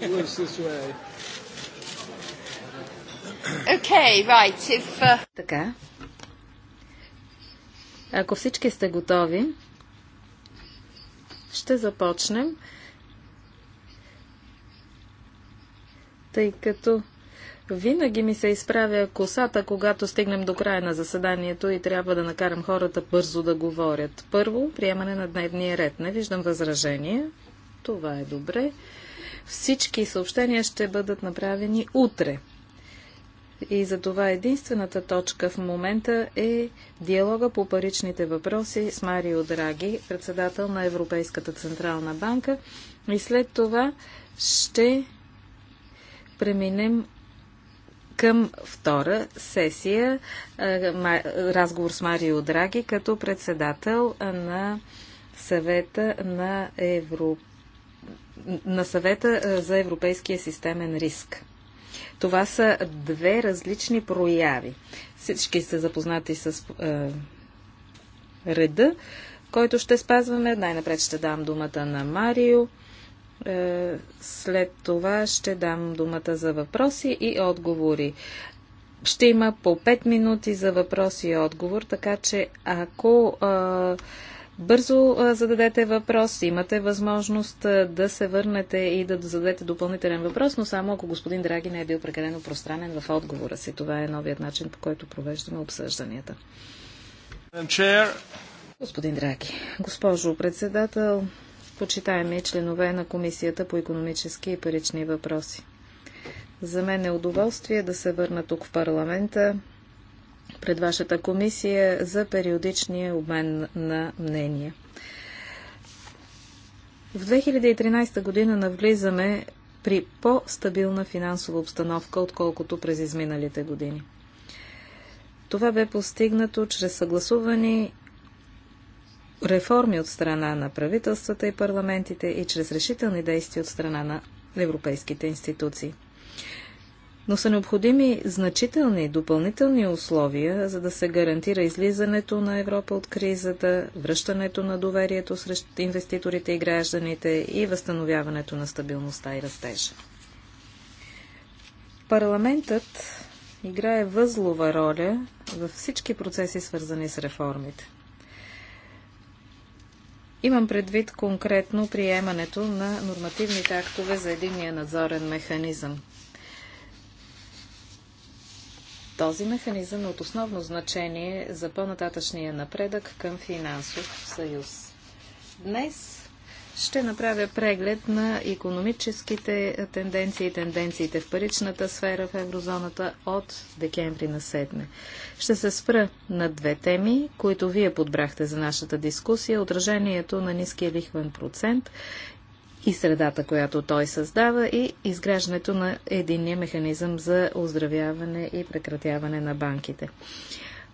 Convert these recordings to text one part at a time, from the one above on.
Works this way. Okay, right, if, uh... Така. Ако всички сте готови, ще започнем. Тъй като винаги ми се изправя косата, когато стигнем до края на заседанието и трябва да накарам хората бързо да говорят. Първо, приемане на дневния ред. Не виждам възражение. Това е добре. Всички съобщения ще бъдат направени утре. И за това единствената точка в момента е диалога по паричните въпроси с Марио Драги, председател на Европейската Централна банка. И след това ще преминем към втора сесия разговор с Марио Драги като председател на съвета на Европейската на съвета за европейския системен риск. Това са две различни прояви. Всички сте запознати с е, реда, който ще спазваме. Най-напред ще дам думата на Марио. Е, след това ще дам думата за въпроси и отговори. Ще има по 5 минути за въпроси и отговор, така че ако е, бързо зададете въпрос. Имате възможност да се върнете и да зададете допълнителен въпрос, но само ако господин Драги не е бил прекалено пространен в отговора си. Това е новият начин, по който провеждаме обсъжданията. Господин Драги, госпожо председател, почитаеми членове на Комисията по економически и парични въпроси. За мен е удоволствие да се върна тук в парламента пред вашата комисия за периодичния обмен на мнения. В 2013 година навлизаме при по-стабилна финансова обстановка, отколкото през изминалите години. Това бе постигнато чрез съгласувани реформи от страна на правителствата и парламентите и чрез решителни действия от страна на европейските институции но са необходими значителни допълнителни условия, за да се гарантира излизането на Европа от кризата, връщането на доверието срещу инвеститорите и гражданите и възстановяването на стабилността и растежа. Парламентът играе възлова роля във всички процеси, свързани с реформите. Имам предвид конкретно приемането на нормативните актове за единния надзорен механизъм. Този механизъм е от основно значение за по-нататъчния напредък към финансов съюз. Днес ще направя преглед на економическите тенденции и тенденциите в паричната сфера в еврозоната от декември на 7. Ще се спра на две теми, които вие подбрахте за нашата дискусия – отражението на ниския лихвен процент и средата, която той създава и изграждането на единния механизъм за оздравяване и прекратяване на банките.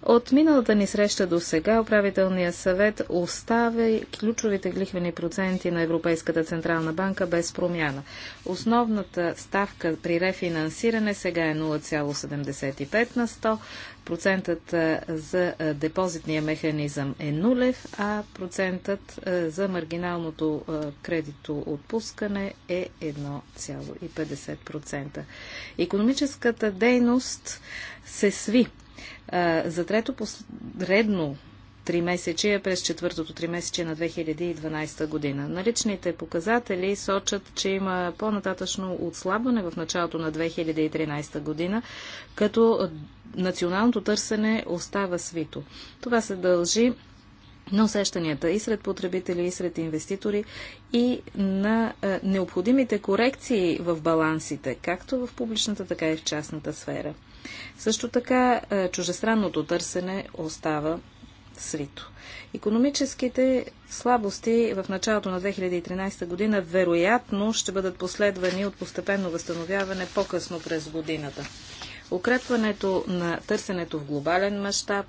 От миналата ни среща до сега управителният съвет оставя ключовите лихвени проценти на Европейската Централна банка без промяна. Основната ставка при рефинансиране сега е 0,75 на 100, процентът за депозитния механизъм е нулев, а процентът за маргиналното кредито отпускане е 1,50%. Економическата дейност се сви за трето посредно тримесечие през четвъртото три тримесечие на 2012 година. Наличните показатели сочат, че има по-нататъчно отслабване в началото на 2013 година, като националното търсене остава свито. Това се дължи на усещанията и сред потребители, и сред инвеститори, и на необходимите корекции в балансите, както в публичната, така и в частната сфера. Също така е, чужестранното търсене остава свито. Економическите слабости в началото на 2013 година вероятно ще бъдат последвани от постепенно възстановяване по-късно през годината. Укрепването на търсенето в глобален мащаб,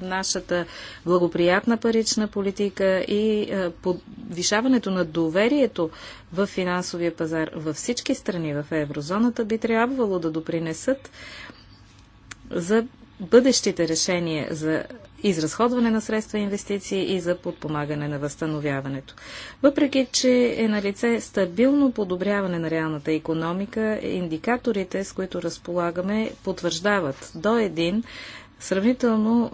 нашата благоприятна парична политика и е, повишаването на доверието в финансовия пазар във всички страни в еврозоната би трябвало да допринесат за бъдещите решения за изразходване на средства и инвестиции и за подпомагане на възстановяването. Въпреки, че е на лице стабилно подобряване на реалната економика, индикаторите, с които разполагаме, потвърждават до един сравнително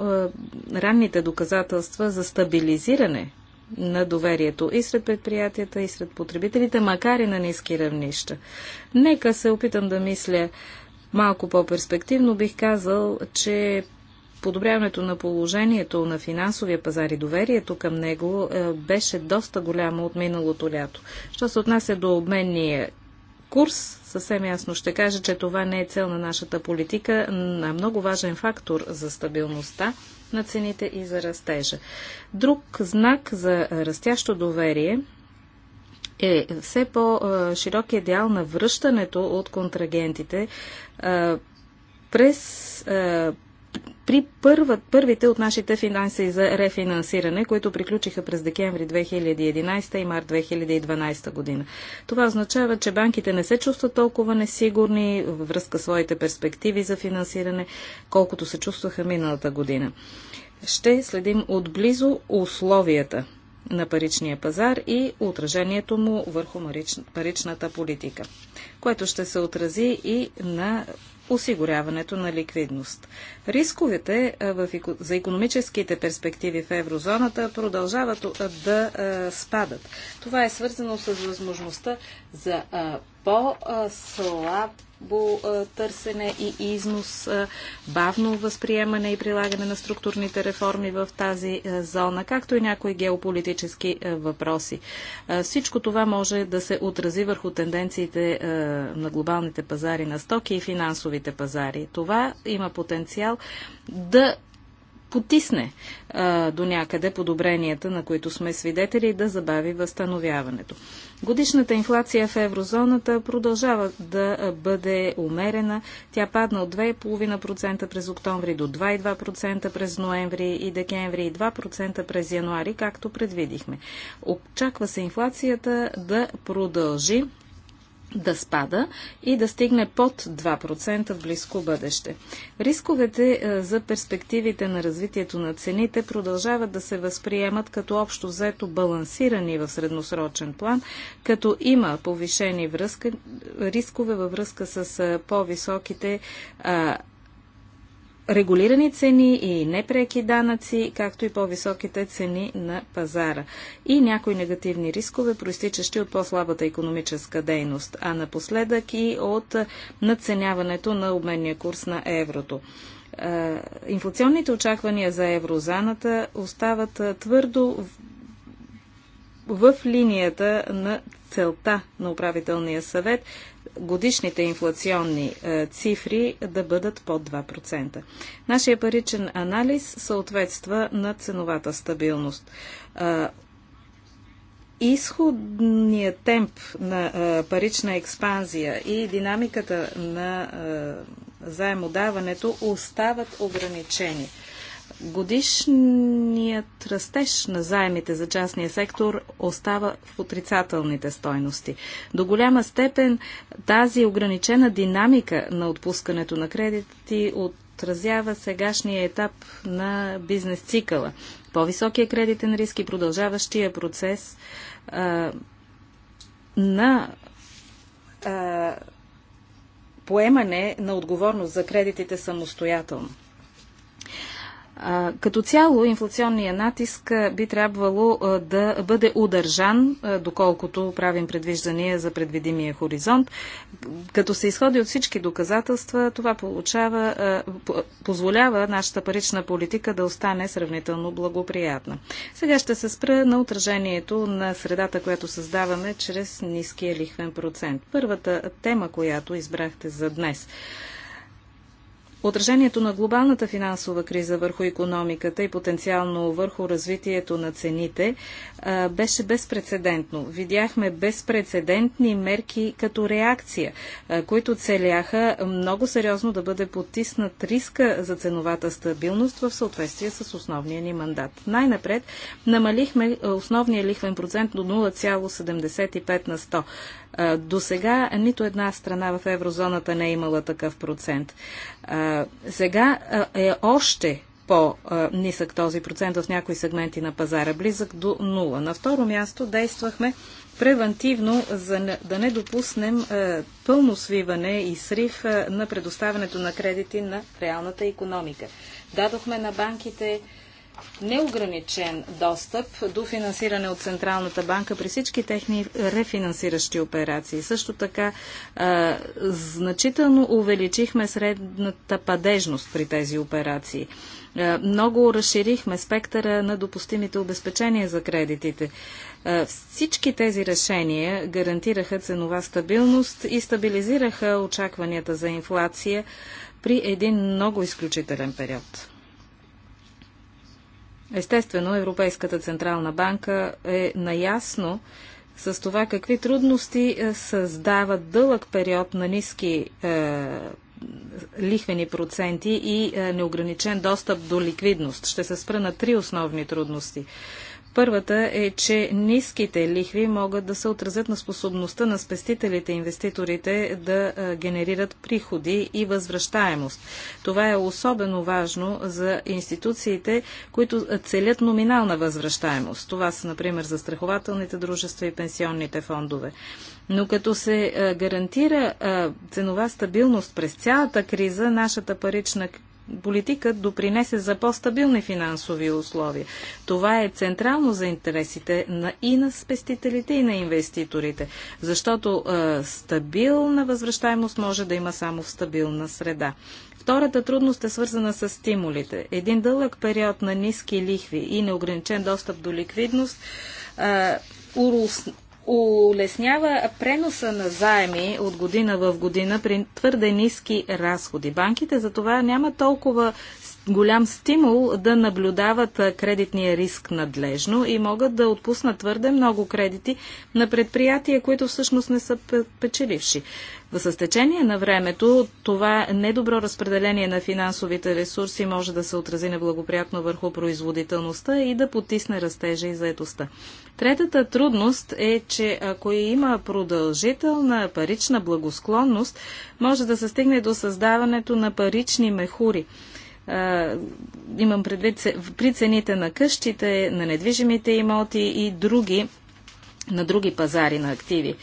е, ранните доказателства за стабилизиране на доверието и сред предприятията, и сред потребителите, макар и на ниски равнища. Нека се опитам да мисля Малко по-перспективно бих казал, че подобряването на положението на финансовия пазар и доверието към него е, беше доста голямо от миналото лято. Що се отнася до обменния курс, съвсем ясно ще кажа, че това не е цел на нашата политика, а много важен фактор за стабилността на цените и за растежа. Друг знак за растящо доверие е все по широк дял на връщането от контрагентите през при първа, първите от нашите финанси за рефинансиране, които приключиха през декември 2011 и март 2012 година. Това означава, че банките не се чувстват толкова несигурни във връзка своите перспективи за финансиране, колкото се чувстваха миналата година. Ще следим отблизо условията на паричния пазар и отражението му върху паричната политика, което ще се отрази и на осигуряването на ликвидност. Рисковете за економическите перспективи в еврозоната продължават да спадат. Това е свързано с възможността за по-слаб по търсене и износ, бавно възприемане и прилагане на структурните реформи в тази зона, както и някои геополитически въпроси. Всичко това може да се отрази върху тенденциите на глобалните пазари на стоки и финансовите пазари. Това има потенциал да потисне а, до някъде подобренията, на които сме свидетели да забави възстановяването. Годишната инфлация в еврозоната продължава да бъде умерена. Тя падна от 2,5% през октомври до 2,2% през ноември и декември и 2% през януари, както предвидихме. Очаква се инфлацията да продължи да спада и да стигне под 2% в близко бъдеще. Рисковете е, за перспективите на развитието на цените продължават да се възприемат като общо взето балансирани в средносрочен план, като има повишени връзка, рискове във връзка с е, по-високите регулирани цени и непреки данъци, както и по-високите цени на пазара и някои негативни рискове, проистичащи от по-слабата економическа дейност, а напоследък и от надценяването на обменния курс на еврото. Инфлационните очаквания за еврозаната остават твърдо в линията на целта на управителния съвет годишните инфлационни е, цифри да бъдат под 2%. Нашия паричен анализ съответства на ценовата стабилност. Е, изходният темп на е, парична експанзия и динамиката на заемодаването остават ограничени – Годишният растеж на заемите за частния сектор остава в отрицателните стойности. До голяма степен тази ограничена динамика на отпускането на кредити отразява сегашния етап на бизнес цикъла. По-високия кредитен риск и продължаващия процес а, на а, поемане на отговорност за кредитите самостоятелно. Като цяло инфлационния натиск би трябвало да бъде удържан, доколкото правим предвиждания за предвидимия хоризонт. Като се изходи от всички доказателства, това получава, позволява нашата парична политика да остане сравнително благоприятна. Сега ще се спра на отражението на средата, която създаваме чрез ниския лихвен процент. Първата тема, която избрахте за днес – Отражението на глобалната финансова криза върху економиката и потенциално върху развитието на цените беше безпредседентно. Видяхме безпредседентни мерки като реакция, които целяха много сериозно да бъде потиснат риска за ценовата стабилност в съответствие с основния ни мандат. Най-напред намалихме основния лихвен процент до 0,75 на 100. До сега нито една страна в еврозоната не е имала такъв процент. Сега е още по-нисък този процент в някои сегменти на пазара, близък до 0. На второ място действахме превентивно, за да не допуснем пълно свиване и срив на предоставянето на кредити на реалната економика. Дадохме на банките неограничен достъп до финансиране от Централната банка при всички техни рефинансиращи операции. Също така а, значително увеличихме средната падежност при тези операции. А, много разширихме спектъра на допустимите обезпечения за кредитите. А, всички тези решения гарантираха ценова стабилност и стабилизираха очакванията за инфлация при един много изключителен период. Естествено, Европейската Централна банка е наясно с това какви трудности е, създават дълъг период на ниски е, лихвени проценти и е, неограничен достъп до ликвидност. Ще се спра на три основни трудности. Първата е, че ниските лихви могат да се отразят на способността на спестителите и инвеститорите да генерират приходи и възвръщаемост. Това е особено важно за институциите, които целят номинална възвръщаемост. Това са, например, за страхователните дружества и пенсионните фондове. Но като се гарантира ценова стабилност през цялата криза, нашата парична политика допринесе за по-стабилни финансови условия. Това е централно за интересите на и на спестителите, и на инвеститорите, защото е, стабилна възвръщаемост може да има само в стабилна среда. Втората трудност е свързана с стимулите. Един дълъг период на ниски лихви и неограничен достъп до ликвидност е, улеснява преноса на заеми от година в година при твърде ниски разходи. Банките за това няма толкова голям стимул да наблюдават кредитния риск надлежно и могат да отпуснат твърде много кредити на предприятия, които всъщност не са печеливши. С течение на времето това недобро разпределение на финансовите ресурси може да се отрази неблагоприятно върху производителността и да потисне растежа и заедостта. Третата трудност е, че ако има продължителна парична благосклонност, може да се стигне до създаването на парични мехури. имам предвид при цените на къщите, на недвижимите имоти и други на други пазари на активи.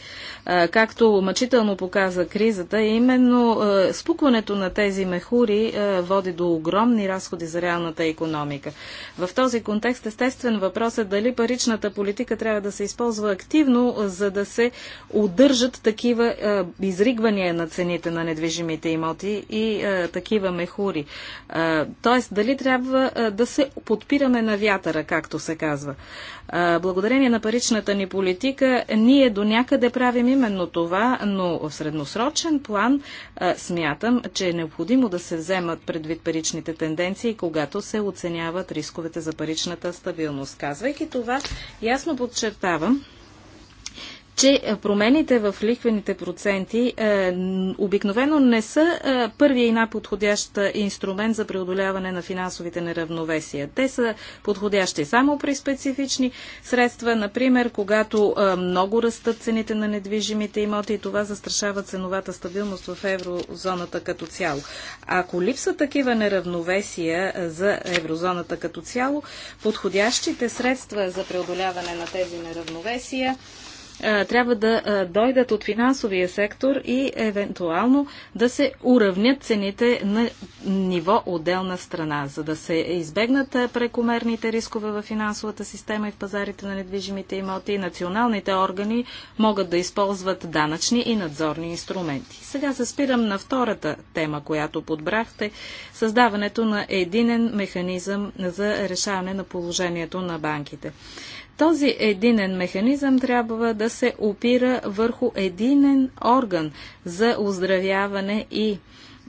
Както мъчително показа кризата, именно спукването на тези мехури води до огромни разходи за реалната економика. В този контекст естествен въпрос е дали паричната политика трябва да се използва активно, за да се удържат такива изригвания на цените на недвижимите имоти и такива мехури. Тоест, дали трябва да се подпираме на вятъра, както се казва. Благодарение на паричната ни политика, ние до някъде правим именно това, но в средносрочен план а, смятам, че е необходимо да се вземат предвид паричните тенденции, когато се оценяват рисковете за паричната стабилност. Казвайки това, ясно подчертавам, че е, промените в ликвените проценти е, обикновено не са е, първия и най-подходящ е, инструмент за преодоляване на финансовите неравновесия. Те са подходящи само при специфични средства, например, когато е, много растат цените на недвижимите имоти и това застрашава ценовата стабилност в еврозоната като цяло. Ако липса такива неравновесия е, за еврозоната като цяло, подходящите средства за преодоляване на тези неравновесия е, трябва да е, дойдат от финансовия сектор и евентуално да се уравнят цените на ниво отделна страна, за да се избегнат е, прекомерните рискове в финансовата система и в пазарите на недвижимите имоти. Националните органи могат да използват данъчни и надзорни инструменти. Сега се спирам на втората тема, която подбрахте – създаването на единен механизъм за решаване на положението на банките. Този единен механизъм трябва да се опира върху единен орган за оздравяване и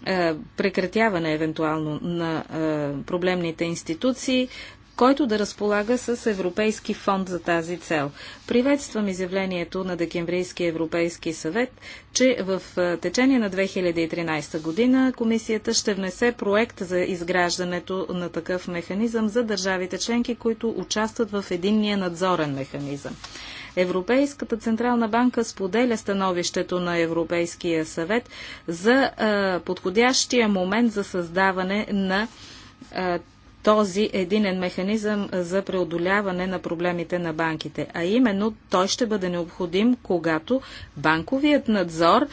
е, прекратяване евентуално на е, проблемните институции, който да разполага с Европейски фонд за тази цел. Приветствам изявлението на Декемврийския Европейски съвет, че в е, течение на 2013 година комисията ще внесе проект за изграждането на такъв механизъм за държавите членки, които участват в единния надзорен механизъм. Европейската Централна банка споделя становището на Европейския съвет за е, подходящия момент за създаване на е, този единен механизъм за преодоляване на проблемите на банките. А именно той ще бъде необходим, когато банковият надзор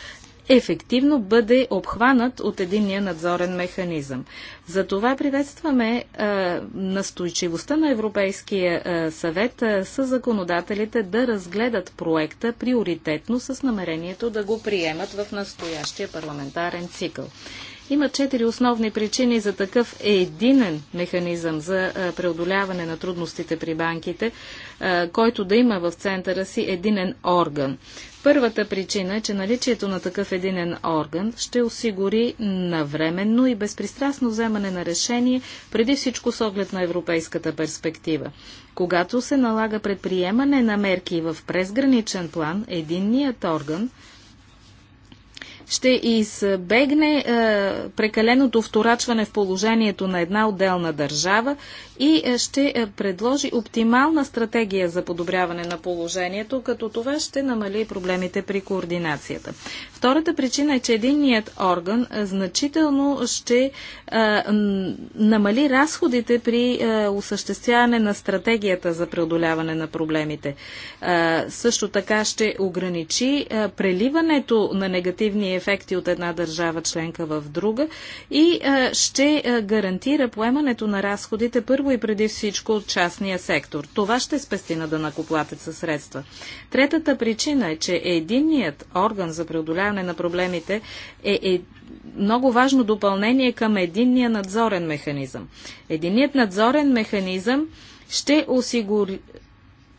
ефективно бъде обхванат от единния надзорен механизъм. Затова приветстваме а, е, настойчивостта на Европейския а, е, съвет а, е, с законодателите да разгледат проекта приоритетно с намерението да го приемат в настоящия парламентарен цикъл. Има четири основни причини за такъв единен механизъм за преодоляване на трудностите при банките, който да има в центъра си единен орган. Първата причина е, че наличието на такъв единен орган ще осигури навременно и безпристрастно вземане на решение, преди всичко с оглед на европейската перспектива. Когато се налага предприемане на мерки в презграничен план, единният орган – ще избегне е, прекаленото вторачване в положението на една отделна държава и е, ще е, предложи оптимална стратегия за подобряване на положението, като това ще намали проблемите при координацията. Втората причина е, че единният орган е, значително ще намали разходите при осъществяване на стратегията за преодоляване на проблемите. също така ще ограничи преливането на негативни ефекти от една държава членка в друга и ще гарантира поемането на разходите първо първо и преди всичко от частния сектор. Това ще спести на дънакоплатеца средства. Третата причина е, че единният орган за преодоляване на проблемите е, е много важно допълнение към единния надзорен механизъм. Единият надзорен механизъм ще осигури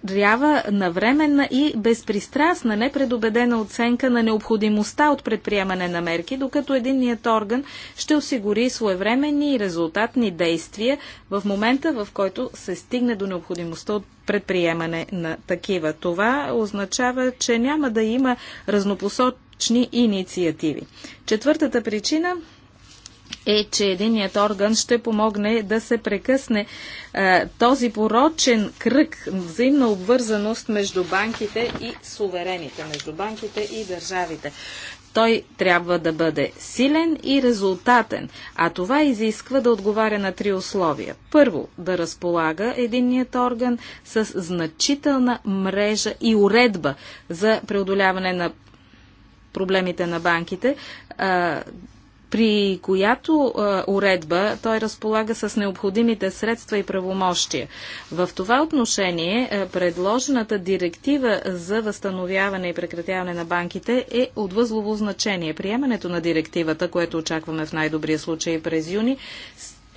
трябва навременна и безпристрастна, непредобедена оценка на необходимостта от предприемане на мерки, докато единният орган ще осигури своевременни и резултатни действия в момента, в който се стигне до необходимостта от предприемане на такива. Това означава, че няма да има разнопосочни инициативи. Четвъртата причина е, че единият орган ще помогне да се прекъсне а, този порочен кръг взаимна обвързаност между банките и суверените, между банките и държавите. Той трябва да бъде силен и резултатен, а това изисква да отговаря на три условия. Първо, да разполага единният орган с значителна мрежа и уредба за преодоляване на проблемите на банките, при която а, уредба той разполага с необходимите средства и правомощия. В това отношение а, предложената директива за възстановяване и прекратяване на банките е от възлово значение. Приемането на директивата, което очакваме в най-добрия случай през юни,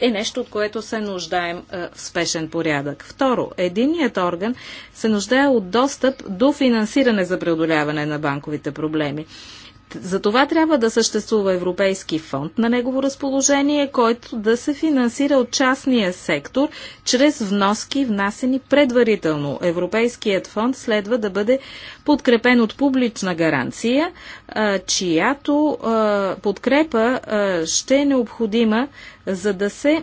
е нещо, от което се нуждаем а, в спешен порядък. Второ, единният орган се нуждае от достъп до финансиране за преодоляване на банковите проблеми. За това трябва да съществува Европейски фонд на негово разположение, който да се финансира от частния сектор чрез вноски, внасени предварително. Европейският фонд следва да бъде подкрепен от публична гаранция, чиято подкрепа ще е необходима, за да се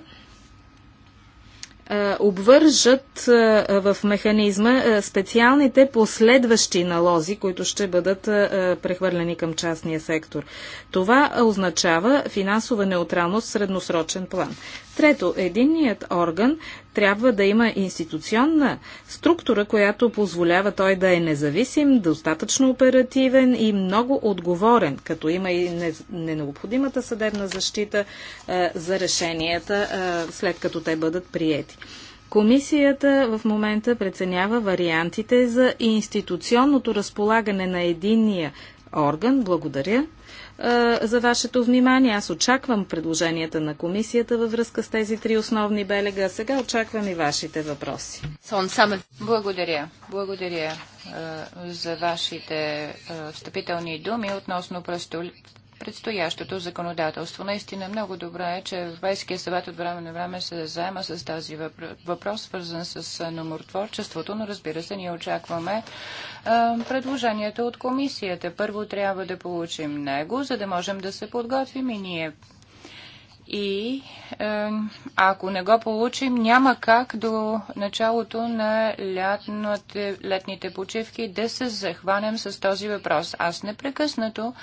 е, обвържат е, в механизма е, специалните последващи налози, които ще бъдат прехвърлени към частния сектор. Това означава финансова неутралност в средносрочен план. Трето, единният орган трябва да има институционна структура, която позволява той да е независим, достатъчно оперативен и много отговорен, като има и ненаобходимата съдебна защита а, е, за решенията, а, е, след като те бъдат приети. Комисията в момента преценява вариантите за институционното разполагане на единния орган. Благодаря за вашето внимание. Аз очаквам предложенията на комисията във връзка с тези три основни белега. Сега очаквам и вашите въпроси. Благодаря. Благодаря за вашите встъпителни думи относно предстоящото законодателство. Наистина много добре е, че Европейския съвет от време на време се заема с тази въпрос, свързан с номортворчеството, но разбира се, ние очакваме предложението от комисията. Първо трябва да получим него, за да можем да се подготвим и ние и е, ако не го получим, няма как до началото на лятните, летните почивки да се захванем с този въпрос. Аз непрекъснато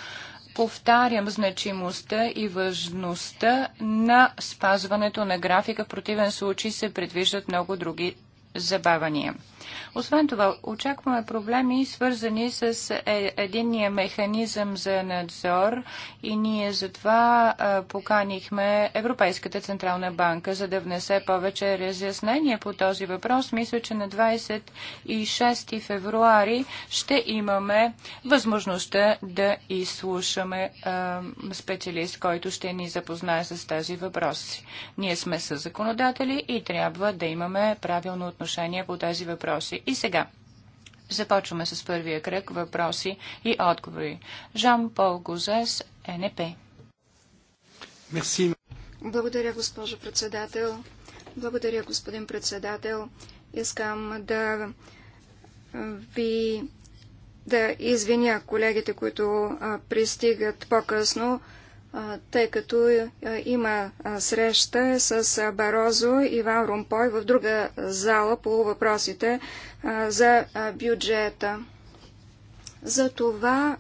повтарям значимостта и важността на спазването на графика. В противен случай се предвиждат много други забавания. Освен това, очакваме проблеми, свързани с е, единния механизъм за надзор и ние затова поканихме Европейската Централна банка, за да внесе повече разяснения по този въпрос. Мисля, че на 26 февруари ще имаме възможността да изслушаме специалист, който ще ни запознае с тези въпроси. Ние сме със законодатели и трябва да имаме правилно отношение по тези въпроси въпроси. И сега започваме с първия кръг въпроси и отговори. Жан-Пол Гузес, НП. Мерси. Благодаря, госпожо председател. Благодаря, господин председател. Искам да ви да извиня колегите, които а, пристигат по-късно тъй като е, е, има среща с Барозо и Ван Румпой в друга зала по въпросите за бюджета. За това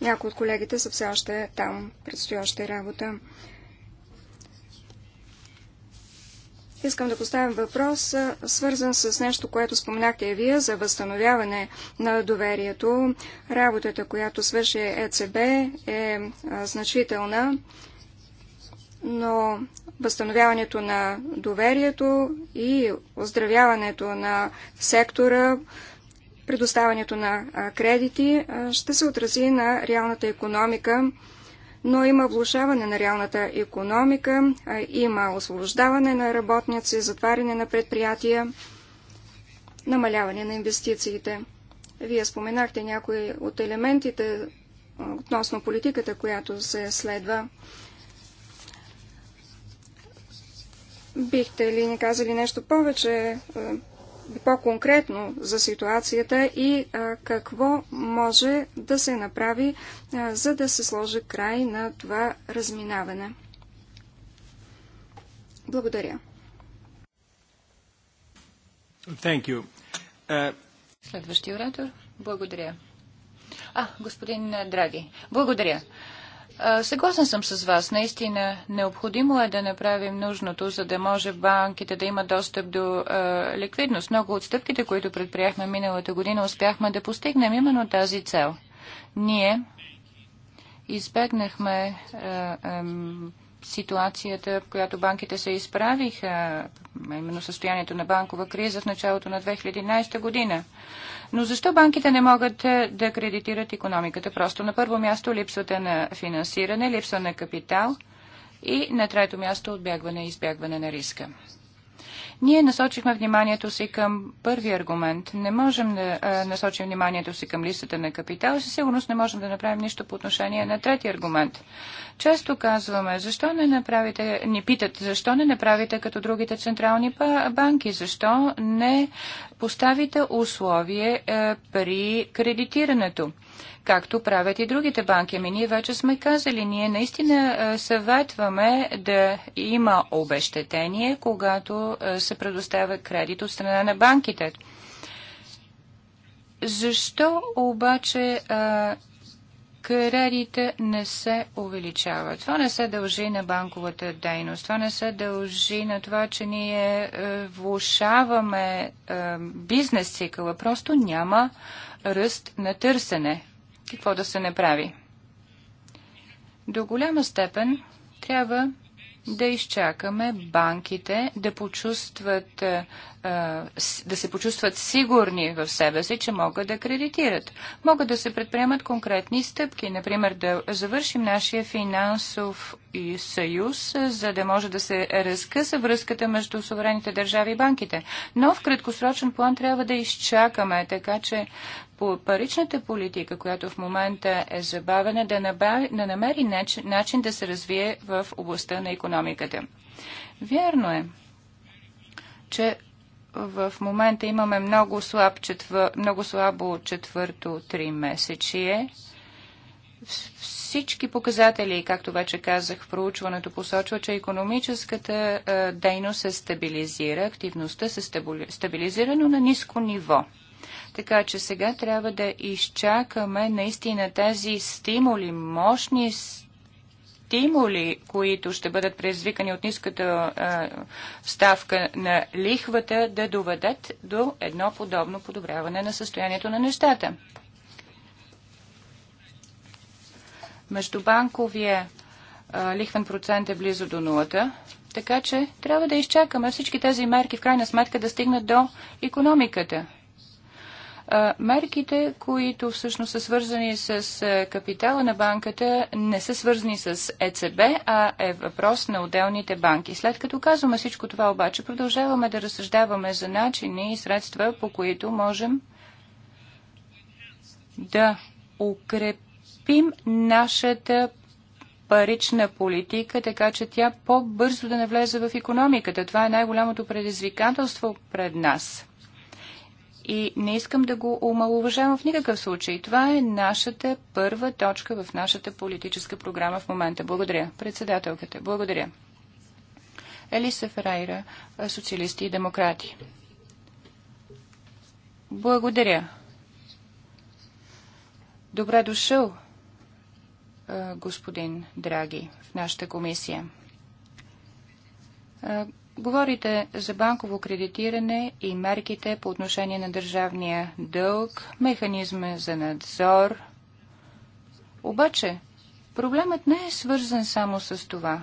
някои от колегите са все още там, предстои още работа. Искам да поставим въпрос, свързан с нещо, което споменахте и вие, за възстановяване на доверието. Работата, която свърши ЕЦБ е, е значителна, но възстановяването на доверието и оздравяването на сектора, предоставянето на кредити ще се отрази на реалната економика, но има влушаване на реалната економика, има освобождаване на работници, затваряне на предприятия, намаляване на инвестициите. Вие споменахте някои от елементите относно политиката, която се следва. Бихте ли ни казали нещо повече по-конкретно за ситуацията и а, какво може да се направи, а, за да се сложи край на това разминаване. Благодаря. Thank you. Uh... Следващия оратор. Благодаря. А, господин Драги. Благодаря. Съгласен съм с вас. Наистина необходимо е да направим нужното, за да може банките да имат достъп до е, ликвидност. Много от стъпките, които предприехме миналата година, успяхме да постигнем именно тази цел. Ние избегнахме е, е, ситуацията, в която банките се изправиха, именно състоянието на банкова криза в началото на 2011 година. Но защо банките не могат е, да кредитират економиката? Просто на първо място липсвата на финансиране, липса на капитал и на трето място отбягване и избягване на риска. Ние насочихме вниманието си към първи аргумент. Не можем да насочим вниманието си към листата на капитал и със сигурност не можем да направим нищо по отношение на трети аргумент. Често казваме, защо не направите, ни питат, защо не направите като другите централни банки, защо не поставите условие е, при кредитирането както правят и другите банки. Ами ние вече сме казали, ние наистина е, съветваме да има обещетение, когато е, се предоставя кредит от страна на банките. Защо обаче а, кредите не се увеличават? Това не се дължи на банковата дейност. Това не се дължи на това, че ние влушаваме бизнес цикъла. Просто няма ръст на търсене. Какво да се направи? До голяма степен трябва да изчакаме банките да почувстват да се почувстват сигурни в себе си, че могат да кредитират. Могат да се предприемат конкретни стъпки, например да завършим нашия финансов и съюз, за да може да се разкъса връзката между суверените държави и банките. Но в краткосрочен план трябва да изчакаме, така че по паричната политика, която в момента е забавена, да, набави, да намери начин, начин да се развие в областта на економиката. Вярно е, че в момента имаме много, слаб четвър... много слабо четвърто три месечие. Всички показатели, както вече казах в проучването, посочва, че економическата е, дейност се стабилизира, активността се стабилизира, но на ниско ниво. Така че сега трябва да изчакаме наистина тези стимули, мощни стимули, стимули, които ще бъдат предизвикани от ниската а, ставка на лихвата, да доведат до едно подобно подобряване на състоянието на нещата. Междубанковия а, лихвен процент е близо до нулата, така че трябва да изчакаме всички тези мерки в крайна сметка да стигнат до економиката мерките, които всъщност са свързани с капитала на банката, не са свързани с ЕЦБ, а е въпрос на отделните банки. След като казваме всичко това обаче, продължаваме да разсъждаваме за начини и средства, по които можем да укрепим нашата парична политика, така че тя по-бързо да навлезе в економиката. Това е най-голямото предизвикателство пред нас. И не искам да го омалуважавам в никакъв случай. Това е нашата първа точка в нашата политическа програма в момента. Благодаря. Председателката, благодаря. Елиса Ферайра, социалисти и демократи. Благодаря. Добре дошъл, господин Драги, в нашата комисия. Говорите за банково кредитиране и мерките по отношение на държавния дълг, механизма за надзор. Обаче, проблемът не е свързан само с това.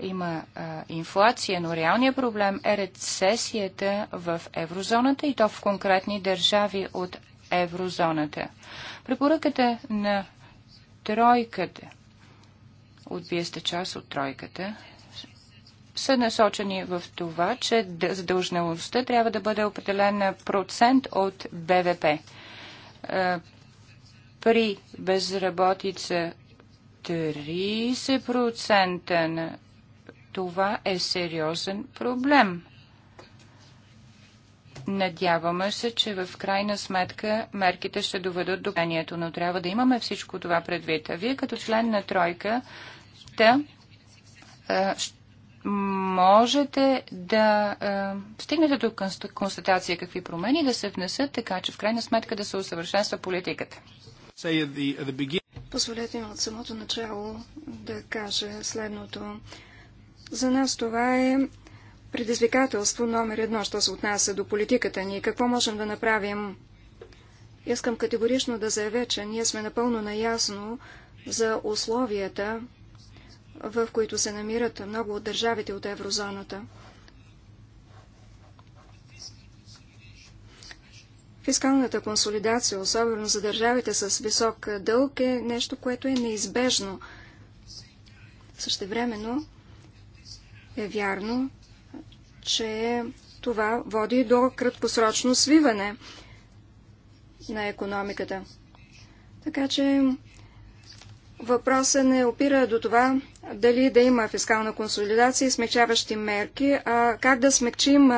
Има а, инфлация, но реалният проблем е рецесията в еврозоната и то в конкретни държави от еврозоната. Препоръката на тройката, от вие сте част от тройката, са насочени в това, че задължеността трябва да бъде определена процент от БВП. Е, при безработица 30% на това е сериозен проблем. Надяваме се, че в крайна сметка мерките ще доведат до пенето, но трябва да имаме всичко това предвид. А вие като член на тройка, да, е, ще можете да е, стигнете до констатация какви промени да се внесат, така че в крайна сметка да се усъвършенства политиката. Позволете ми от самото начало да кажа следното. За нас това е предизвикателство номер едно, що се отнася до политиката ни. Какво можем да направим? Искам категорично да заявя, че ние сме напълно наясно за условията, в които се намират много от държавите от еврозоната. Фискалната консолидация, особено за държавите с висок дълг, е нещо, което е неизбежно. Същевременно е вярно, че това води до краткосрочно свиване на економиката. Така че въпросът не опира до това дали да има фискална консолидация и смягчаващи мерки, а как да смягчим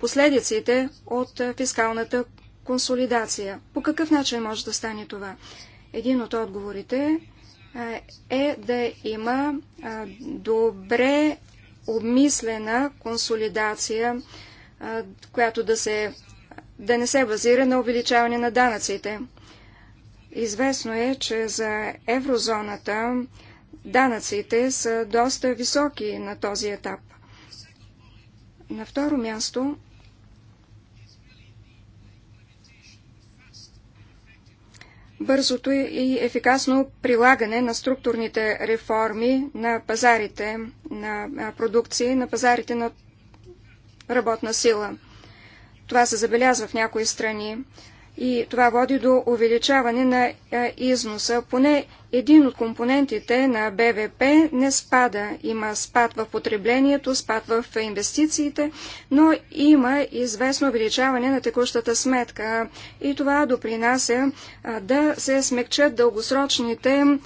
последиците от фискалната консолидация. По какъв начин може да стане това? Един от отговорите е да има добре обмислена консолидация, която да, се, да не се базира на увеличаване на данъците. Известно е, че за еврозоната данъците са доста високи на този етап. На второ място бързото и ефикасно прилагане на структурните реформи на пазарите на продукции, на пазарите на работна сила. Това се забелязва в някои страни и това води до увеличаване на е, износа. Поне един от компонентите на БВП не спада. Има спад в потреблението, спад в инвестициите, но има известно увеличаване на текущата сметка и това допринася е, да се смекчат дългосрочните е,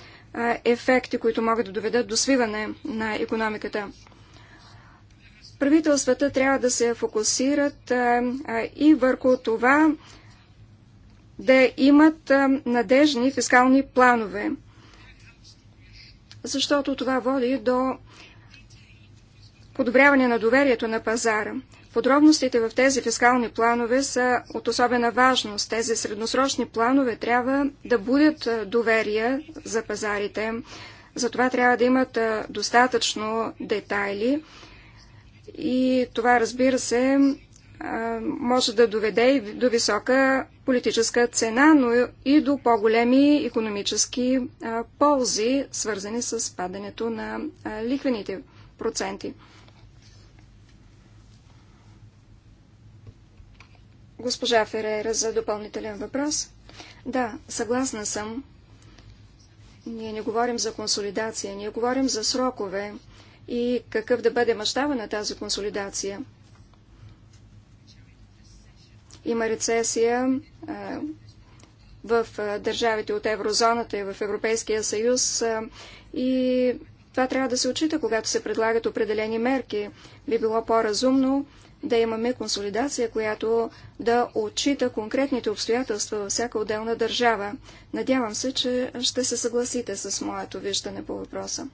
ефекти, които могат да доведат до свиване на економиката. Правителствата трябва да се фокусират и върху това, да имат надежни фискални планове, защото това води до подобряване на доверието на пазара. Подробностите в тези фискални планове са от особена важност. Тези средносрочни планове трябва да будят доверие за пазарите. Затова трябва да имат достатъчно детайли. И това, разбира се, може да доведе и до висока политическа цена, но и до по-големи економически ползи, свързани с падането на лихвените проценти. Госпожа Ферейра за допълнителен въпрос. Да, съгласна съм. Ние не говорим за консолидация, ние говорим за срокове и какъв да бъде мащаба на тази консолидация – има рецесия в държавите от еврозоната и в Европейския съюз и това трябва да се отчита, когато се предлагат определени мерки. Би било по-разумно да имаме консолидация, която да отчита конкретните обстоятелства във всяка отделна държава. Надявам се, че ще се съгласите с моето виждане по въпроса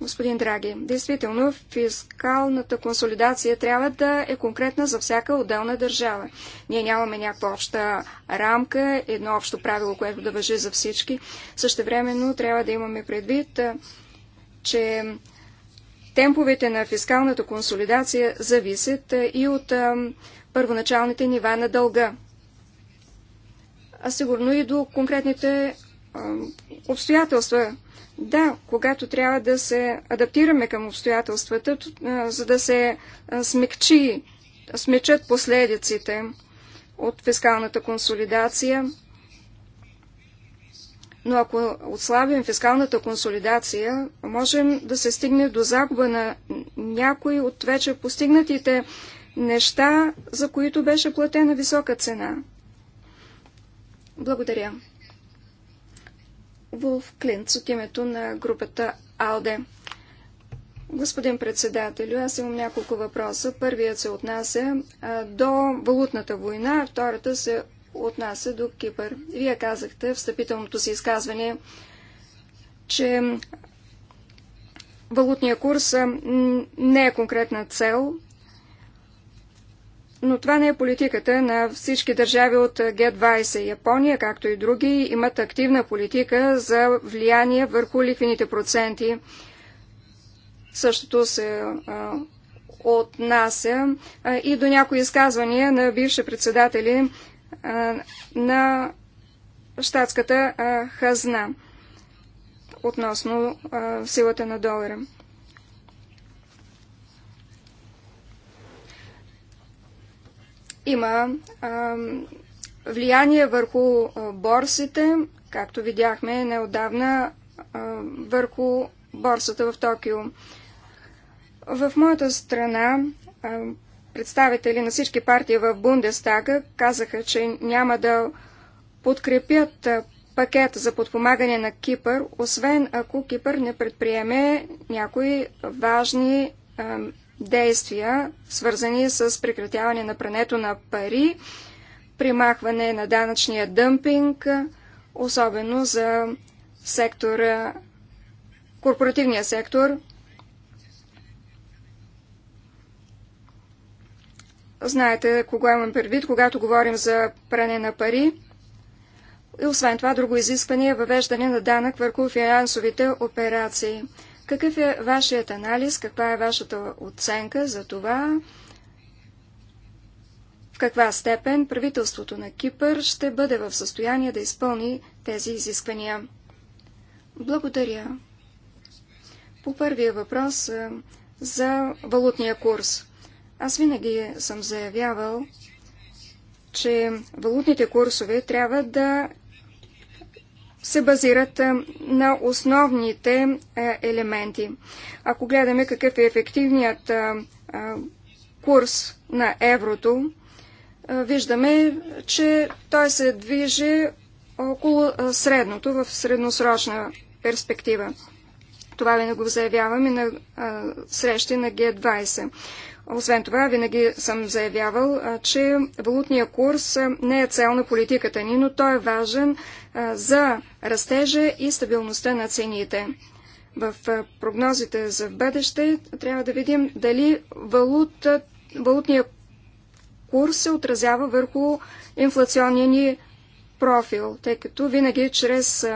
господин Драги. Действително, фискалната консолидация трябва да е конкретна за всяка отделна държава. Ние нямаме някаква обща рамка, едно общо правило, което да въжи за всички. Същевременно трябва да имаме предвид, че темповете на фискалната консолидация зависят и от първоначалните нива на дълга, а сигурно и до конкретните обстоятелства, да, когато трябва да се адаптираме към обстоятелствата, за да се смекчи, смечат последиците от фискалната консолидация. Но ако отслабим фискалната консолидация, можем да се стигне до загуба на някои от вече постигнатите неща, за които беше платена висока цена. Благодаря. Вулф Клинц от името на групата АЛДЕ. Господин председателю, аз имам няколко въпроса. Първият се отнася до валутната война, а втората се отнася до Кипър. Вие казахте в встъпителното си изказване, че валутния курс не е конкретна цел, но това не е политиката на всички държави от Г-20. Япония, както и други, имат активна политика за влияние върху лихвените проценти. Същото се а, отнася а, и до някои изказвания на бивши председатели а, на щатската а, хазна относно а, силата на долара. Има а, влияние върху борсите, както видяхме неодавна а, върху борсата в Токио. В моята страна а, представители на всички партии в Бундестага казаха, че няма да подкрепят пакет за подпомагане на Кипър, освен ако Кипър не предприеме някои важни а, действия, свързани с прекратяване на прането на пари, примахване на данъчния дъмпинг, особено за сектора, корпоративния сектор. Знаете кога имам предвид, когато говорим за пране на пари. И освен това, друго изискване е въвеждане на данък върху финансовите операции. Какъв е вашият анализ, каква е вашата оценка за това, в каква степен правителството на Кипър ще бъде в състояние да изпълни тези изисквания? Благодаря. По първия въпрос е, за валутния курс. Аз винаги съм заявявал, че валутните курсове трябва да се базират на основните елементи. Ако гледаме какъв е ефективният курс на еврото, виждаме, че той се движи около средното в средносрочна перспектива. Това винаги го заявяваме на срещи на Г20. Освен това, винаги съм заявявал, че валутния курс не е цел на политиката ни, но той е важен за растежа и стабилността на цените. В прогнозите за бъдеще трябва да видим дали валута, валутния курс се отразява върху инфлационния ни профил, тъй като винаги чрез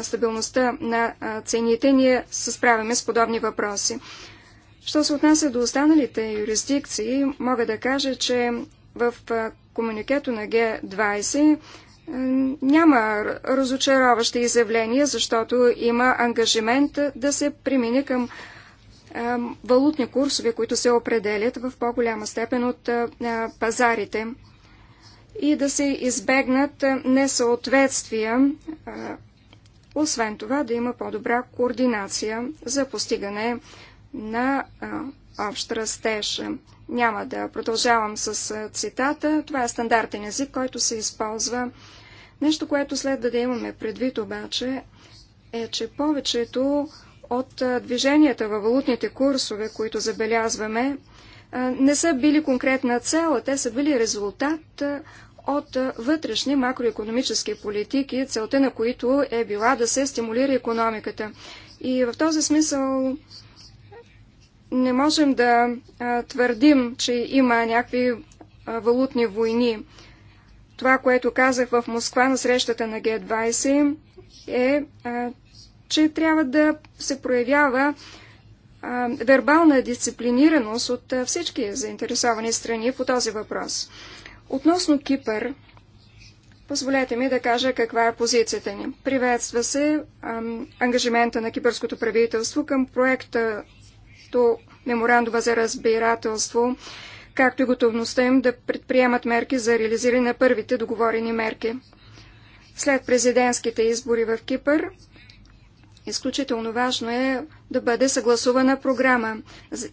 стабилността на цените ние се справяме с подобни въпроси. Що се отнася до останалите юрисдикции, мога да кажа, че в комуникето на Г-20 няма разочароващи изявления, защото има ангажимент да се премине към валутни курсове, които се определят в по-голяма степен от пазарите и да се избегнат несъответствия. Освен това да има по-добра координация за постигане на общ растеж. Няма да продължавам с цитата. Това е стандартен език, който се използва. Нещо, което следва да имаме предвид обаче, е, че повечето от движенията във валутните курсове, които забелязваме, не са били конкретна цел, а те са били резултат от вътрешни макроекономически политики, целта на които е била да се стимулира економиката. И в този смисъл не можем да твърдим, че има някакви валутни войни. Това, което казах в Москва на срещата на Г-20 е, че трябва да се проявява вербална дисциплинираност от всички заинтересовани страни по този въпрос. Относно Кипър, позволете ми да кажа каква е позицията ни. Приветства се ам, ангажимента на кипърското правителство към проекта проекто меморандума за разбирателство, както и готовността им да предприемат мерки за реализиране на първите договорени мерки. След президентските избори в Кипър, изключително важно е да бъде съгласувана програма.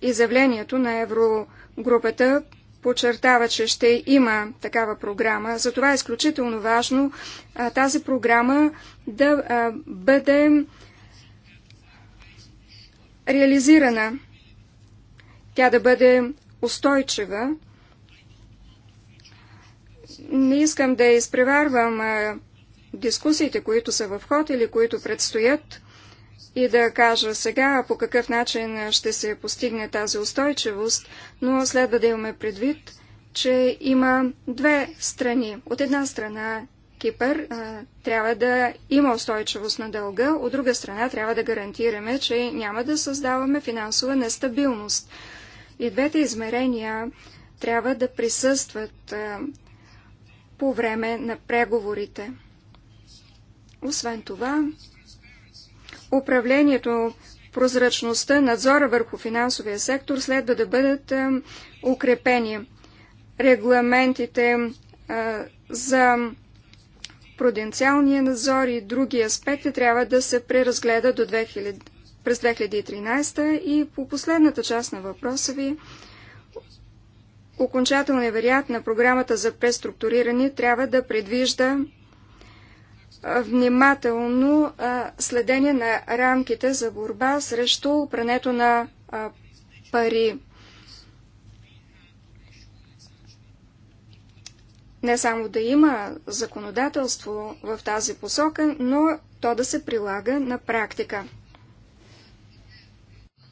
Изявлението на Еврогрупата подчертава, че ще има такава програма. Затова е изключително важно а, тази програма да а, бъде реализирана тя да бъде устойчива. Не искам да изпреварвам дискусиите, които са в ход или които предстоят и да кажа сега по какъв начин ще се постигне тази устойчивост, но следва да имаме предвид, че има две страни. От една страна Кипър а, трябва да има устойчивост на дълга, от друга страна трябва да гарантираме, че няма да създаваме финансова нестабилност. И двете измерения трябва да присъстват по време на преговорите. Освен това, управлението, прозрачността, надзора върху финансовия сектор следва да бъдат укрепени. Регламентите за пруденциалния надзор и други аспекти трябва да се преразгледат до 2000, през 2013 и по последната част на въпроса ви, окончателният вариант на програмата за преструктуриране трябва да предвижда внимателно следение на рамките за борба срещу прането на пари. Не само да има законодателство в тази посока, но то да се прилага на практика.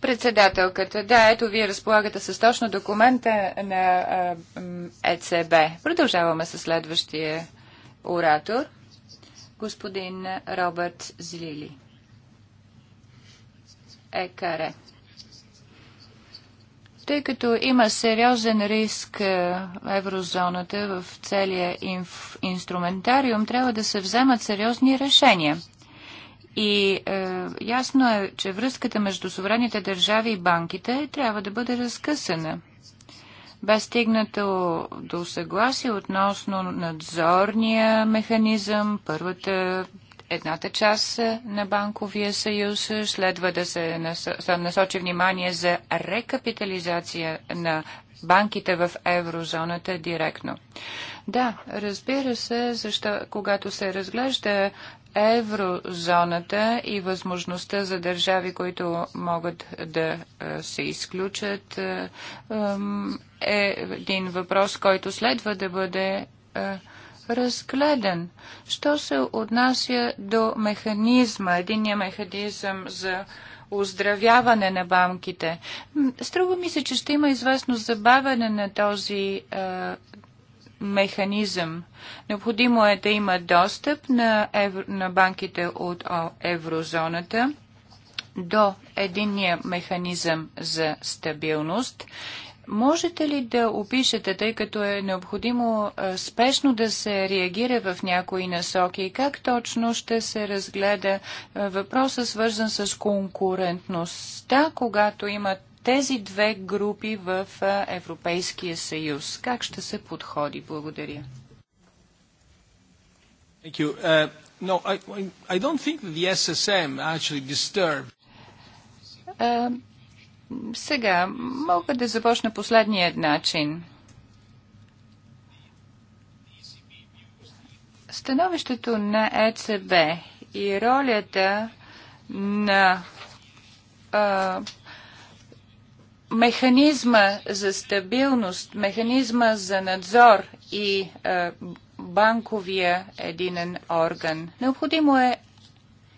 Председателката, да, ето вие разполагате с точно документа на ЕЦБ. Продължаваме с следващия оратор, господин Робърт Злили. Екаре. Тъй като има сериозен риск еврозоната в целия инф... инструментариум, трябва да се вземат сериозни решения – и е, ясно е, че връзката между суверенните държави и банките трябва да бъде разкъсана. Бе стигнато до съгласие относно надзорния механизъм, първата едната част на банковия съюз следва да се насочи внимание за рекапитализация на банките в еврозоната директно. Да, разбира се, защо, когато се разглежда еврозоната и възможността за държави, които могат да е, се изключат, е, е един въпрос, който следва да бъде е, разгледан. Що се отнася до механизма, единия механизъм за оздравяване на банките. Струва ми се, че ще има известно забавяне на този механизъм. Необходимо е да има достъп на, евро, на банките от еврозоната до единния механизъм за стабилност. Можете ли да опишете, тъй като е необходимо е, спешно да се реагира в някои насоки, как точно ще се разгледа е, въпроса свързан с конкурентността, когато има тези две групи в Европейския съюз? Как ще се подходи? Благодаря. Thank you. Uh, no, I, I don't think that the SSM actually disturbed. Uh, сега, мога да започна последния начин. Становището на ЕЦБ и ролята на механизма за стабилност, механизма за надзор и е, банковия единен орган. Необходимо е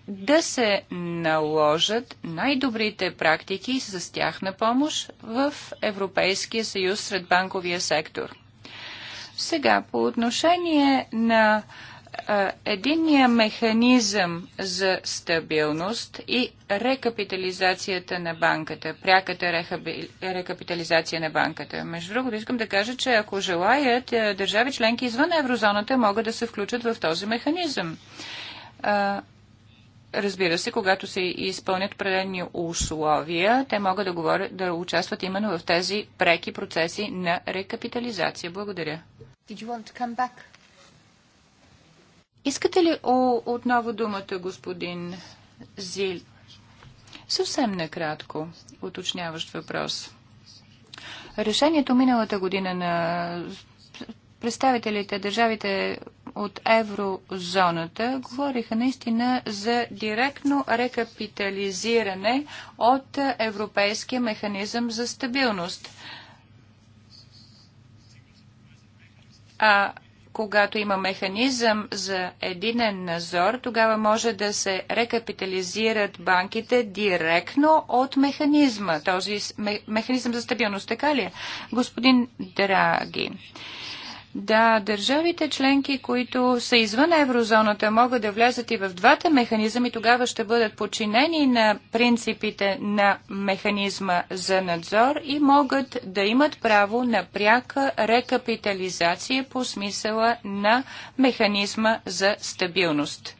да се наложат най-добрите практики с тях на помощ в Европейския съюз сред банковия сектор. Сега, по отношение на Единния механизъм за стабилност и рекапитализацията на банката, пряката рекапитализация на банката. Между другото, искам да кажа, че ако желаят, е, държави членки извън еврозоната могат да се включат в този механизъм. Разбира се, когато се изпълнят определени условия, те могат да, говорят, да участват именно в тези преки процеси на рекапитализация. Благодаря. Did you want to come back? Искате ли о, отново думата, господин Зил? Съвсем накратко, уточняващ въпрос. Решението миналата година на представителите държавите от еврозоната говориха наистина за директно рекапитализиране от Европейския механизъм за стабилност. А когато има механизъм за единен надзор, тогава може да се рекапитализират банките директно от механизма, този механизъм за стабилност. Така ли е? Господин Драги, да държавите членки, които са извън еврозоната, могат да влязат и в двата механизъм и тогава ще бъдат подчинени на принципите на механизма за надзор и могат да имат право на пряка рекапитализация по смисъла на механизма за стабилност.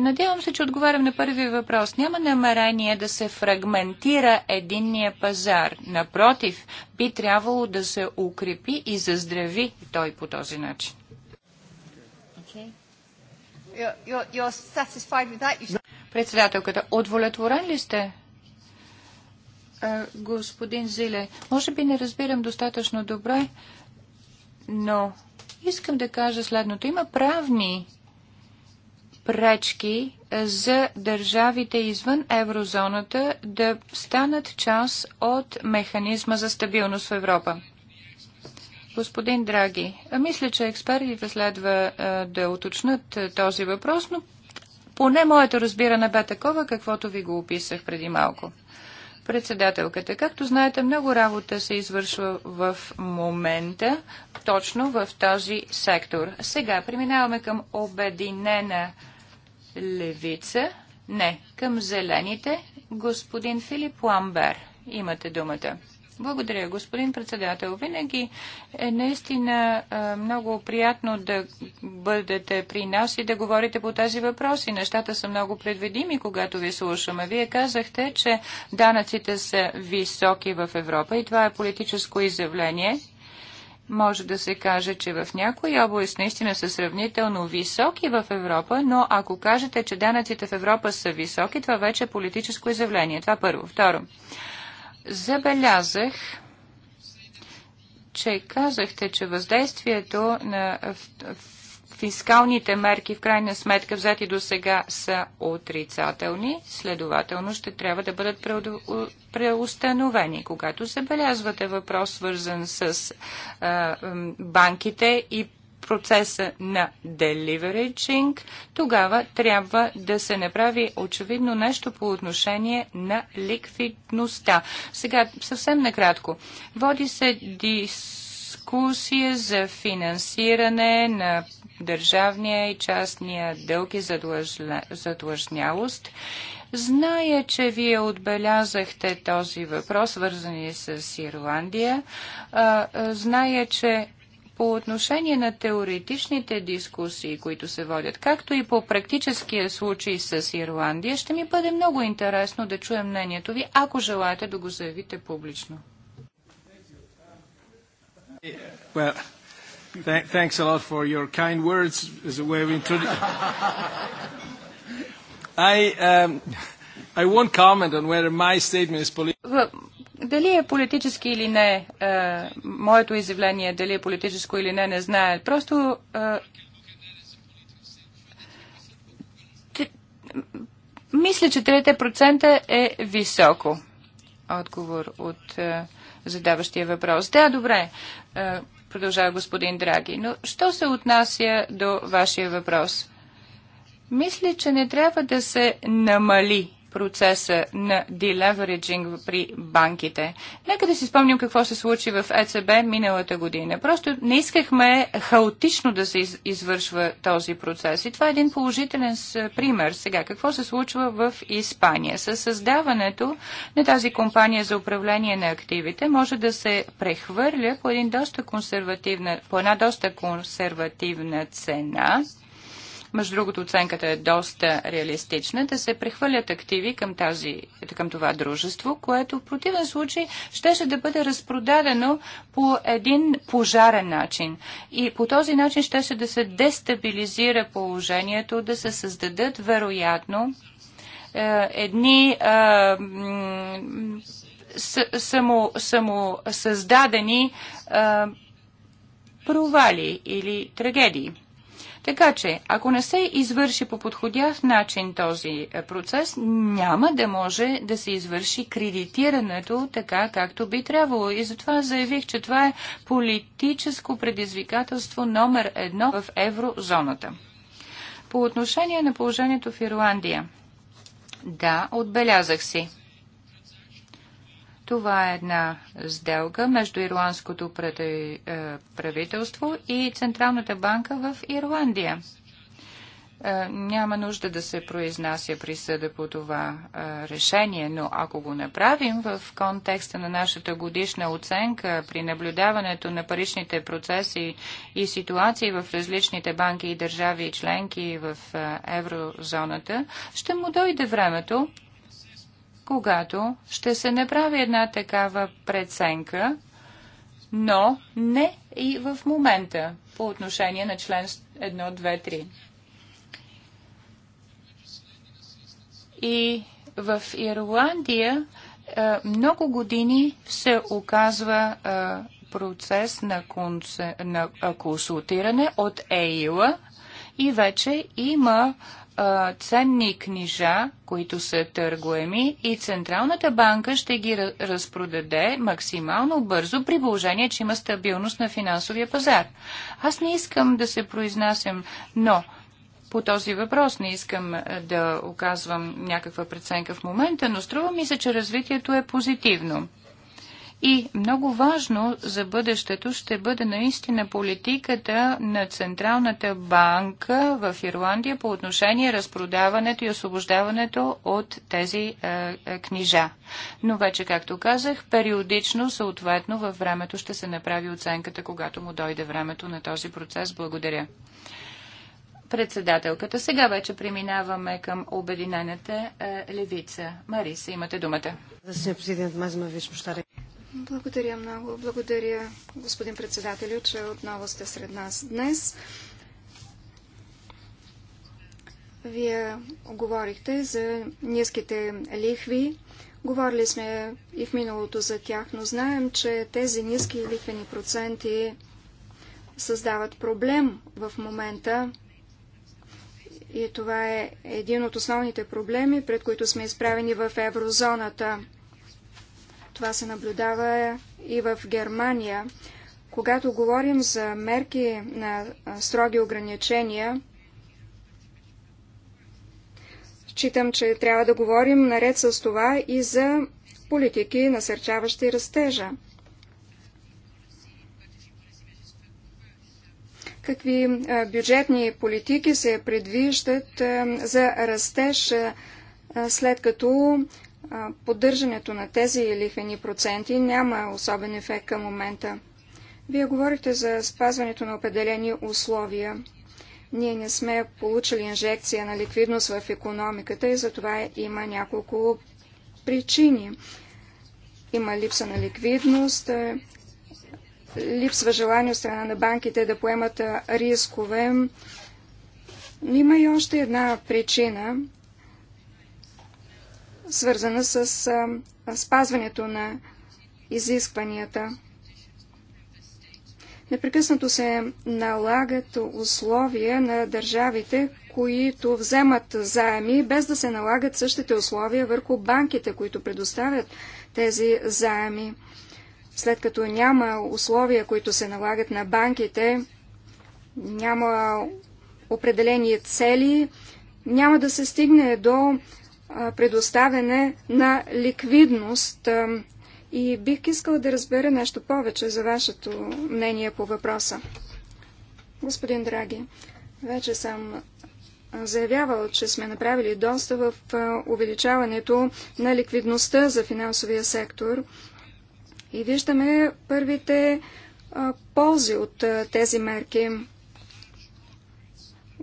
Надявам се, че отговарям на първи въпрос. Няма намерение да се фрагментира единния пазар. Напротив, би трябвало да се укрепи и заздрави той по този начин. Председателката, удовлетворен ли сте? господин Зиле, може би не разбирам достатъчно добре, но искам да кажа следното. Има правни пречки е, за държавите извън еврозоната да станат част от механизма за стабилност в Европа. Господин Драги, мисля, че експертите следва е, да уточнат е, този въпрос, но поне моето разбиране бе такова, каквото ви го описах преди малко. Председателката, както знаете, много работа се извършва в момента, точно в този сектор. Сега преминаваме към обединена левица. Не, към зелените. Господин Филип Ламбер. Имате думата. Благодаря, господин председател. Винаги е наистина много приятно да бъдете при нас и да говорите по тези въпроси. Нещата са много предвидими, когато ви слушаме. Вие казахте, че данъците са високи в Европа и това е политическо изявление може да се каже, че в някои области наистина са сравнително високи в Европа, но ако кажете, че данъците в Европа са високи, това вече е политическо изявление. Това първо. Второ. Забелязах, че казахте, че въздействието на фискалните мерки в крайна сметка взети до сега са отрицателни, следователно ще трябва да бъдат преустановени. Когато забелязвате въпрос свързан с а, банките и процеса на деливериджинг, тогава трябва да се направи очевидно нещо по отношение на ликвидността. Сега съвсем накратко. Води се дис дискусия за финансиране на държавния и частния дълг и задлъжнялост. Зная, че вие отбелязахте този въпрос, свързани с Ирландия. Зная, че по отношение на теоретичните дискусии, които се водят, както и по практическия случай с Ирландия, ще ми бъде много интересно да чуя мнението ви, ако желаете да го заявите публично. Well, th- thanks a lot for your kind words as a way of introducing. I, um, I won't comment on whether my statement is political. Дали е политически или не, е, моето изявление, дали е политическо или не, не знае. Просто е, мисля, че 3% е високо. Отговор от е, задаващия въпрос. Да, добре, е, продължава господин Драги, но що се отнася до вашия въпрос? Мисля, че не трябва да се намали процеса на делевериджинг при банките. Нека да си спомним какво се случи в ЕЦБ миналата година. Просто не искахме хаотично да се извършва този процес. И това е един положителен пример. Сега, какво се случва в Испания? С създаването на тази компания за управление на активите може да се прехвърля по, един доста консервативна, по една доста консервативна цена – между другото, оценката е доста реалистична, да се прехвърлят активи към, тази, към това дружество, което в противен случай щеше да бъде разпродадено по един пожарен начин. И по този начин щеше да се дестабилизира положението, да се създадат вероятно е, едни е, а, само, само създадени а, е, провали или трагедии. Така че, ако не се извърши по подходящ начин този е, процес, няма да може да се извърши кредитирането така, както би трябвало. И затова заявих, че това е политическо предизвикателство номер едно в еврозоната. По отношение на положението в Ирландия. Да, отбелязах си. Това е една сделка между ирландското е, правителство и Централната банка в Ирландия. Е, няма нужда да се произнася присъда по това е, решение, но ако го направим в контекста на нашата годишна оценка при наблюдаването на паричните процеси и ситуации в различните банки и държави и членки в еврозоната, ще му дойде времето когато ще се направи една такава преценка, но не и в момента по отношение на член 1, 2, 3. И в Ирландия е, много години се оказва е, процес на, консу... на е, консултиране от ЕИЛА и вече има ценни книжа, които са търгуеми и Централната банка ще ги разпродаде максимално бързо при положение, че има стабилност на финансовия пазар. Аз не искам да се произнасям, но по този въпрос не искам да оказвам някаква преценка в момента, но струва ми се, че развитието е позитивно. И много важно за бъдещето ще бъде наистина политиката на Централната банка в Ирландия по отношение разпродаването и освобождаването от тези е, е, книжа. Но вече, както казах, периодично, съответно, във времето ще се направи оценката, когато му дойде времето на този процес. Благодаря председателката. Сега вече преминаваме към Обединената е, левица. Мариса, имате думата. Благодаря много. Благодаря, господин председателю, че отново сте сред нас днес. Вие говорихте за ниските лихви. Говорили сме и в миналото за тях, но знаем, че тези ниски лихвени проценти създават проблем в момента. И това е един от основните проблеми, пред които сме изправени в еврозоната. Това се наблюдава и в Германия. Когато говорим за мерки на строги ограничения, считам, че трябва да говорим наред с това и за политики, насърчаващи растежа. Какви бюджетни политики се предвиждат за растеж, след като поддържането на тези лихвени проценти няма особен ефект към момента. Вие говорите за спазването на определени условия. Ние не сме получили инжекция на ликвидност в економиката и затова има няколко причини. Има липса на ликвидност, е, липсва желание от страна на банките да поемат е, рискове. Но Има и още една причина, свързана с спазването на изискванията. Непрекъснато се налагат условия на държавите, които вземат заеми, без да се налагат същите условия върху банките, които предоставят тези заеми. След като няма условия, които се налагат на банките, няма определени цели, няма да се стигне до предоставяне на ликвидност. И бих искала да разбера нещо повече за вашето мнение по въпроса. Господин Драги, вече съм заявявал, че сме направили доста в увеличаването на ликвидността за финансовия сектор и виждаме първите ползи от тези мерки.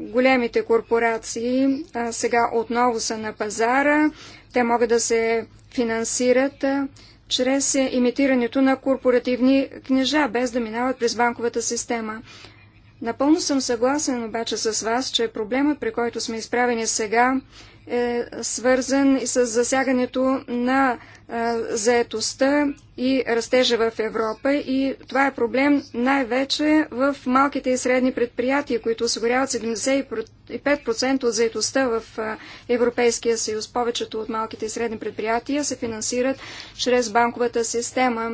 Големите корпорации а, сега отново са на пазара. Те могат да се финансират а, чрез е, имитирането на корпоративни книжа, без да минават през банковата система. Напълно съм съгласен обаче с вас, че проблемът, при който сме изправени сега, е свързан и с засягането на заетостта и растежа в Европа и това е проблем най-вече в малките и средни предприятия, които осигуряват 75% от заетостта в Европейския съюз. Повечето от малките и средни предприятия се финансират чрез банковата система.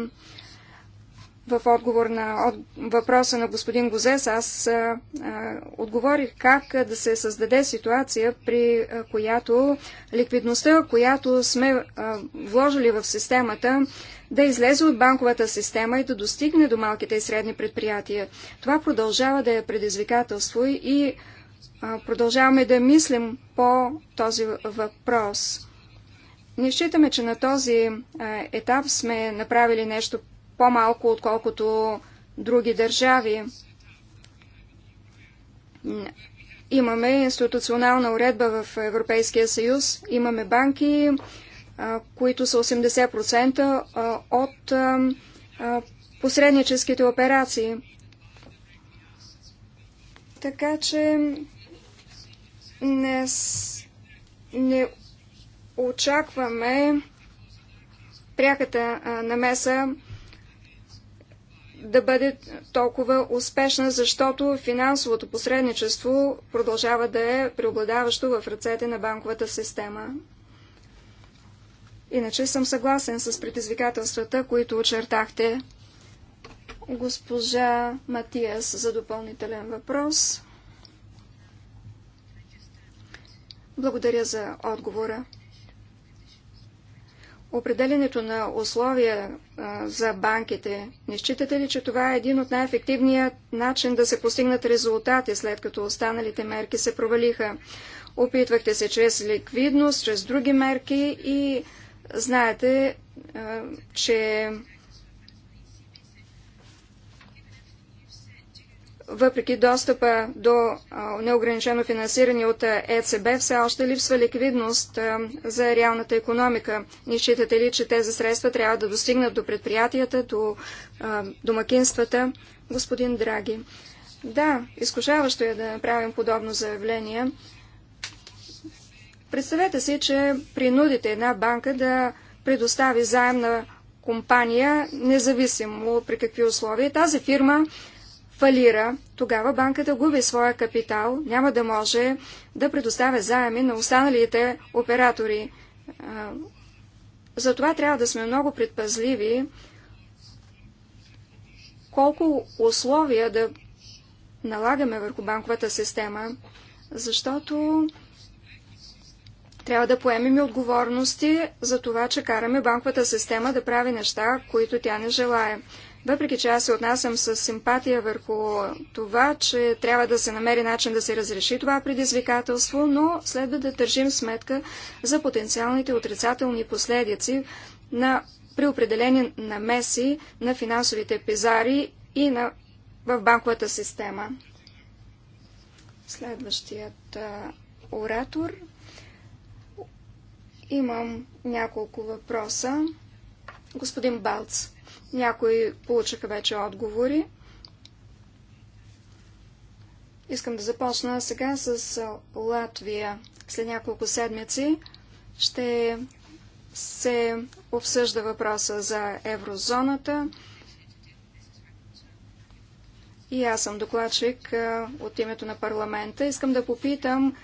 В отговор на от... въпроса на господин Гозес, аз а, а, отговорих как да се създаде ситуация, при а, която ликвидността, която сме а, вложили в системата, да излезе от банковата система и да достигне до малките и средни предприятия. Това продължава да е предизвикателство и а, продължаваме да мислим по този въпрос. Не считаме, че на този етап сме направили нещо по-малко, отколкото други държави. Имаме институционална уредба в Европейския съюз, имаме банки, които са 80% от посредническите операции. Така че не, не очакваме пряката намеса да бъде толкова успешна, защото финансовото посредничество продължава да е преобладаващо в ръцете на банковата система. Иначе съм съгласен с предизвикателствата, които очертахте. Госпожа Матиас за допълнителен въпрос. Благодаря за отговора определенето на условия за банките. Не считате ли, че това е един от най-ефективният начин да се постигнат резултати, след като останалите мерки се провалиха? Опитвахте се чрез ликвидност, чрез други мерки и знаете, че въпреки достъпа до неограничено финансиране от ЕЦБ, все още липсва ликвидност за реалната економика. Не считате ли, че тези средства трябва да достигнат до предприятията, до домакинствата, господин Драги? Да, изкушаващо е да направим подобно заявление. Представете си, че принудите една банка да предостави заем на компания, независимо при какви условия. Тази фирма фалира, тогава банката губи своя капитал, няма да може да предоставя заеми на останалите оператори. Затова трябва да сме много предпазливи колко условия да налагаме върху банковата система, защото трябва да поемем и отговорности за това, че караме банковата система да прави неща, които тя не желая. Въпреки, че аз се отнасям с симпатия върху това, че трябва да се намери начин да се разреши това предизвикателство, но следва да държим сметка за потенциалните отрицателни последици на при определени намеси на финансовите пазари и на, в банковата система. Следващият а, оратор. Имам няколко въпроса. Господин Балц. Някои получиха вече отговори. Искам да започна сега с Латвия. След няколко седмици ще се обсъжда въпроса за еврозоната. И аз съм докладчик от името на парламента. Искам да попитам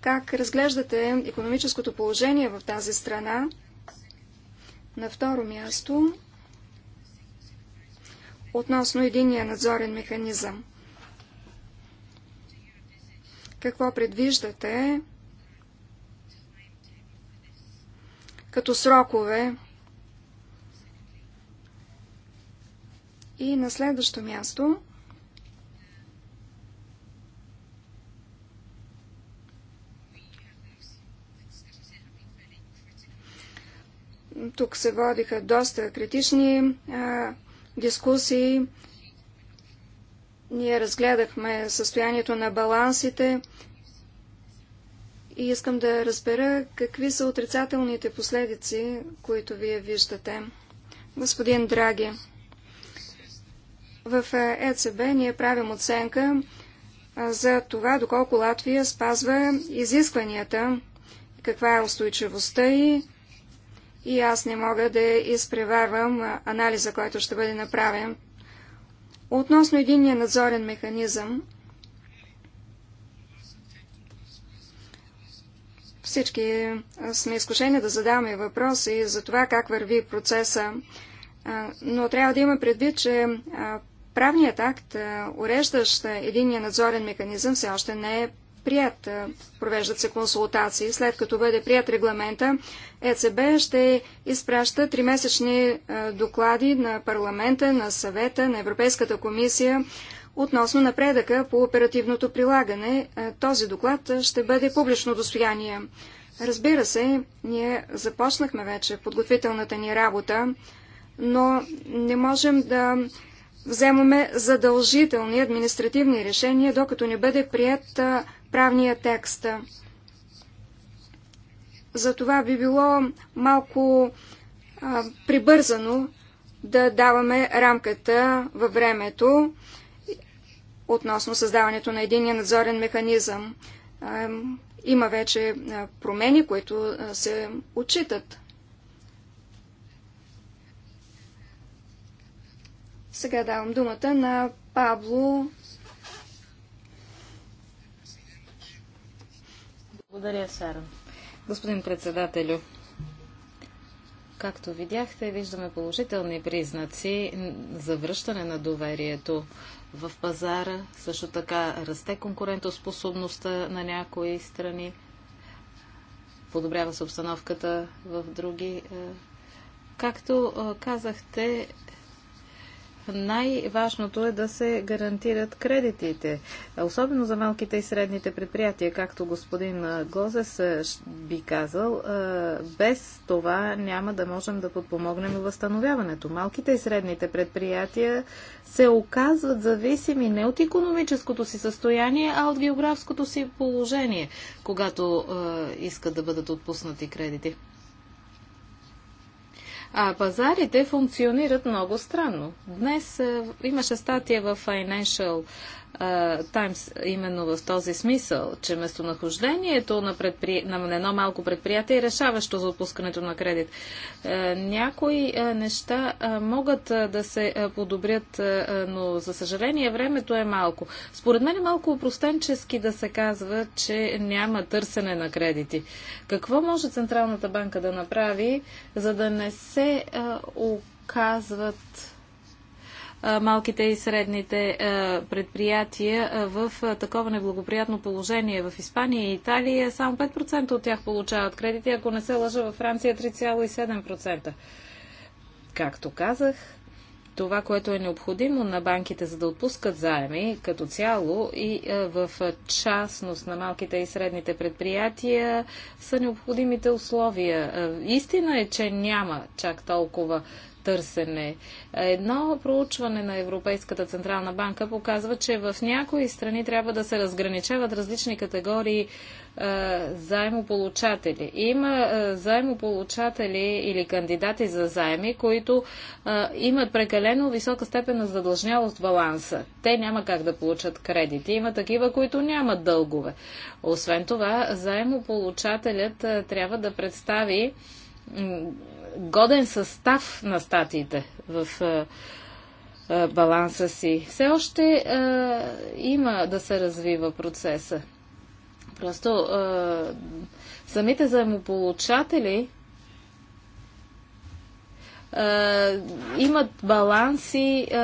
как разглеждате економическото положение в тази страна. На второ място относно единия надзорен механизъм. Какво предвиждате като срокове? И на следващо място тук се водиха доста критични а, дискусии. Ние разгледахме състоянието на балансите и искам да разбера какви са отрицателните последици, които вие виждате. Господин Драги, в ЕЦБ ние правим оценка за това, доколко Латвия спазва изискванията, каква е устойчивостта и и аз не мога да изпреварвам анализа, който ще бъде направен. Относно единния надзорен механизъм, всички сме изкушени да задаваме въпроси за това как върви процеса, но трябва да има предвид, че правният акт, уреждащ единния надзорен механизъм, все още не е прият. Е, провеждат се консултации. След като бъде прият регламента, ЕЦБ ще изпраща тримесечни е, доклади на парламента, на съвета, на Европейската комисия относно напредъка по оперативното прилагане. Е, този доклад ще бъде публично достояние. Разбира се, ние започнахме вече подготвителната ни работа, но не можем да вземаме задължителни административни решения, докато не бъде прият правния текст. Затова би било малко а, прибързано да даваме рамката във времето относно създаването на единия надзорен механизъм. А, има вече промени, които се отчитат. Сега давам думата на Пабло Благодаря, Сара. Господин председателю, както видяхте, виждаме положителни признаци за връщане на доверието в пазара. Също така расте конкурентоспособността на някои страни, подобрява се обстановката в други. Е, както е, казахте, най-важното е да се гарантират кредитите, особено за малките и средните предприятия, както господин Глозес би казал. Без това няма да можем да подпомогнем възстановяването. Малките и средните предприятия се оказват зависими не от економическото си състояние, а от географското си положение, когато искат да бъдат отпуснати кредити. А пазарите функционират много странно. Днес имаше статия в Financial Таймс именно в този смисъл, че местонахождението на, предпри... на едно малко предприятие е решаващо за отпускането на кредит. Някои неща могат да се подобрят, но за съжаление времето е малко. Според мен е малко упростенчески да се казва, че няма търсене на кредити. Какво може Централната банка да направи, за да не се оказват малките и средните предприятия в такова неблагоприятно положение в Испания и Италия. Само 5% от тях получават кредити, ако не се лъжа във Франция 3,7%. Както казах, това, което е необходимо на банките, за да отпускат заеми като цяло и в частност на малките и средните предприятия, са необходимите условия. Истина е, че няма чак толкова търсене. Едно проучване на Европейската Централна банка показва, че в някои страни трябва да се разграничават различни категории е, заемополучатели. Има е, заемополучатели или кандидати за заеми, които а, е, имат прекалено висока степен на задължнялост баланса. Те няма как да получат кредити. Има такива, които нямат дългове. Освен това, заемополучателят а, трябва да представи годен състав на статиите в е, е, баланса си. Все още е, има да се развива процеса. Просто самите заемополучатели е, имат баланси е,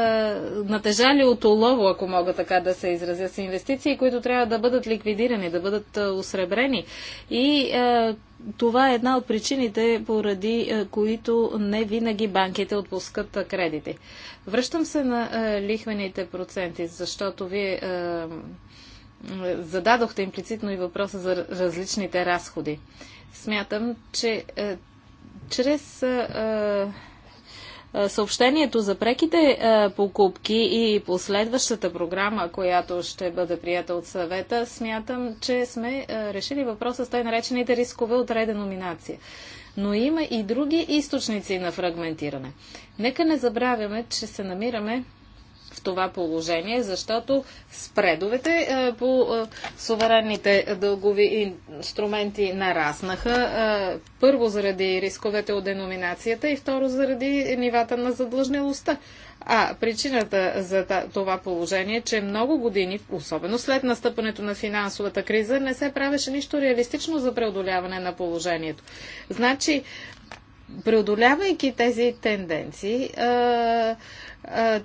натежали от улово, ако мога така да се изразя, с инвестиции, които трябва да бъдат ликвидирани, да бъдат осребрени. Е, и това е една от причините, поради които не винаги банките отпускат кредити. Връщам се на лихвените проценти, защото вие зададохте имплицитно и въпроса за различните разходи. Смятам, че чрез е, съобщението за преките е, покупки и последващата програма, която ще бъде прията от съвета, смятам, че сме е, решили въпроса с тъй наречените рискове от реденоминация. Но има и други източници на фрагментиране. Нека не забравяме, че се намираме в това положение, защото спредовете е, по е, суверенните дългови инструменти нараснаха. Е, първо заради рисковете от деноминацията и второ заради нивата на задлъжнилостта. А причината за това положение е, че много години, особено след настъпането на финансовата криза, не се правеше нищо реалистично за преодоляване на положението. Значи, преодолявайки тези тенденции,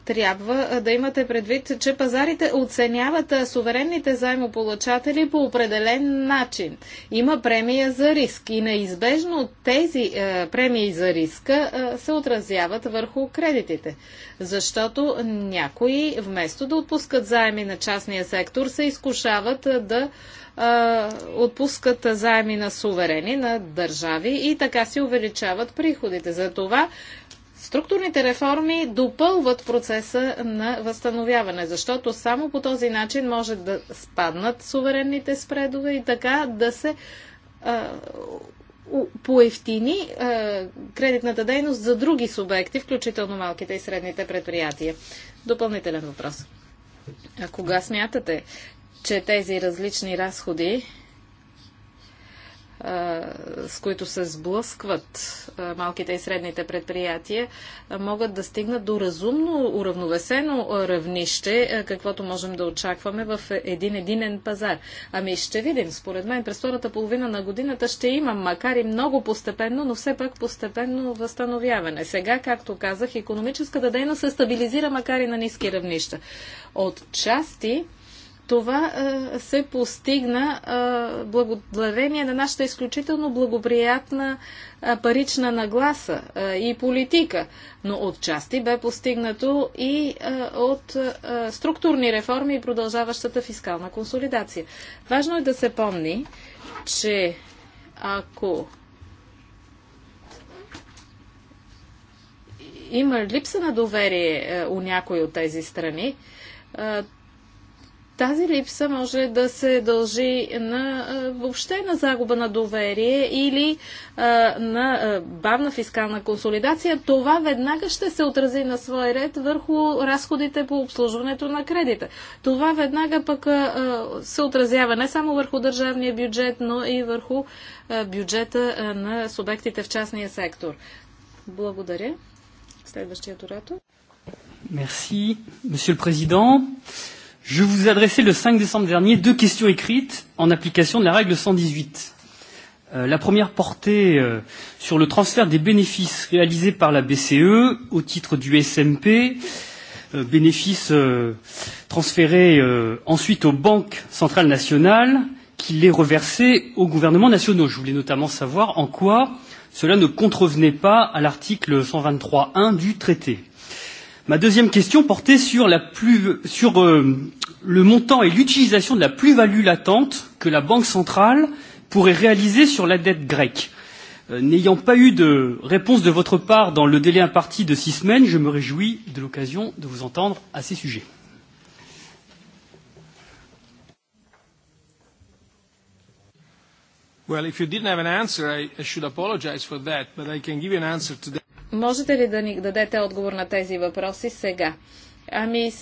трябва да имате предвид, че пазарите оценяват суверенните заемополучатели по определен начин. Има премия за риск и неизбежно тези премии за риска се отразяват върху кредитите, защото някои вместо да отпускат заеми на частния сектор се изкушават да отпускат заеми на суверени, на държави и така си увеличават приходите. За това Структурните реформи допълват процеса на възстановяване, защото само по този начин може да спаднат суверенните спредове и така да се поевтини кредитната дейност за други субекти, включително малките и средните предприятия. Допълнителен въпрос. А кога смятате, че тези различни разходи с които се сблъскват малките и средните предприятия, могат да стигнат до разумно уравновесено равнище, каквото можем да очакваме в един единен пазар. Ами ще видим, според мен през втората половина на годината ще има, макар и много постепенно, но все пак постепенно възстановяване. Сега, както казах, економическата дейност се стабилизира, макар и на ниски равнища. От части това а, се постигна а, благодарение на нашата изключително благоприятна а, парична нагласа а, и политика, но отчасти бе постигнато и а, от а, структурни реформи и продължаващата фискална консолидация. Важно е да се помни, че ако има липса на доверие а, е, у някои от тези страни, а, тази липса може да се дължи на, въобще на загуба на доверие или а, на бавна фискална консолидация. Това веднага ще се отрази на свой ред върху разходите по обслужването на кредита. Това веднага пък а, се отразява не само върху държавния бюджет, но и върху а, бюджета на субектите в частния сектор. Благодаря. Следващият оратор. Мерси, месье президент. Je vous ai adressé le 5 décembre dernier deux questions écrites en application de la règle 118. Euh, la première portait euh, sur le transfert des bénéfices réalisés par la BCE au titre du SMP, euh, bénéfices euh, transférés euh, ensuite aux banques centrales nationales qui les reversaient aux gouvernements nationaux. Je voulais notamment savoir en quoi cela ne contrevenait pas à l'article 123.1 du traité. Ma deuxième question portait sur, la plus, sur euh, le montant et l'utilisation de la plus-value latente que la Banque centrale pourrait réaliser sur la dette grecque. Euh, N'ayant pas eu de réponse de votre part dans le délai imparti de six semaines, je me réjouis de l'occasion de vous entendre à ces sujets. Well, if you didn't have an answer, I, I should apologize for that, but I can give you an answer today. Можете ли да ни дадете отговор на тези въпроси сега? Ами,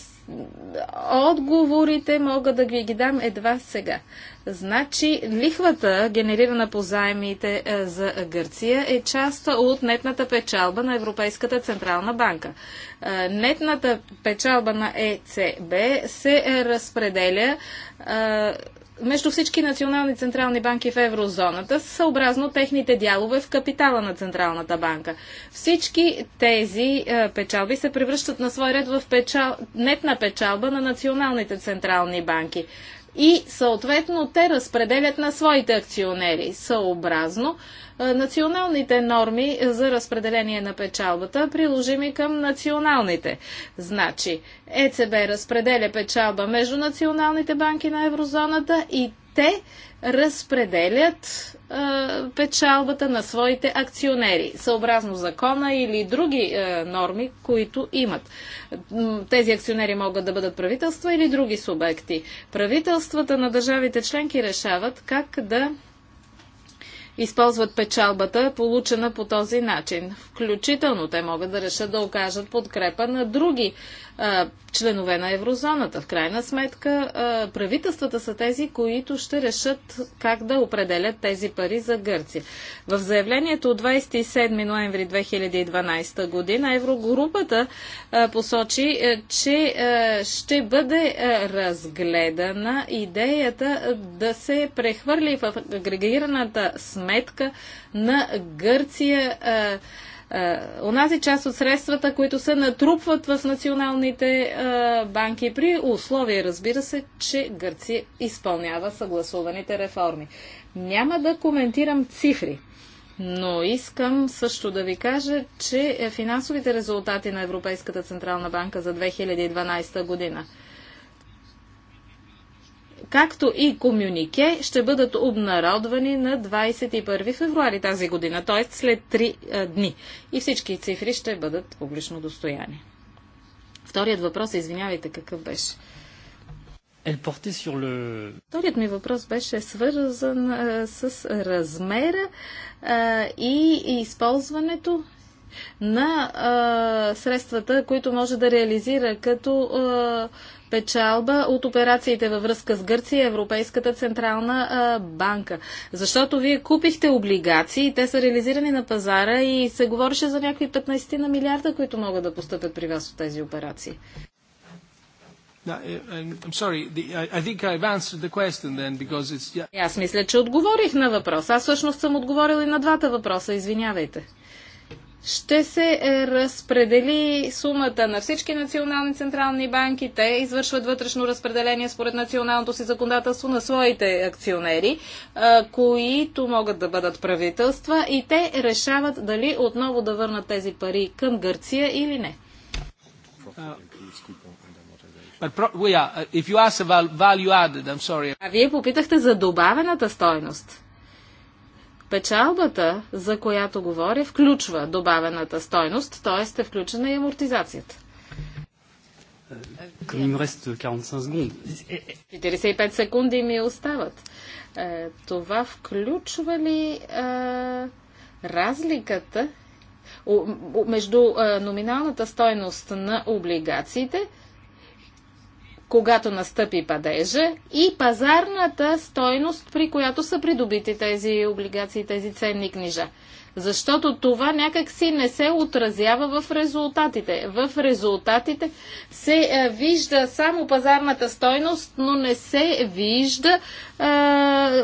отговорите мога да ви ги дам едва сега. Значи, лихвата, генерирана по заемите е, за Гърция, е част от нетната печалба на Европейската Централна банка. Е, нетната печалба на ЕЦБ се е, разпределя между всички национални централни банки в еврозоната, съобразно техните дялове в капитала на Централната банка. Всички тези е, печалби се превръщат на свой ред в печал... нетна печалба на националните централни банки. И съответно те разпределят на своите акционери съобразно националните норми за разпределение на печалбата, приложими към националните. Значи, ЕЦБ разпределя печалба между националните банки на еврозоната и те разпределят е, печалбата на своите акционери, съобразно закона или други е, норми, които имат. Тези акционери могат да бъдат правителства или други субекти. Правителствата на държавите членки решават как да използват печалбата, получена по този начин. Включително те могат да решат да окажат подкрепа на други членове на еврозоната. В крайна сметка правителствата са тези, които ще решат как да определят тези пари за Гърция. В заявлението от 27 ноември 2012 година еврогрупата посочи, че ще бъде разгледана идеята да се прехвърли в агрегираната сметка на Гърция онази е, част от средствата, които се натрупват в националните е, банки при условие, разбира се, че Гърция изпълнява съгласуваните реформи. Няма да коментирам цифри. Но искам също да ви кажа, че е, финансовите резултати на Европейската Централна банка за 2012 година както и комюнике, ще бъдат обнародвани на 21 февруари тази година, т.е. след 3 а, дни. И всички цифри ще бъдат публично достояни. Вторият въпрос, извинявайте, какъв беше? Вторият ми въпрос беше свързан а, с размера а, и, и използването на а, средствата, които може да реализира като а, печалба от операциите във връзка с Гърция и Европейската централна а, банка. Защото вие купихте облигации, те са реализирани на пазара и се говореше за някакви 15 на милиарда, които могат да постъпят при вас от тези операции. Аз мисля, че отговорих на въпрос. Аз всъщност съм отговорил и на двата въпроса, извинявайте ще се е, разпредели сумата на всички национални централни банки. Те извършват вътрешно разпределение според националното си законодателство на своите акционери, е, които могат да бъдат правителства и те решават дали отново да върнат тези пари към Гърция или не. А вие попитахте за добавената стойност. Печалбата, за която говоря, включва добавената стойност, т.е. е включена и амортизацията. 45 секунди ми остават. Е, това включва ли е, разликата между е, номиналната стойност на облигациите – когато настъпи падежа и пазарната стойност, при която са придобити тези облигации, тези ценни книжа. Защото това някакси не се отразява в резултатите. В резултатите се е, вижда само пазарната стойност, но не се вижда е,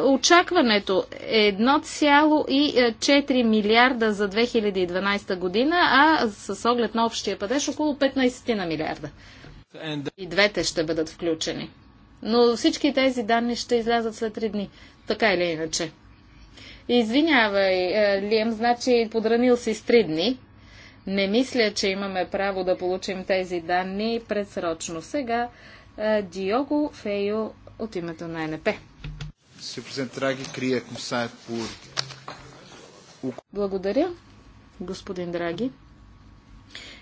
очакването. 1,4 милиарда за 2012 година, а с оглед на общия падеж около 15 на милиарда. И двете ще бъдат включени. Но всички тези данни ще излязат след три дни. Така или иначе. Извинявай, е, Лием, значи подранил си с три дни. Не мисля, че имаме право да получим тези данни предсрочно. Сега е, Диого Фейо от името на НП. Благодаря, господин Драги.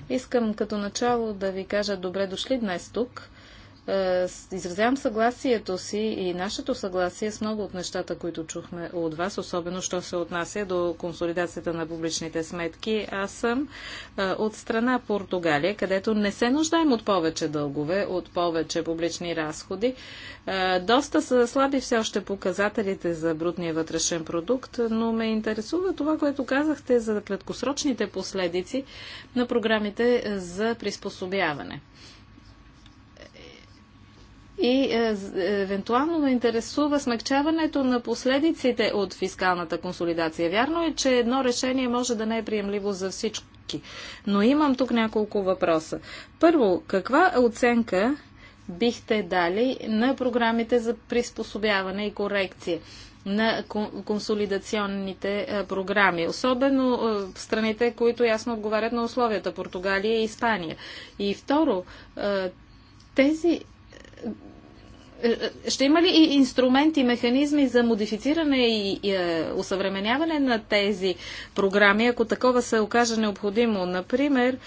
Искам като начало да ви кажа добре дошли днес тук. Е, изразявам съгласието си и нашето съгласие с много от нещата, които чухме от вас, особено що се отнася до консолидацията на публичните сметки. Аз съм е, от страна Португалия, където не се нуждаем от повече дългове, от повече публични разходи. Е, доста са слаби все още показателите за брутния вътрешен продукт, но ме интересува това, което казахте за краткосрочните последици на програмите за приспособяване и е, е, евентуално ме интересува смягчаването на последиците от фискалната консолидация. Вярно е, че едно решение може да не е приемливо за всички, но имам тук няколко въпроса. Първо, каква оценка бихте дали на програмите за приспособяване и корекция? на консолидационните е, програми, особено в страните, които ясно отговарят на условията Португалия и Испания. И второ, тези е, е, ще има ли и инструменти, механизми за модифициране и, и е, усъвременяване на тези програми, ако такова се окаже необходимо? Например,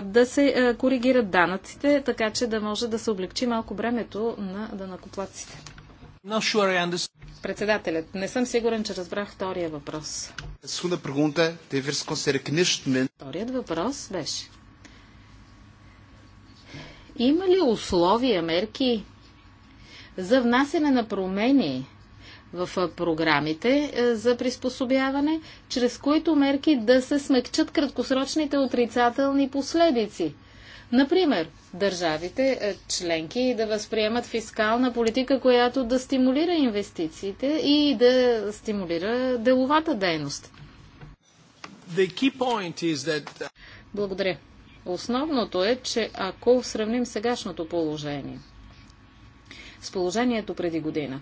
да се коригират данъците, така че да може да се облегчи малко бремето на данъкоплаците. Sure Председателят, не съм сигурен, че разбрах втория въпрос. Вторият въпрос беше. Има ли условия, мерки, за внасене на промени в програмите за приспособяване, чрез които мерки да се смекчат краткосрочните отрицателни последици. Например, държавите членки да възприемат фискална политика, която да стимулира инвестициите и да стимулира деловата дейност. That... Благодаря. Основното е, че ако сравним сегашното положение – с положението преди година.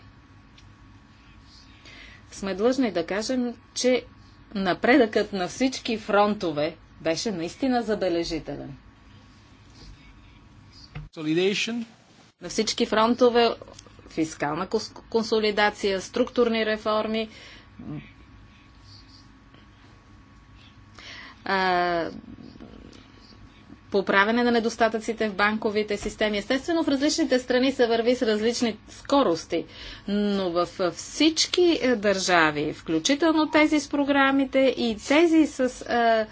Сме длъжни да кажем, че напредъкът на всички фронтове беше наистина забележителен. На всички фронтове фискална консолидация, структурни реформи, поправене на недостатъците в банковите системи. Естествено, в различните страни се върви с различни скорости, но в всички е, държави, включително тези с програмите и тези с е,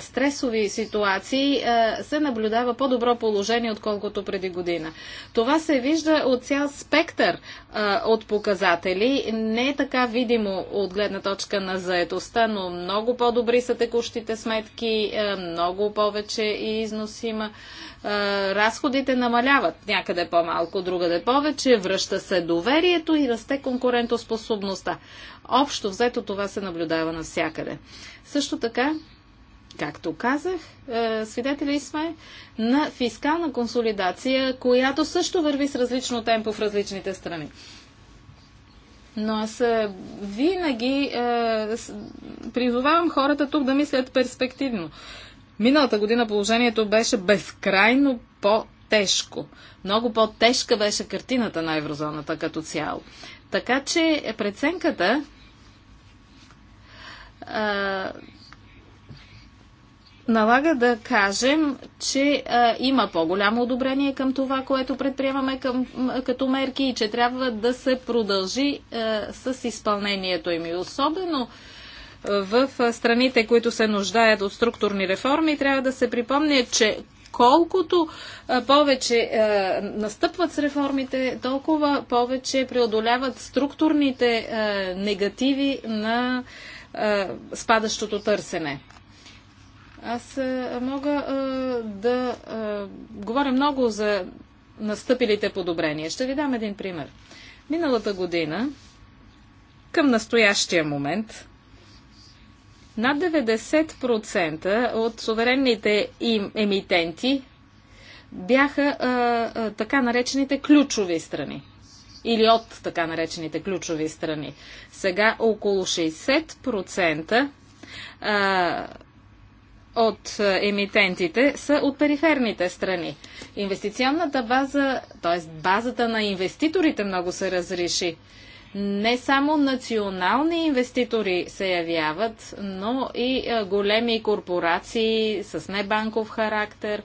стресови ситуации се наблюдава по-добро положение, отколкото преди година. Това се вижда от цял спектър от показатели. Не е така видимо от гледна точка на заетостта, но много по-добри са текущите сметки, много повече и износ има. Разходите намаляват някъде по-малко, другаде повече, връща се доверието и расте конкурентоспособността. Общо взето това се наблюдава навсякъде. Също така, Както казах, е, свидетели сме на фискална консолидация, която също върви с различно темпо в различните страни. Но аз е, винаги е, призовавам хората тук да мислят перспективно. Миналата година положението беше безкрайно по-тежко. Много по-тежка беше картината на еврозоната като цяло. Така че преценката налага да кажем, че а, има по-голямо одобрение към това, което предприемаме към, като мерки и че трябва да се продължи а, с изпълнението им. И особено в страните, които се нуждаят от структурни реформи, трябва да се припомня, че колкото повече настъпват с реформите, толкова повече преодоляват структурните негативи на спадащото търсене. Аз е, мога а, е, да а, е, говоря много за настъпилите подобрения. Ще ви дам един пример. Миналата година, към настоящия момент, над 90% от суверенните им емитенти бяха а, а, така наречените ключови страни или от така наречените ключови страни. Сега около 60% а, от е, емитентите са от периферните страни. Инвестиционната база, т.е. базата на инвеститорите много се разреши. Не само национални инвеститори се явяват, но и е, големи корпорации с небанков характер,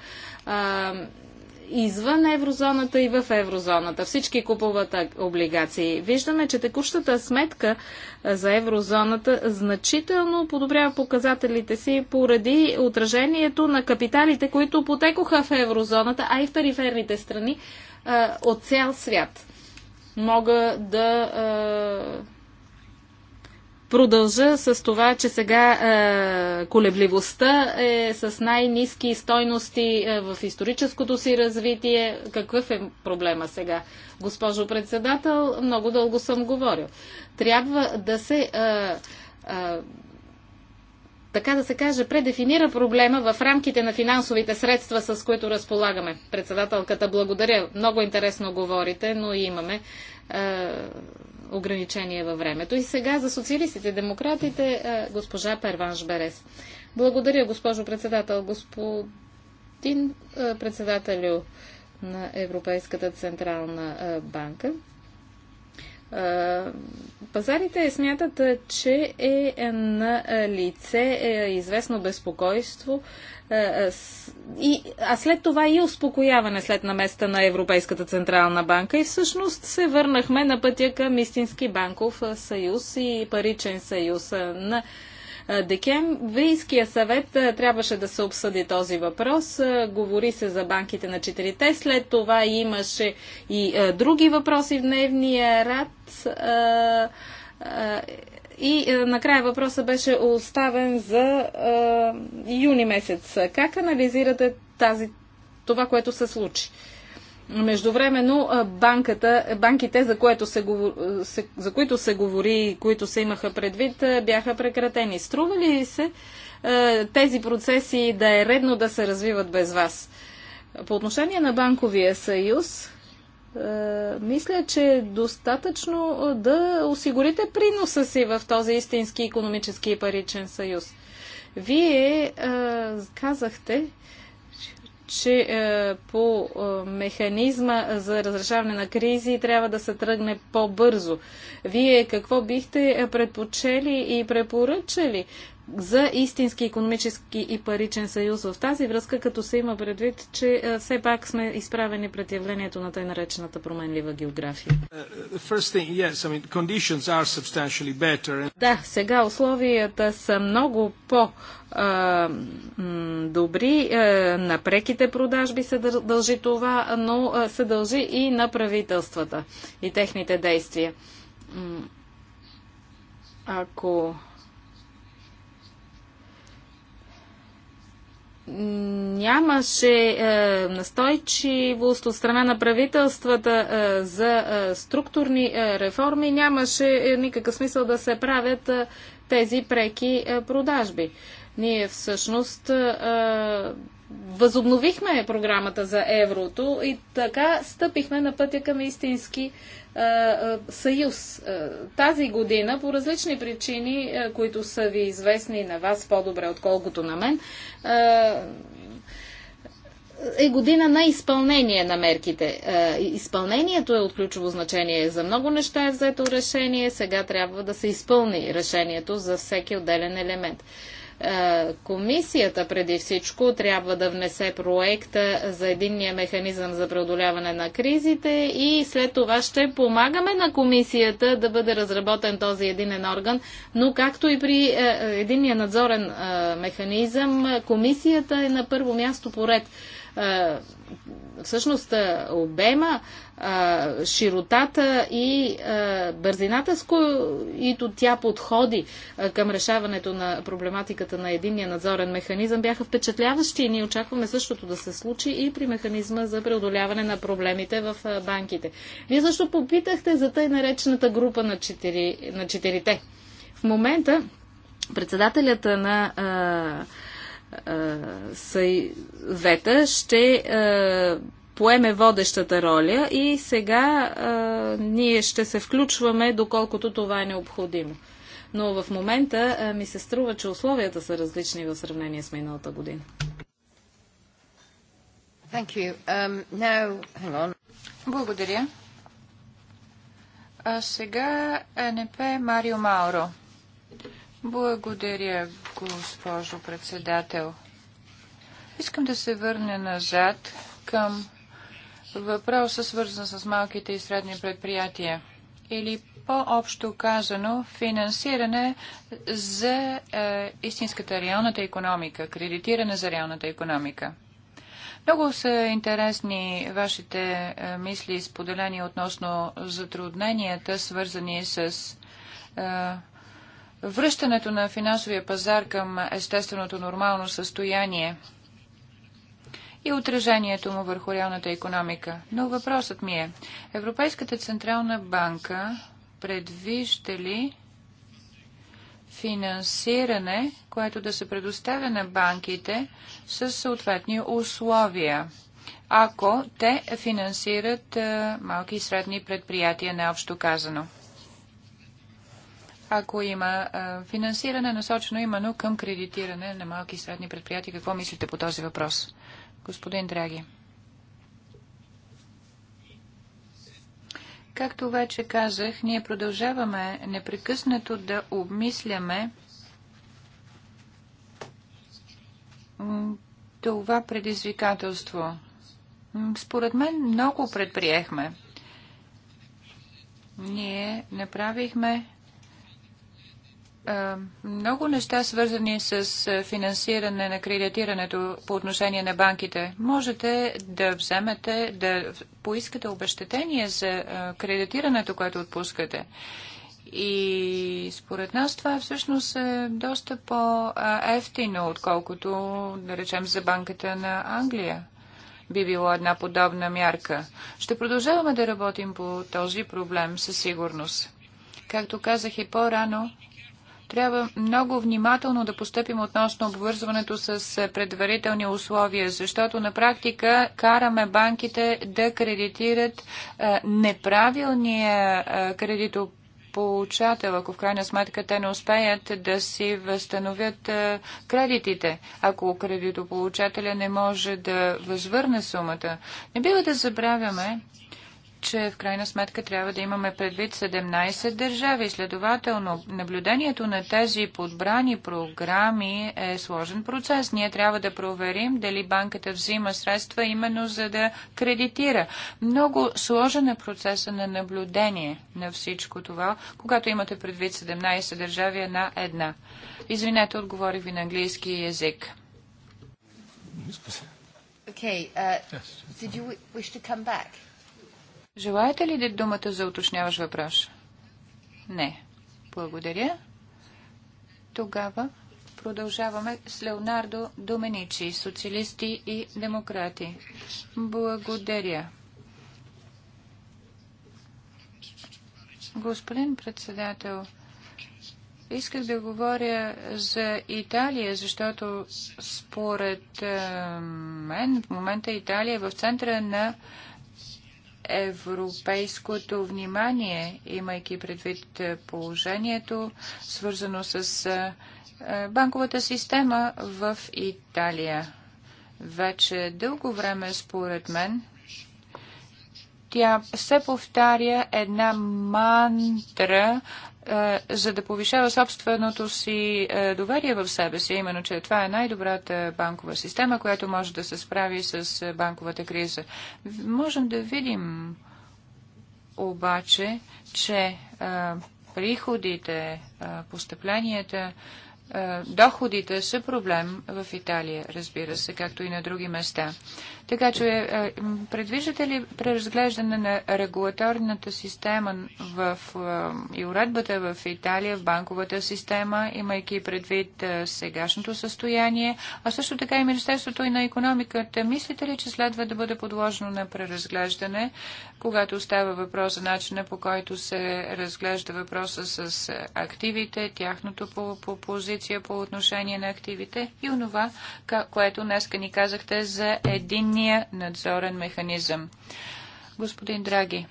извън еврозоната и в еврозоната. Всички купуват облигации. Виждаме, че текущата сметка за еврозоната значително подобрява показателите си поради отражението на капиталите, които потекоха в еврозоната, а и в периферните страни от цял свят. Мога да продължа с това, че сега е, колебливостта е с най-низки стойности е, в историческото си развитие. Какъв е проблема сега? Госпожо председател, много дълго съм говорил. Трябва да се. Е, е, така да се каже, предефинира проблема в рамките на финансовите средства, с които разполагаме. Председателката, благодаря. Много интересно говорите, но имаме е, ограничение във времето. И сега за социалистите и демократите госпожа Перванш Берес. Благодаря, госпожо председател, господин председателю на Европейската централна банка. Пазарите смятат, че е на лице е известно безпокойство е, е, и, а след това и успокояване след наместа на Европейската Централна банка и всъщност се върнахме на пътя към истински банков е, съюз и паричен съюз на ДЕКем. Вийския съвет трябваше да се обсъди този въпрос. Говори се за банките на четирите. След това имаше и други въпроси в дневния рад и е, накрая въпроса беше оставен за е, юни месец. Как анализирате тази, това, което се случи? Междувременно е, банката, банките, за, което се, е, за които се говори, и които се имаха предвид, е, бяха прекратени. Струва ли се тези процеси да е редно да се развиват без вас? По отношение на банковия съюз, е, мисля, че е достатъчно е, да осигурите приноса си в този истински економически и паричен съюз. Вие е, казахте, че по механизма за разрешаване на кризи трябва да се тръгне по-бързо. Вие какво бихте предпочели и препоръчали? за истински економически и паричен съюз в тази връзка, като се има предвид, че е, все пак сме изправени пред явлението на тъй наречената променлива география. Uh, Да, сега условията са много по- добри. На преките продажби се дължи това, но се дължи и на правителствата и техните действия. Ако нямаше е, настойчивост от страна на правителствата е, за е, структурни е, реформи, нямаше е, никакъв смисъл да се правят е, тези преки е, продажби. Ние всъщност е, възобновихме програмата за еврото и така стъпихме на пътя към истински а, е, а, е, съюз. А, е, тази година, по различни причини, а, които са ви известни на вас по-добре, отколкото на мен, а, е година на изпълнение на мерките. Изпълнението е от ключово значение. За много неща е взето решение, сега трябва да се изпълни решението за всеки отделен елемент. Е, комисията преди всичко трябва да внесе проекта за единния механизъм за преодоляване на кризите и след това ще помагаме на комисията да бъде разработен този единен орган, но както и при е, е, единния надзорен механизъм, комисията е на първо място поред всъщност е, обема, е, широтата и е, бързината, с които тя подходи към решаването на проблематиката на единния надзорен механизъм, бяха впечатляващи и ние очакваме същото да се случи и при механизма за преодоляване на проблемите в банките. Вие също попитахте за тъй наречената група на, четири, на четирите. В момента председателята на съвета ще поеме водещата роля и сега а, ние ще се включваме доколкото това е необходимо. Но в момента а, ми се струва, че условията са различни в сравнение с миналата година. Thank you. Um, now, hang on. Благодаря. А сега е НП Марио Мауро. Благодаря, госпожо председател. Искам да се върне назад към въпроса, свързан с малките и средни предприятия. Или по-общо казано, финансиране за е, истинската реалната економика, кредитиране за реалната економика. Много са интересни вашите е, мисли споделени споделения относно затрудненията, свързани с е, връщането на финансовия пазар към естественото нормално състояние и отражението му върху реалната економика. Но въпросът ми е, Европейската Централна банка предвижда ли финансиране, което да се предоставя на банките с съответни условия, ако те финансират малки и средни предприятия, наобщо казано? ако има а, финансиране насочено именно към кредитиране на малки и средни предприятия. Какво мислите по този въпрос? Господин Драги. Както вече казах, ние продължаваме непрекъснато да обмисляме това предизвикателство. Според мен много предприехме. Ние направихме много неща, свързани с финансиране на кредитирането по отношение на банките. Можете да вземете, да поискате обещетение за кредитирането, което отпускате. И според нас това е всъщност е доста по-ефтино, отколкото, да речем, за банката на Англия би било една подобна мярка. Ще продължаваме да работим по този проблем със сигурност. Както казах и по-рано, трябва много внимателно да поступим относно обвързването с предварителни условия, защото на практика караме банките да кредитират е, неправилния е, кредитополучател получател, ако в крайна сметка те не успеят да си възстановят е, кредитите, ако кредитополучателя не може да възвърне сумата. Не бива да забравяме, че в крайна сметка трябва да имаме предвид 17 държави. Следователно, наблюдението на тези подбрани програми е сложен процес. Ние трябва да проверим дали банката взима средства именно за да кредитира. Много сложен е процеса на наблюдение на всичко това, когато имате предвид 17 държави на една. Извинете, отговорих ви на английски язик. Okay, uh, did you wish to come back? Желаете ли да думата за уточняваш въпрос? Не. Благодаря. Тогава продължаваме с Леонардо Доменичи, социалисти и демократи. Благодаря. Господин председател, исках да говоря за Италия, защото според мен в момента Италия е в центъра на европейското внимание, имайки предвид е, положението, свързано с е, е, банковата система в Италия. Вече дълго време, според мен, тя се повтаря една мантра е, за да повишава собственото си е, доверие в себе си, именно, че това е най-добрата банкова система, която може да се справи с е, банковата криза. Можем да видим обаче, че приходите, постъпленията, доходите са проблем в Италия, разбира се, както и на други места. Така че е, предвиждате ли преразглеждане на регулаторната система в, е, и уредбата в Италия, в банковата система, имайки предвид е, сегашното състояние, а също така и Министерството и на економиката? Мислите ли, че следва да бъде подложено на преразглеждане, когато става въпрос за начина по който се разглежда въпроса с активите, тяхното по, по позиция по отношение на активите и онова, което днеска ни казахте за един единния надзорен механизъм. Господин Драги,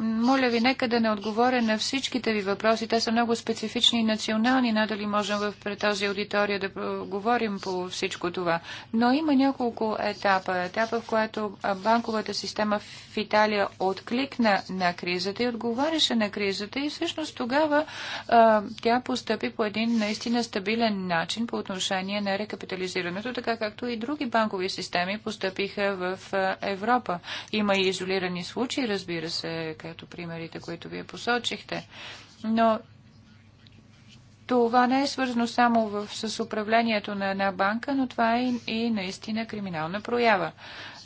моля ви, нека да не отговоря на всичките ви въпроси. Те са много специфични и национални. Надали можем в пред тази аудитория да говорим по всичко това. Но има няколко етапа. Етапа, в която банковата система в Италия откликна на кризата и отговаряше на кризата. И всъщност тогава а, тя постъпи по един наистина стабилен начин по отношение на рекапитализирането, така както и други банкови системи постъпиха в Европа. Има и изолирани случаи, разбира се, като примерите, които вие посочихте. Но това не е свързано само в, с управлението на една банка, но това е и, и наистина криминална проява.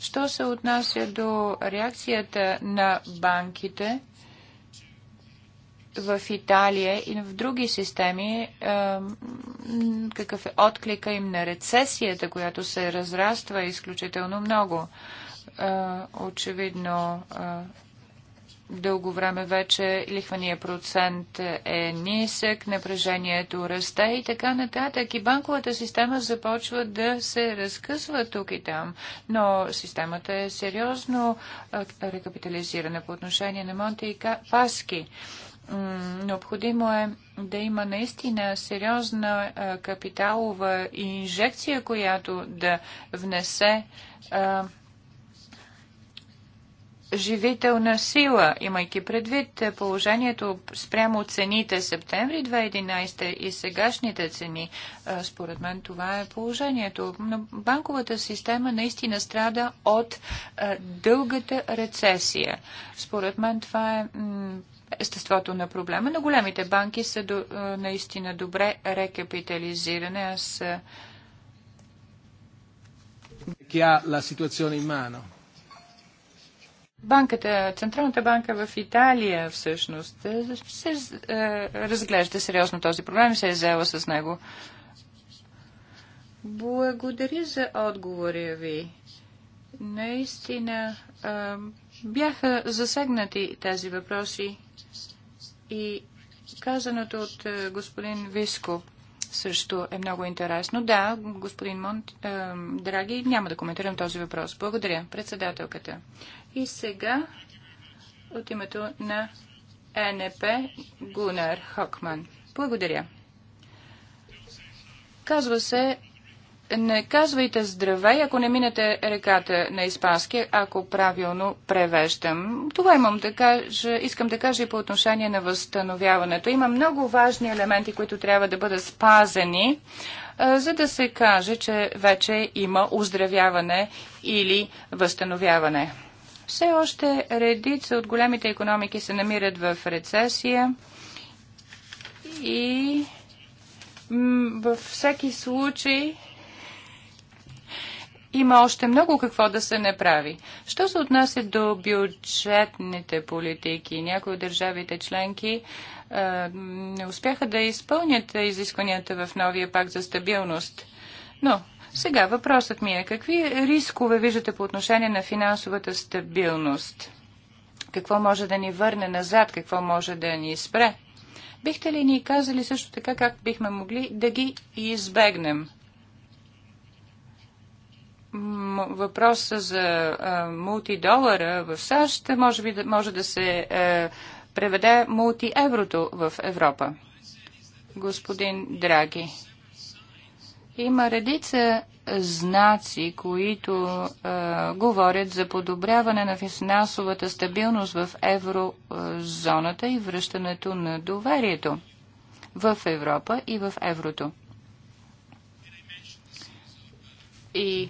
Що се отнася до реакцията на банките в Италия и в други системи, какъв е отклика им на рецесията, която се разраства изключително много? очевидно дълго време вече лихвания процент е нисък, напрежението расте и така нататък. И банковата система започва да се разкъсва тук и там. Но системата е сериозно рекапитализирана по отношение на Монте и Паски. Необходимо е да има наистина сериозна капиталова инжекция, която да внесе живителна сила, имайки предвид положението спрямо цените септември 2011 и сегашните цени. Според мен това е положението. Но банковата система наистина страда от дългата рецесия. Според мен това е естеството на проблема. Но големите банки са до, наистина добре рекапитализирани. Аз... Chi ha Банката, Централната банка в Италия всъщност е, се е, разглежда сериозно този проблем и се е взела с него. Благодаря за отговоря ви. Наистина е, бяха засегнати тези въпроси и казаното от е, господин Вископ също е много интересно. Да, господин Монт, е, драги, няма да коментирам този въпрос. Благодаря, председателката. И сега от името на е НП Гунар Хокман. Благодаря. Казва се не казвайте здравей, ако не минете реката на испански, ако правилно превеждам. Това имам да кажа, искам да кажа и по отношение на възстановяването. Има много важни елементи, които трябва да бъдат спазени, за да се каже, че вече има оздравяване или възстановяване. Все още редица от големите економики се намират в рецесия и във всеки случай има още много какво да се направи. Що се отнася до бюджетните политики? Някои от държавите членки а, е, не успяха да изпълнят изискванията в новия пакт за стабилност. Но сега въпросът ми е какви рискове виждате по отношение на финансовата стабилност? Какво може да ни върне назад? Какво може да ни спре? Бихте ли ни казали също така как бихме могли да ги избегнем? въпроса за мултидолара в САЩ може би може да се преведе преведе мултиеврото в Европа. Господин Драги, има редица знаци, които е, говорят за подобряване на финансовата стабилност в еврозоната и връщането на доверието в Европа и в еврото. И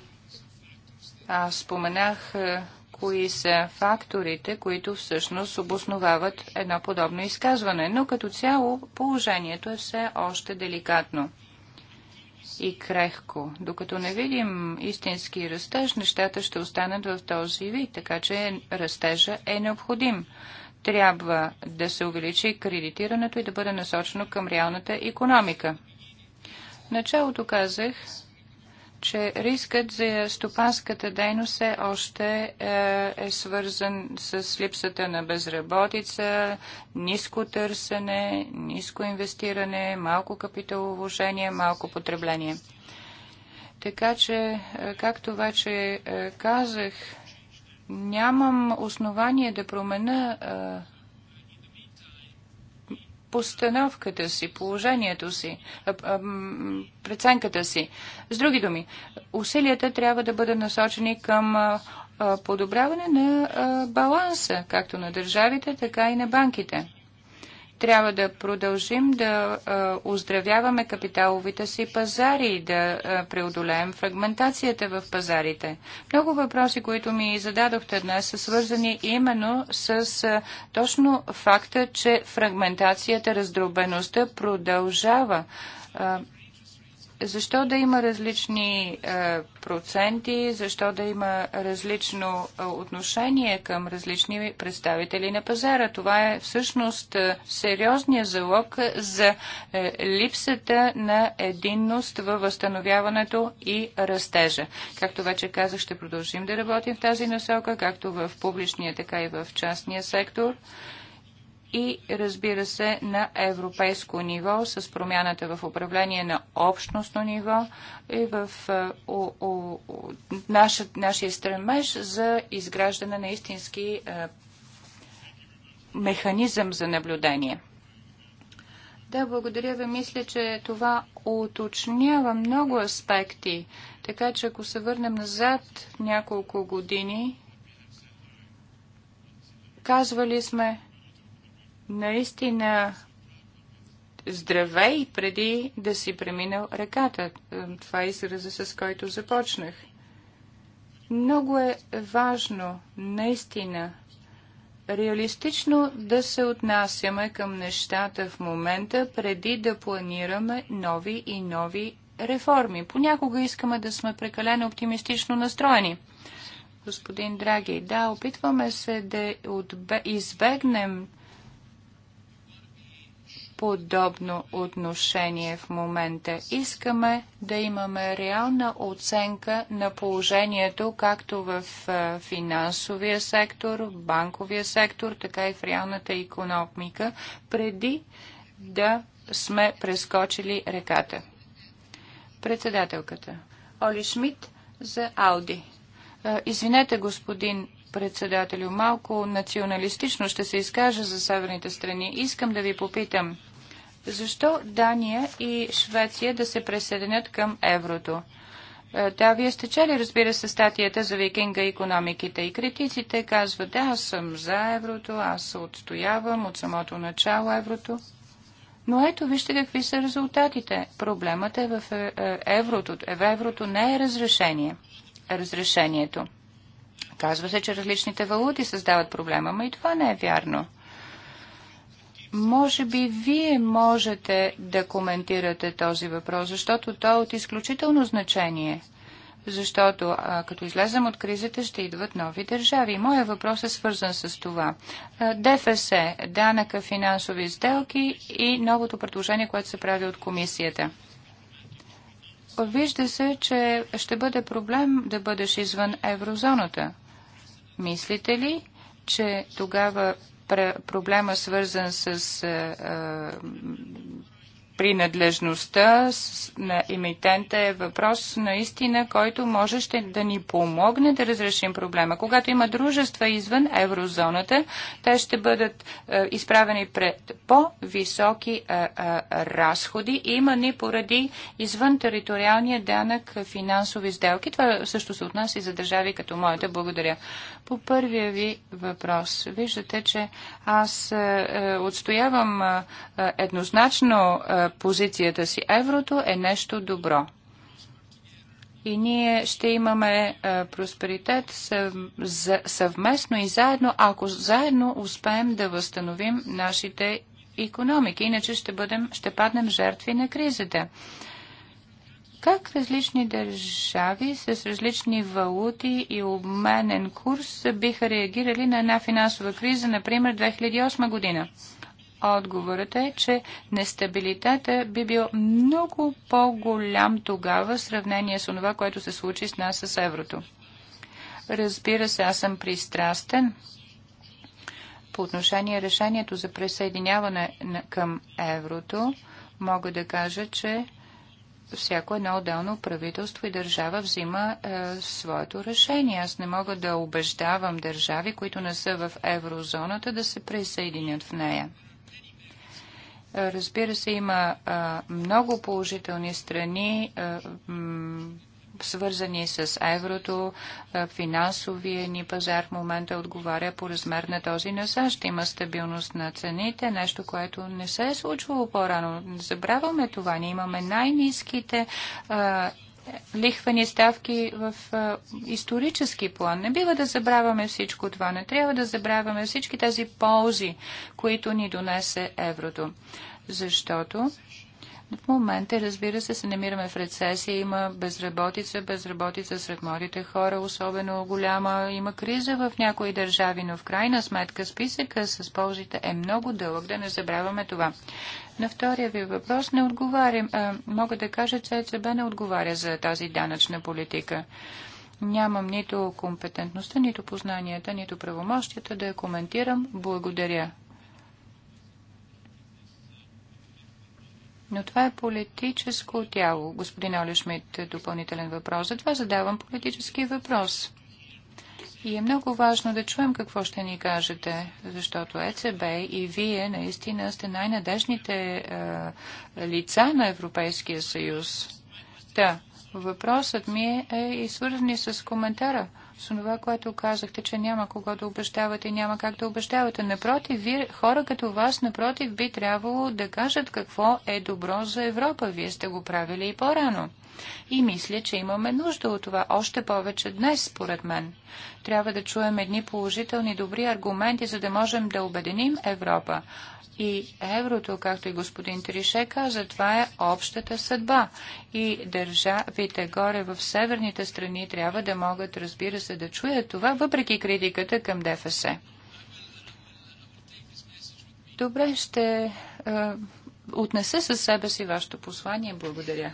аз споменах е, кои са факторите, които всъщност обосновават едно подобно изказване, но като цяло положението е все още деликатно и крехко. Докато не видим истински растеж, нещата ще останат в този вид, така че растежа е необходим. Трябва да се увеличи кредитирането и да бъде насочено към реалната економика. началото казах, че рискът за стопанската дейност е още е, е свързан с липсата на безработица, ниско търсене, ниско инвестиране, малко капиталовложение, малко потребление. Така че, е, както вече е, казах, нямам основание да променя е, постановката си, положението си, преценката си. С други думи, усилията трябва да бъдат насочени към подобряване на баланса, както на държавите, така и на банките трябва да продължим да оздравяваме капиталовите си пазари, да преодолеем фрагментацията в пазарите. Много въпроси, които ми зададохте днес, са свързани именно с точно факта, че фрагментацията, раздробеността продължава защо да има различни е, проценти, защо да има различно е, отношение към различни представители на пазара. Това е всъщност е, сериозния залог за липсата на единност във възстановяването и растежа. Както вече казах, ще продължим да работим в тази насока, както в публичния, така и в частния сектор и разбира се на европейско ниво с промяната в управление на общностно ниво и в нашия стремеж за изграждане на истински механизъм за наблюдение. Да, благодаря ви. Мисля, че това уточнява много аспекти. Така че ако се върнем назад няколко години, казвали сме, наистина здравей преди да си преминал реката. Е, това е израза, с който започнах. Много е важно, наистина, реалистично да се отнасяме към нещата в момента, преди да планираме нови и нови реформи. Понякога искаме да сме прекалено оптимистично настроени. Господин Драги, да, опитваме се да избегнем подобно отношение в момента. Искаме да имаме реална оценка на положението както в финансовия сектор, в банковия сектор, така и в реалната економика, преди да сме прескочили реката. Председателката Оли Шмидт за Ауди. Извинете, господин председателю, малко националистично ще се изкажа за северните страни. Искам да ви попитам, защо Дания и Швеция да се присъединят към еврото? Е, да, вие сте чели, разбира се, статията за викинга и економиките. И критиците казват, да, аз съм за еврото, аз се отстоявам от самото начало еврото. Но ето, вижте какви са резултатите. Проблемът е в е, е, еврото. В еврото не е разрешение. Разрешението. Казва се, че различните валути създават проблема, но и това не е вярно. Може би вие можете да коментирате този въпрос, защото то е от изключително значение. Защото а, като излезем от кризата ще идват нови държави. Моя въпрос е свързан с това. ДФС, данъка финансови сделки и новото предложение, което се прави от комисията. Вижда се, че ще бъде проблем да бъдеш извън еврозоната. Мислите ли, че тогава проблема свързан с е, е, принадлежността на имитента е въпрос наистина, който може ще да ни помогне да разрешим проблема. Когато има дружества извън еврозоната, те ще бъдат е, изправени пред по-високи е, е, разходи, имани поради извън териториалния данък финансови сделки. Това също се отнася и за държави като моята. Благодаря. По първия ви въпрос, виждате, че аз е, е, отстоявам е, еднозначно позицията си. Еврото е нещо добро. И ние ще имаме просперитет съвместно и заедно, ако заедно успеем да възстановим нашите економики. Иначе ще, бъдем, ще паднем жертви на кризата. Как различни държави с различни валути и обменен курс биха реагирали на една финансова криза, например 2008 година? Отговорът е, че нестабилитета би бил много по-голям тогава в сравнение с това, което се случи с нас с еврото. Разбира се, аз съм пристрастен по отношение решението за присъединяване към еврото. Мога да кажа, че всяко едно отделно правителство и държава взима е, своето решение. Аз не мога да убеждавам държави, които не са в еврозоната, да се присъединят в нея. Разбира се, има а, много положителни страни а, свързани с еврото, финансовия ни пазар в момента отговаря по размер на този на САЩ. Има стабилност на цените, нещо, което не се е случвало по-рано. Забравяме това. Ние имаме най-низките лихвени ставки в а, исторически план. Не бива да забравяме всичко това. Не трябва да забравяме всички тези ползи, които ни донесе еврото. Защото в момента, разбира се, се намираме в рецесия. Има безработица, безработица сред младите хора, особено голяма. Има криза в някои държави, но в крайна сметка списъка с ползите е много дълъг. Да не забравяме това. На втория ви въпрос не отговарям. А, мога да кажа, че ЕЦБ не отговаря за тази данъчна политика. Нямам нито компетентността, нито познанията, нито правомощията да я коментирам. Благодаря Но това е политическо тяло. Господин Олешмит, допълнителен въпрос. Затова задавам политически въпрос. И е много важно да чуем какво ще ни кажете, защото ЕЦБ и вие наистина сте най-надежните е, лица на Европейския съюз. Да, въпросът ми е, е и свързан с коментара с това, което казахте, че няма кого да обещавате и няма как да обещавате. Напротив, вие, хора като вас, напротив, би трябвало да кажат какво е добро за Европа. Вие сте го правили и по-рано. И мисля, че имаме нужда от това още повече днес, според мен. Трябва да чуем едни положителни добри аргументи, за да можем да обединим Европа и еврото, както и господин Трише каза, това е общата съдба. И държавите горе в северните страни трябва да могат, разбира се, да чуят това, въпреки критиката към ДФС. Добре, ще е, отнеса със себе си вашето послание. Благодаря.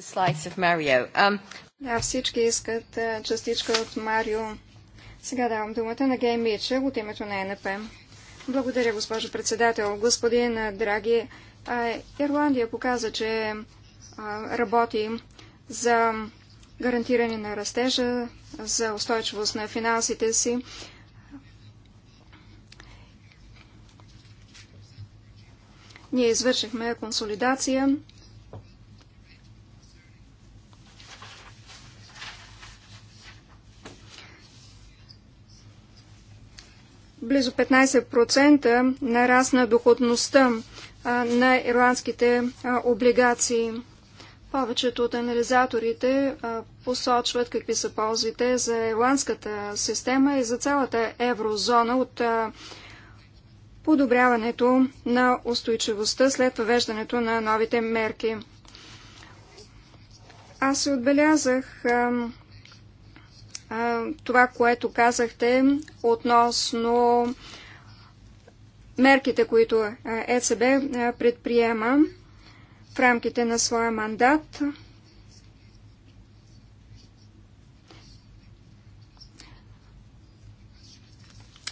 Um, да, всички искат частичка от Марио. Сега давам думата на Гей Мичел от името на НПМ. Благодаря, госпожо председател. Господин Драги, Ирландия показа, че работи за гарантиране на растежа, за устойчивост на финансите си. Ние извършихме консолидация близо 15% нарасна доходността на ирландските облигации. Повечето от анализаторите посочват какви са ползите за ирландската система и за цялата еврозона от подобряването на устойчивостта след въвеждането на новите мерки. Аз се отбелязах това, което казахте относно мерките, които ЕЦБ предприема в рамките на своя мандат.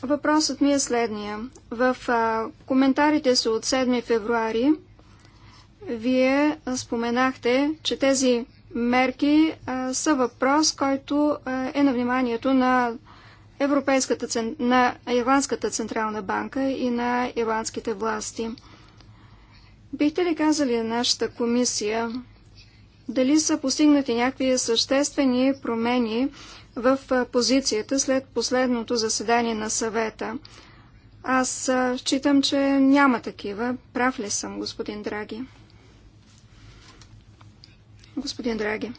Въпросът ми е следния. В коментарите си от 7 февруари вие споменахте, че тези мерки са въпрос, който е на вниманието на Европейската, на Ирландската централна банка и на ирландските власти. Бихте ли казали на нашата комисия дали са постигнати някакви съществени промени в позицията след последното заседание на съвета? Аз считам, че няма такива. Прав ли съм, господин Драги? господин Драги.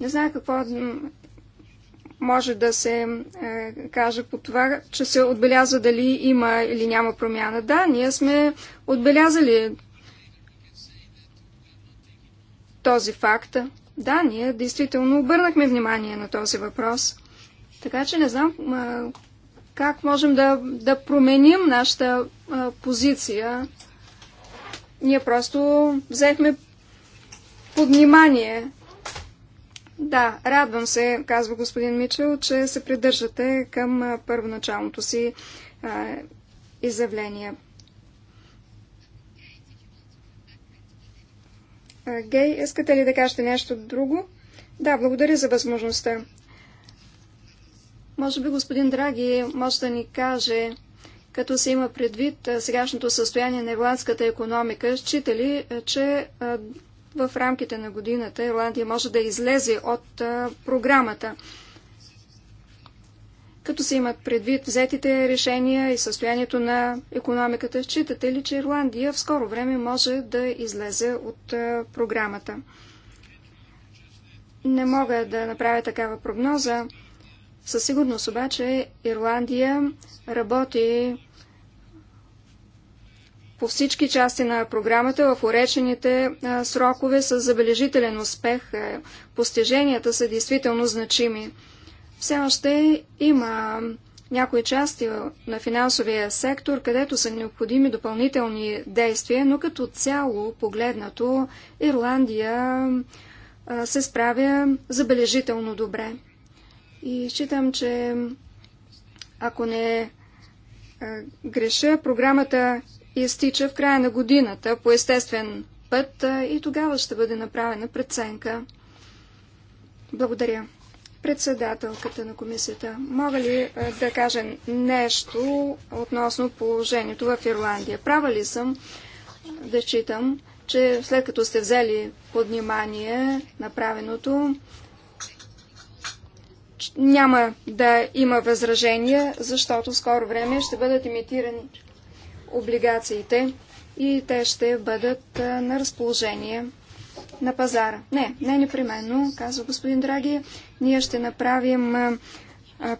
Не знае какво може да се е, каже по това, че се отбелязва дали има или няма промяна. Да, ние сме отбелязали този факт. Да, ние действително обърнахме внимание на този въпрос. Така че не знам е, как можем да, да променим нашата а, позиция. Ние просто взехме под внимание. Да, радвам се, казва господин Мичел, че се придържате към първоначалното си а, изявление. А, гей, искате ли да кажете нещо друго? Да, благодаря за възможността. Може би господин Драги може да ни каже като се има предвид сегашното състояние на ирландската економика, считали, че в рамките на годината Ирландия може да излезе от програмата. Като се имат предвид взетите решения и състоянието на економиката, считате ли, че Ирландия в скоро време може да излезе от програмата? Не мога да направя такава прогноза, със сигурност обаче Ирландия работи по всички части на програмата в уречените срокове с забележителен успех. Е, постиженията са действително значими. Все още има някои части на финансовия сектор, където са необходими допълнителни действия, но като цяло погледнато Ирландия се справя забележително добре. И считам, че ако не греша, програмата изтича в края на годината по естествен път и тогава ще бъде направена преценка. Благодаря. Председателката на комисията, мога ли да кажа нещо относно положението в Ирландия? Права ли съм да читам, че след като сте взели под внимание направеното, няма да има възражения, защото скоро време ще бъдат имитирани облигациите и те ще бъдат на разположение на пазара. Не, не непременно, казва господин Драги. Ние ще направим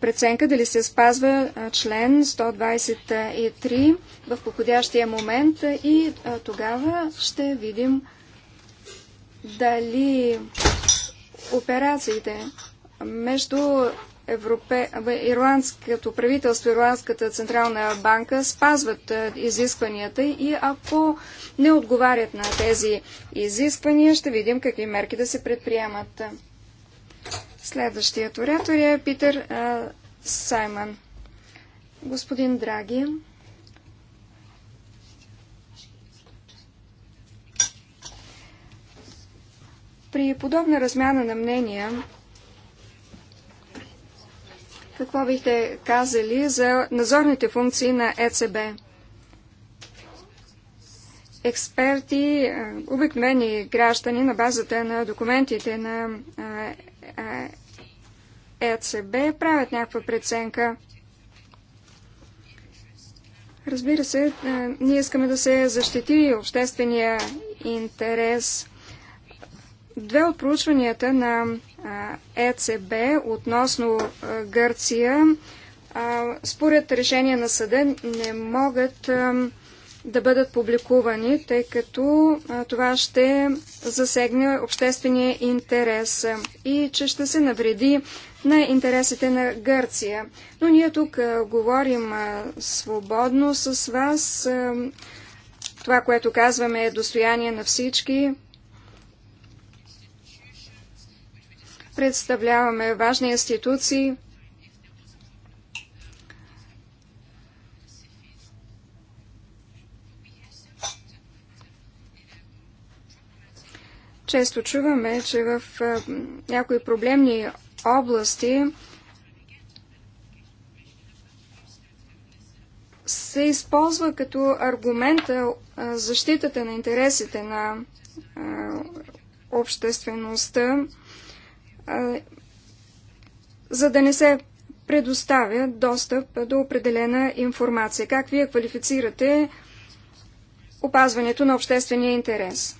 преценка дали се спазва член 123 в подходящия момент и тогава ще видим дали операциите между Европе... ирландското правителство, Ирландската централна банка спазват е, изискванията и ако не отговарят на тези изисквания, ще видим какви мерки да се предприемат. Следващият оратор е Питер а, е, Саймън. Господин Драги, при подобна размяна на мнения какво бихте казали за надзорните функции на ЕЦБ? Експерти, е, обикновени граждани на базата на документите на е, е, ЕЦБ правят някаква преценка. Разбира се, ние искаме да се защити обществения интерес. Две от проучванията на ЕЦБ относно Гърция, според решение на съда не могат да бъдат публикувани, тъй като това ще засегне обществения интерес и че ще се навреди на интересите на Гърция. Но ние тук говорим свободно с вас. Това, което казваме е достояние на всички. представляваме важни институции. Често чуваме, че в някои проблемни области се използва като аргумента защитата на интересите на обществеността за да не се предоставя достъп до определена информация. Как вие квалифицирате опазването на обществения интерес?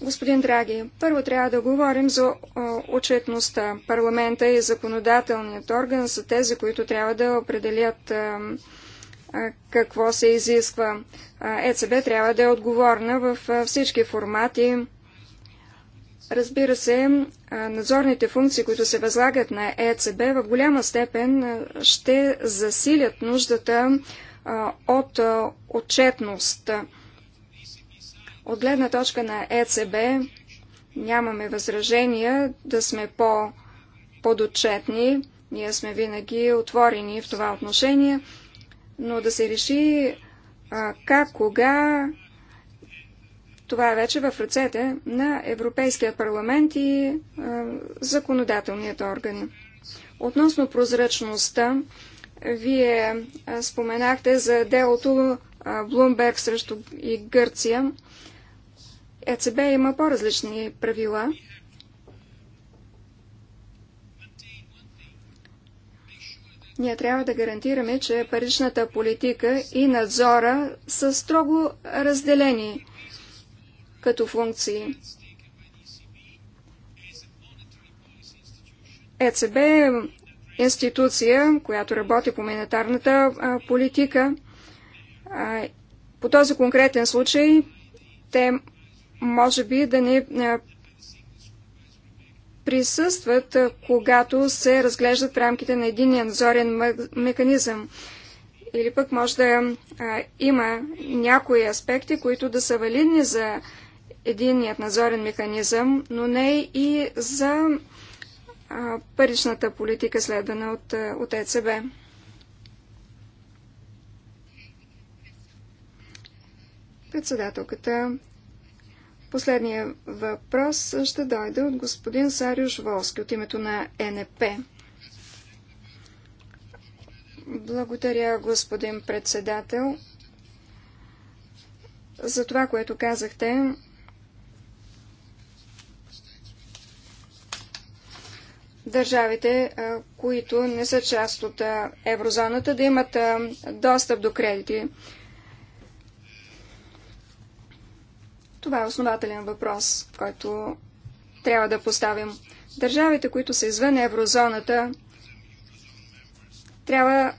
Господин Драги, първо трябва да говорим за отчетността. Парламента и е законодателният орган са тези, които трябва да определят какво се изисква. ЕЦБ трябва да е отговорна в всички формати Разбира се, надзорните функции, които се възлагат на ЕЦБ, в голяма степен ще засилят нуждата от отчетност. От гледна точка на ЕЦБ нямаме възражения да сме по-подотчетни. Ние сме винаги отворени в това отношение, но да се реши как, кога това е вече в ръцете на Европейския парламент и е, законодателният орган. Относно прозрачността, вие е, споменахте за делото е, Блумберг срещу и Гърция. ЕЦБ има по-различни правила. Ние трябва да гарантираме, че паричната политика и надзора са строго разделени като функции. ЕЦБ е институция, която работи по монетарната политика. По този конкретен случай те може би да не присъстват, когато се разглеждат в рамките на единния надзорен механизъм. Или пък може да има някои аспекти, които да са валидни за единният надзорен механизъм, но не и за паричната политика, следвана от, от ЕЦБ. Председателката. Последният въпрос ще дойде от господин Сариуш Волски от името на НП. Благодаря, господин председател. За това, което казахте, държавите, които не са част от еврозоната, да имат достъп до кредити. Това е основателен въпрос, който трябва да поставим. Държавите, които са извън еврозоната, трябва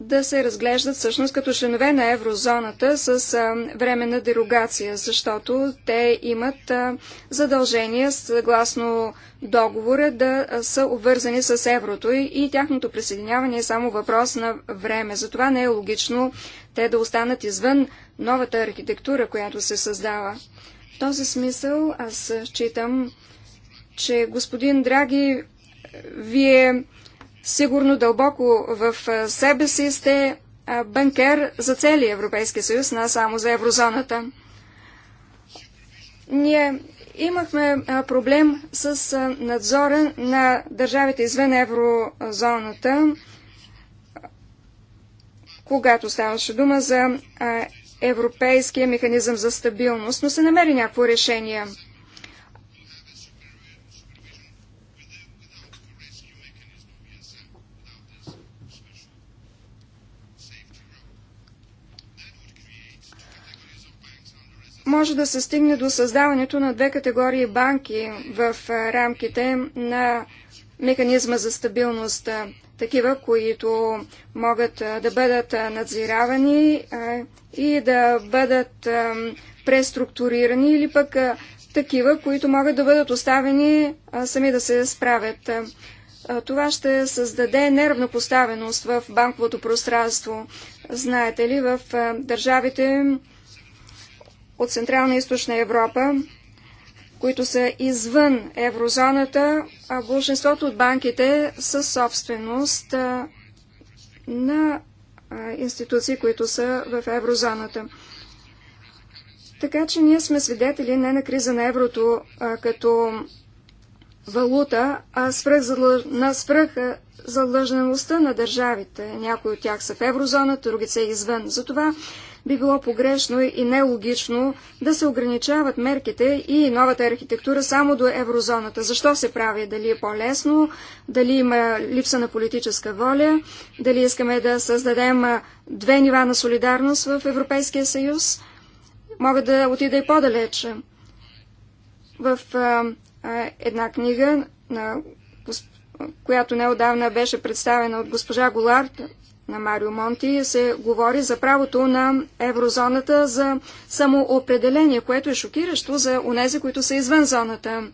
да се разглеждат всъщност като членове на еврозоната с а, временна дерогация, защото те имат а, задължения съгласно договора да са обвързани с еврото и, и тяхното присъединяване е само въпрос на време. Затова не е логично те да останат извън новата архитектура, която се създава. В този смисъл аз считам, че господин Драги, вие Сигурно дълбоко в себе си сте банкер за целия Европейски съюз, не само за еврозоната. Ние имахме проблем с надзора на държавите извън еврозоната, когато ставаше дума за Европейския механизъм за стабилност, но се намери някакво решение – може да се стигне до създаването на две категории банки в рамките на механизма за стабилност. Такива, които могат да бъдат надзиравани и да бъдат преструктурирани или пък такива, които могат да бъдат оставени сами да се справят. Това ще създаде неравнопоставеност в банковото пространство. Знаете ли, в държавите от Централна и Източна Европа, които са извън еврозоната, а большинството от банките са собственост на институции, които са в еврозоната. Така че ние сме свидетели не на криза на еврото а, като валута, а свръхзадлъж... на свръхзадлъжнаността на държавите. Някои от тях са в еврозоната, други са извън. Затова би било погрешно и нелогично да се ограничават мерките и новата архитектура само до еврозоната. Защо се прави? Дали е по-лесно? Дали има липса на политическа воля? Дали искаме да създадем две нива на солидарност в Европейския съюз? Мога да отида и по-далече. В а, а, една книга на която неодавна беше представена от госпожа Голард, на Марио Монти се говори за правото на еврозоната за самоопределение, което е шокиращо за унези, които са извън зоната.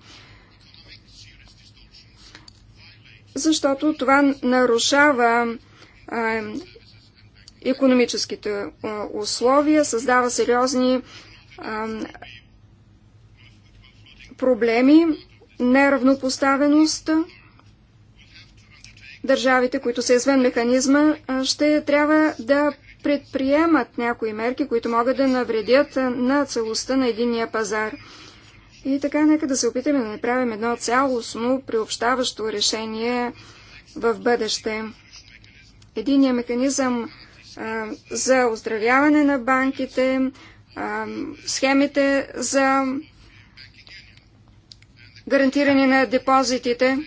Защото това нарушава економическите условия, създава сериозни проблеми, неравнопоставеност. Държавите, които са извън механизма, ще трябва да предприемат някои мерки, които могат да навредят на целостта на единия пазар. И така, нека да се опитаме да направим едно цялостно, приобщаващо решение в бъдеще. Единия механизъм а, за оздравяване на банките, а, схемите за гарантиране на депозитите.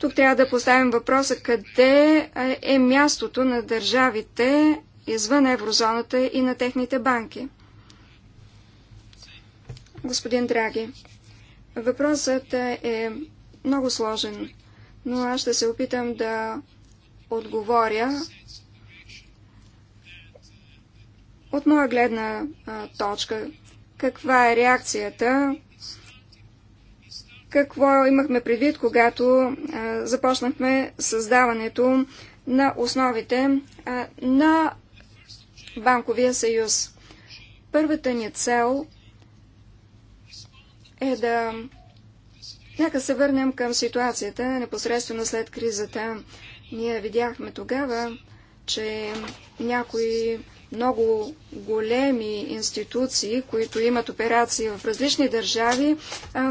Тук трябва да поставим въпроса къде е мястото на държавите извън еврозоната и на техните банки. Господин Драги, въпросът е много сложен, но аз ще се опитам да отговоря от моя гледна точка. Каква е реакцията какво имахме предвид, когато а, започнахме създаването на основите а, на Банковия съюз. Първата ни цел е да... Нека се върнем към ситуацията непосредствено след кризата. Ние видяхме тогава, че някои много големи институции, които имат операции в различни държави,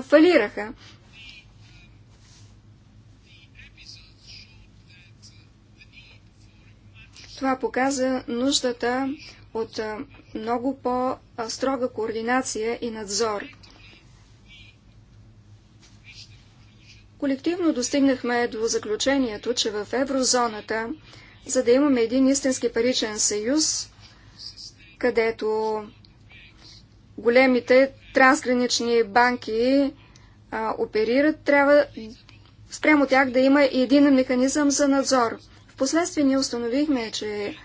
фалираха. Това показа нуждата от много по-строга координация и надзор. Колективно достигнахме до заключението, че в еврозоната, за да имаме един истински паричен съюз, където големите трансгранични банки а, оперират, трябва спрямо тях да има и един механизъм за надзор. Впоследствие ние установихме, че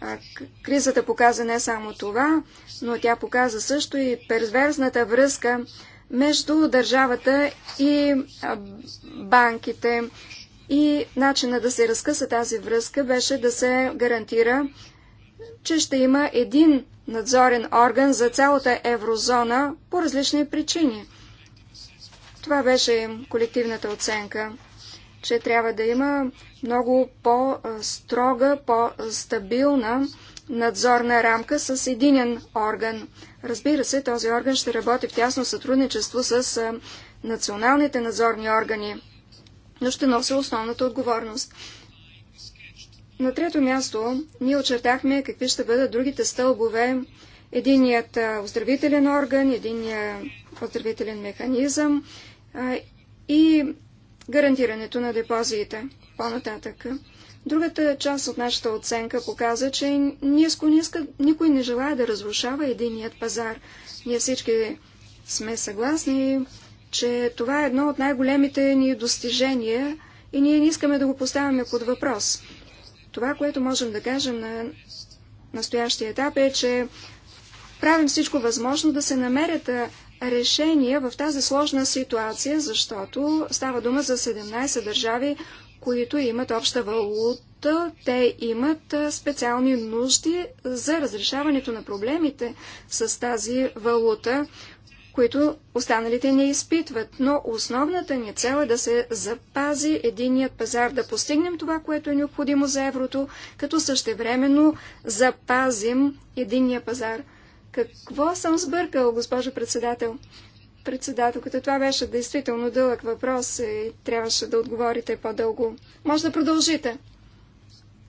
а, кризата показа не само това, но тя показа също и перверзната връзка между държавата и а, банките. И начина да се разкъса тази връзка беше да се гарантира че ще има един надзорен орган за цялата еврозона по различни причини. Това беше колективната оценка, че трябва да има много по-строга, по-стабилна надзорна рамка с единен орган. Разбира се, този орган ще работи в тясно сътрудничество с националните надзорни органи, но ще носи основната отговорност. На трето място ние очертахме какви ще бъдат другите стълбове. Единият оздравителен орган, единият оздравителен механизъм а, и гарантирането на депозиите по-нататък. Другата част от нашата оценка показа, че ниско, е ниско, никой не желая да разрушава единият пазар. Ние всички сме съгласни, че това е едно от най-големите ни достижения и ние не искаме да го поставяме под въпрос. Това, което можем да кажем на настоящия етап е, че правим всичко възможно да се намерят решения в тази сложна ситуация, защото става дума за 17 държави, които имат обща валута. Те имат специални нужди за разрешаването на проблемите с тази валута които останалите не изпитват. Но основната ни цел е да се запази единият пазар, да постигнем това, което е необходимо за еврото, като същевременно запазим единния пазар. Какво съм сбъркал, госпожо председател? Председателката, това беше действително дълъг въпрос и трябваше да отговорите по-дълго. Може да продължите.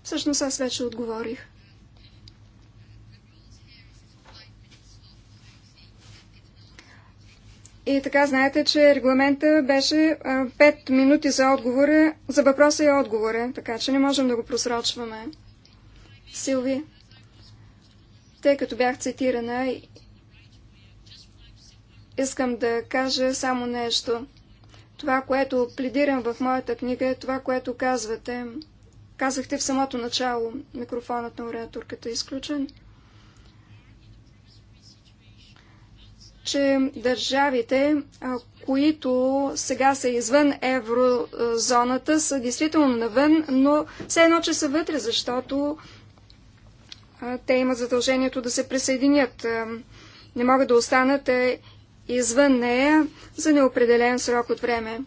Всъщност аз вече отговорих. И така знаете, че регламента беше 5 минути за отговора, за въпроса и отговора, така че не можем да го просрочваме. Силви, тъй като бях цитирана, искам да кажа само нещо. Това, което пледирам в моята книга, е това, което казвате. Казахте в самото начало. Микрофонът на ораторката е изключен. че държавите, които сега са извън еврозоната, са действително навън, но все едно, че са вътре, защото те имат задължението да се присъединят. Не могат да останат е, извън нея за неопределен срок от време.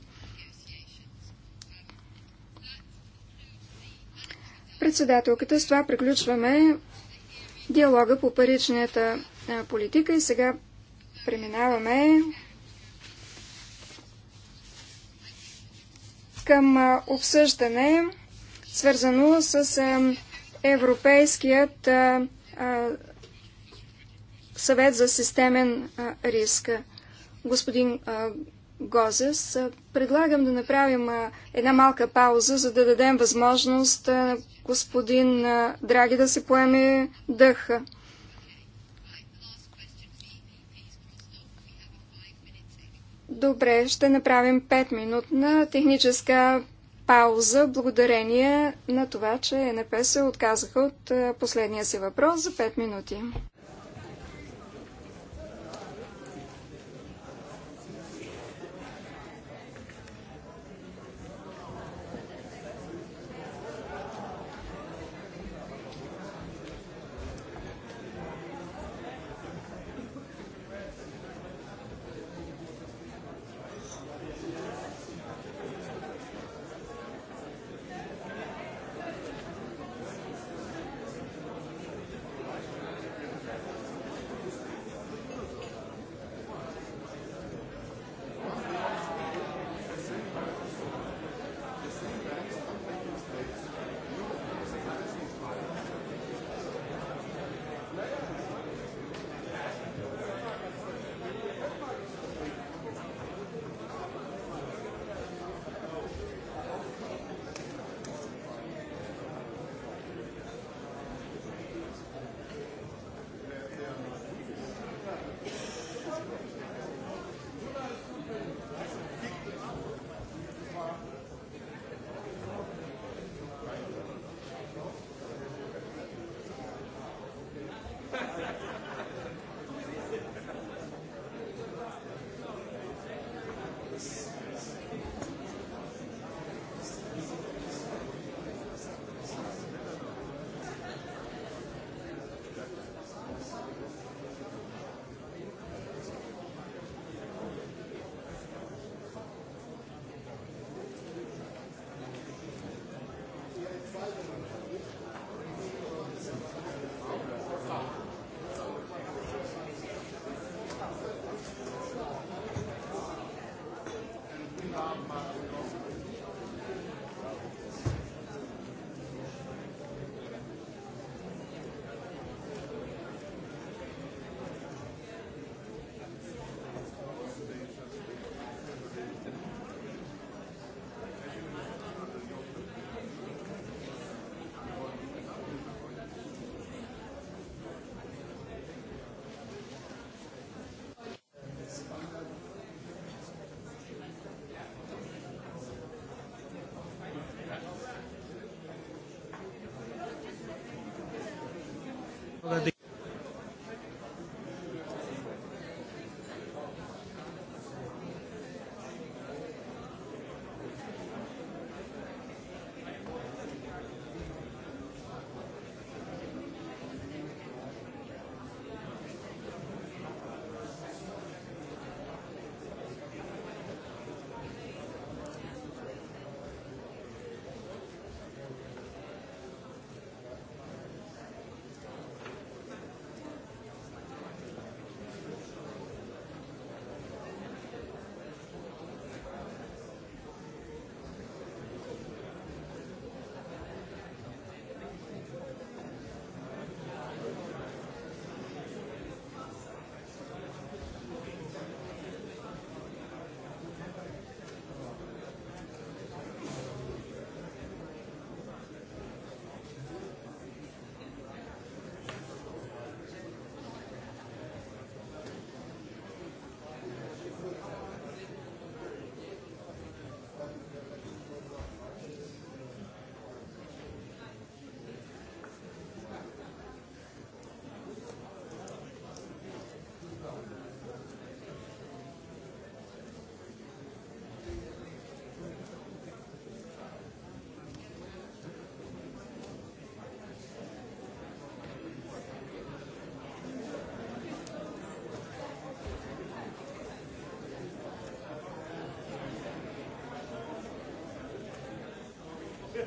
Председателката, с това приключваме диалога по паричната политика и сега Преминаваме към обсъждане, свързано с Европейският съвет за системен риск. Господин Гозес, предлагам да направим една малка пауза, за да дадем възможност на господин Драги да се поеме дъха. Добре, ще направим 5-минутна техническа пауза, благодарение на това, че НПС отказаха от последния си въпрос за 5 минути.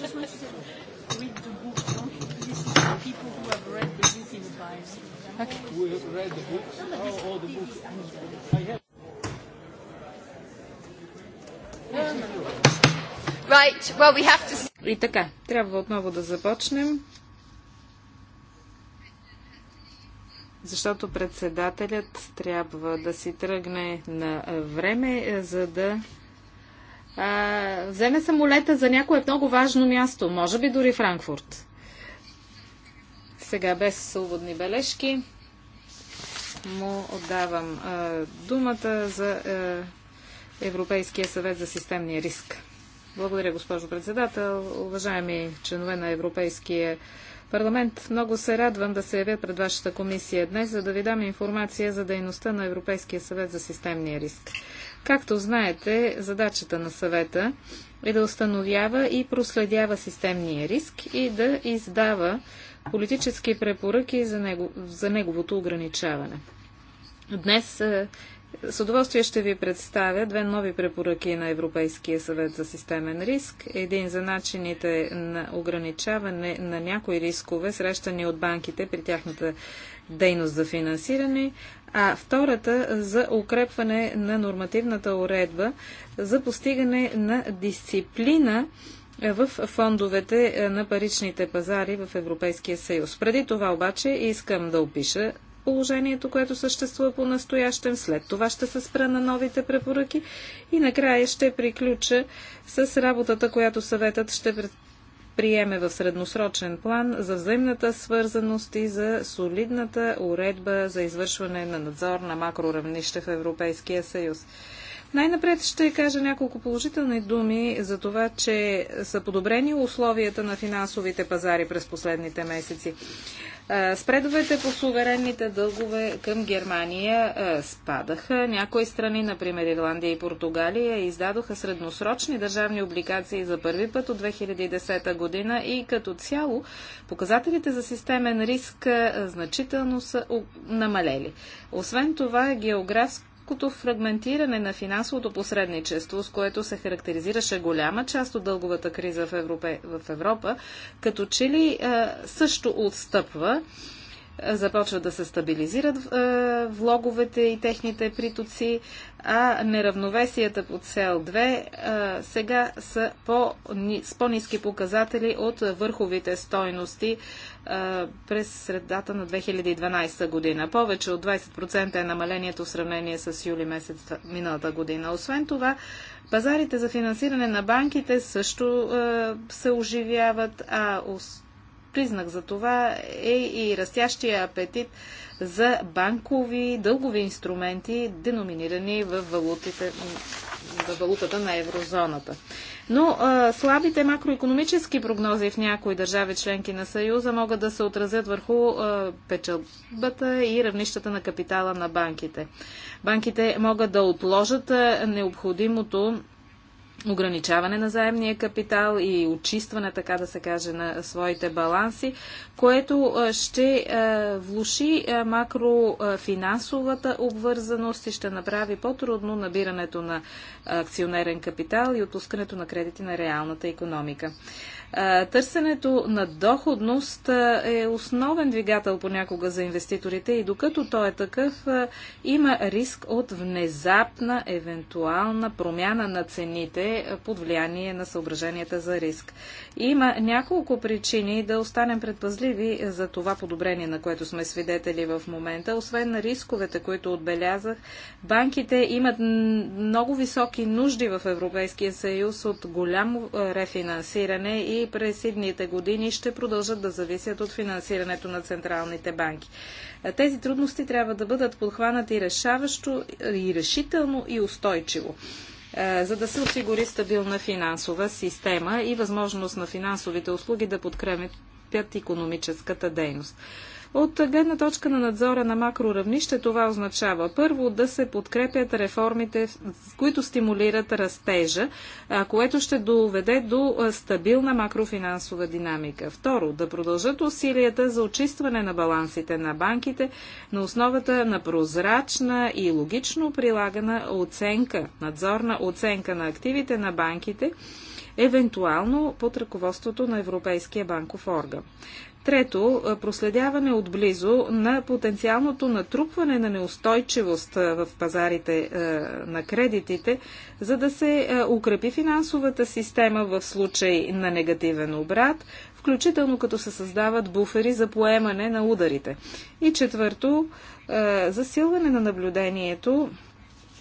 just want to say, read the book. Don't listen to people who have read the book in advice. Okay. Who have read the books? Oh, all the books. I have. Right, well, we have to... И така, трябва отново да започнем. защото председателят трябва да си тръгне на време, за да а, вземе самолета за някое много важно място, може би дори Франкфурт. Сега без свободни бележки му отдавам а, думата за а, Европейския съвет за системния риск. Благодаря, госпожо председател. Уважаеми членове на Европейския парламент, много се радвам да се явя пред вашата комисия днес, за да ви дам информация за дейността на Европейския съвет за системния риск. Както знаете, задачата на съвета е да установява и проследява системния риск и да издава политически препоръки за, него, за неговото ограничаване. Днес е, с удоволствие ще ви представя две нови препоръки на Европейския съвет за системен риск. Един за начините на ограничаване на някои рискове, срещани от банките при тяхната дейност за финансиране, а втората за укрепване на нормативната уредба за постигане на дисциплина в фондовете е, на паричните пазари в Европейския съюз. Преди това обаче искам да опиша положението, което съществува по настоящем. След това ще се спра на новите препоръки и накрая ще приключа с работата, която съветът ще приеме в средносрочен план за взаимната свързаност и за солидната уредба за извършване на надзор на макроравнище в Европейския съюз. Най-напред ще кажа няколко положителни думи за това, че са подобрени условията на финансовите пазари през последните месеци. Спредовете по суверенните дългове към Германия спадаха. Някои страни, например Ирландия и Португалия, издадоха средносрочни държавни облигации за първи път от 2010 година и като цяло показателите за системен риск значително са намалели. Освен това, географско рязкото фрагментиране на финансовото посредничество, с което се характеризираше голяма част от дълговата криза в, Европа, в Европа, като че ли също отстъпва започва да се стабилизират влоговете и техните притоци, а неравновесията по цел 2 сега са по, с по-низки показатели от върховите стойности през средата на 2012 година. Повече от 20% е намалението в сравнение с юли месец миналата година. Освен това, пазарите за финансиране на банките също се оживяват, а Признак за това е и растящия апетит за банкови дългови инструменти, деноминирани в, валутите, в валутата на еврозоната. Но а, слабите макроекономически прогнози в някои държави членки на Съюза могат да се отразят върху а, печалбата и равнищата на капитала на банките. Банките могат да отложат необходимото ограничаване на заемния капитал и очистване, така да се каже, на своите баланси, което ще влуши макрофинансовата обвързаност и ще направи по-трудно набирането на акционерен капитал и отпускането на кредити на реалната економика. Търсенето на доходност е основен двигател понякога за инвеститорите и докато той е такъв, има риск от внезапна евентуална промяна на цените под влияние на съображенията за риск. Има няколко причини да останем предпазливи за това подобрение, на което сме свидетели в момента. Освен на рисковете, които отбелязах, банките имат много високи нужди в Европейския съюз от голямо рефинансиране и и през идните години ще продължат да зависят от финансирането на централните банки. Тези трудности трябва да бъдат подхванати решаващо и решително и устойчиво за да се осигури стабилна финансова система и възможност на финансовите услуги да подкрепят економическата дейност. От гледна точка на надзора на макроравнище това означава първо да се подкрепят реформите, които стимулират растежа, което ще доведе до стабилна макрофинансова динамика. Второ, да продължат усилията за очистване на балансите на банките на основата на прозрачна и логично прилагана оценка, надзорна оценка на активите на банките, евентуално под ръководството на Европейския банков орган. Трето, проследяване отблизо на потенциалното натрупване на неустойчивост в пазарите на кредитите, за да се укрепи финансовата система в случай на негативен обрат, включително като се създават буфери за поемане на ударите. И четвърто, засилване на наблюдението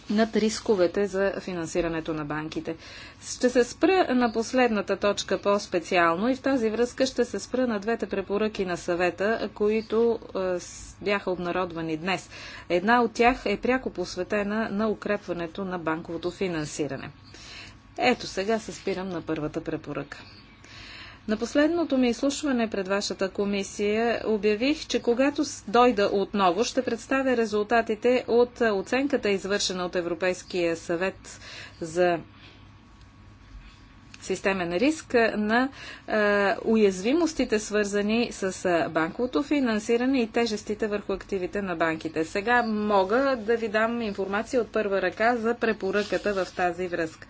над рисковете за финансирането на банките. Ще се спра на последната точка по-специално и в тази връзка ще се спра на двете препоръки на съвета, които е, бяха обнародвани днес. Една от тях е пряко посветена на укрепването на банковото финансиране. Ето сега се спирам на първата препоръка. На последното ми изслушване пред вашата комисия обявих, че когато дойда отново, ще представя резултатите от оценката, извършена от Европейския съвет за системен риск на а, уязвимостите, свързани с а, банковото финансиране и тежестите върху активите на банките. Сега мога да ви дам информация от първа ръка за препоръката в тази връзка.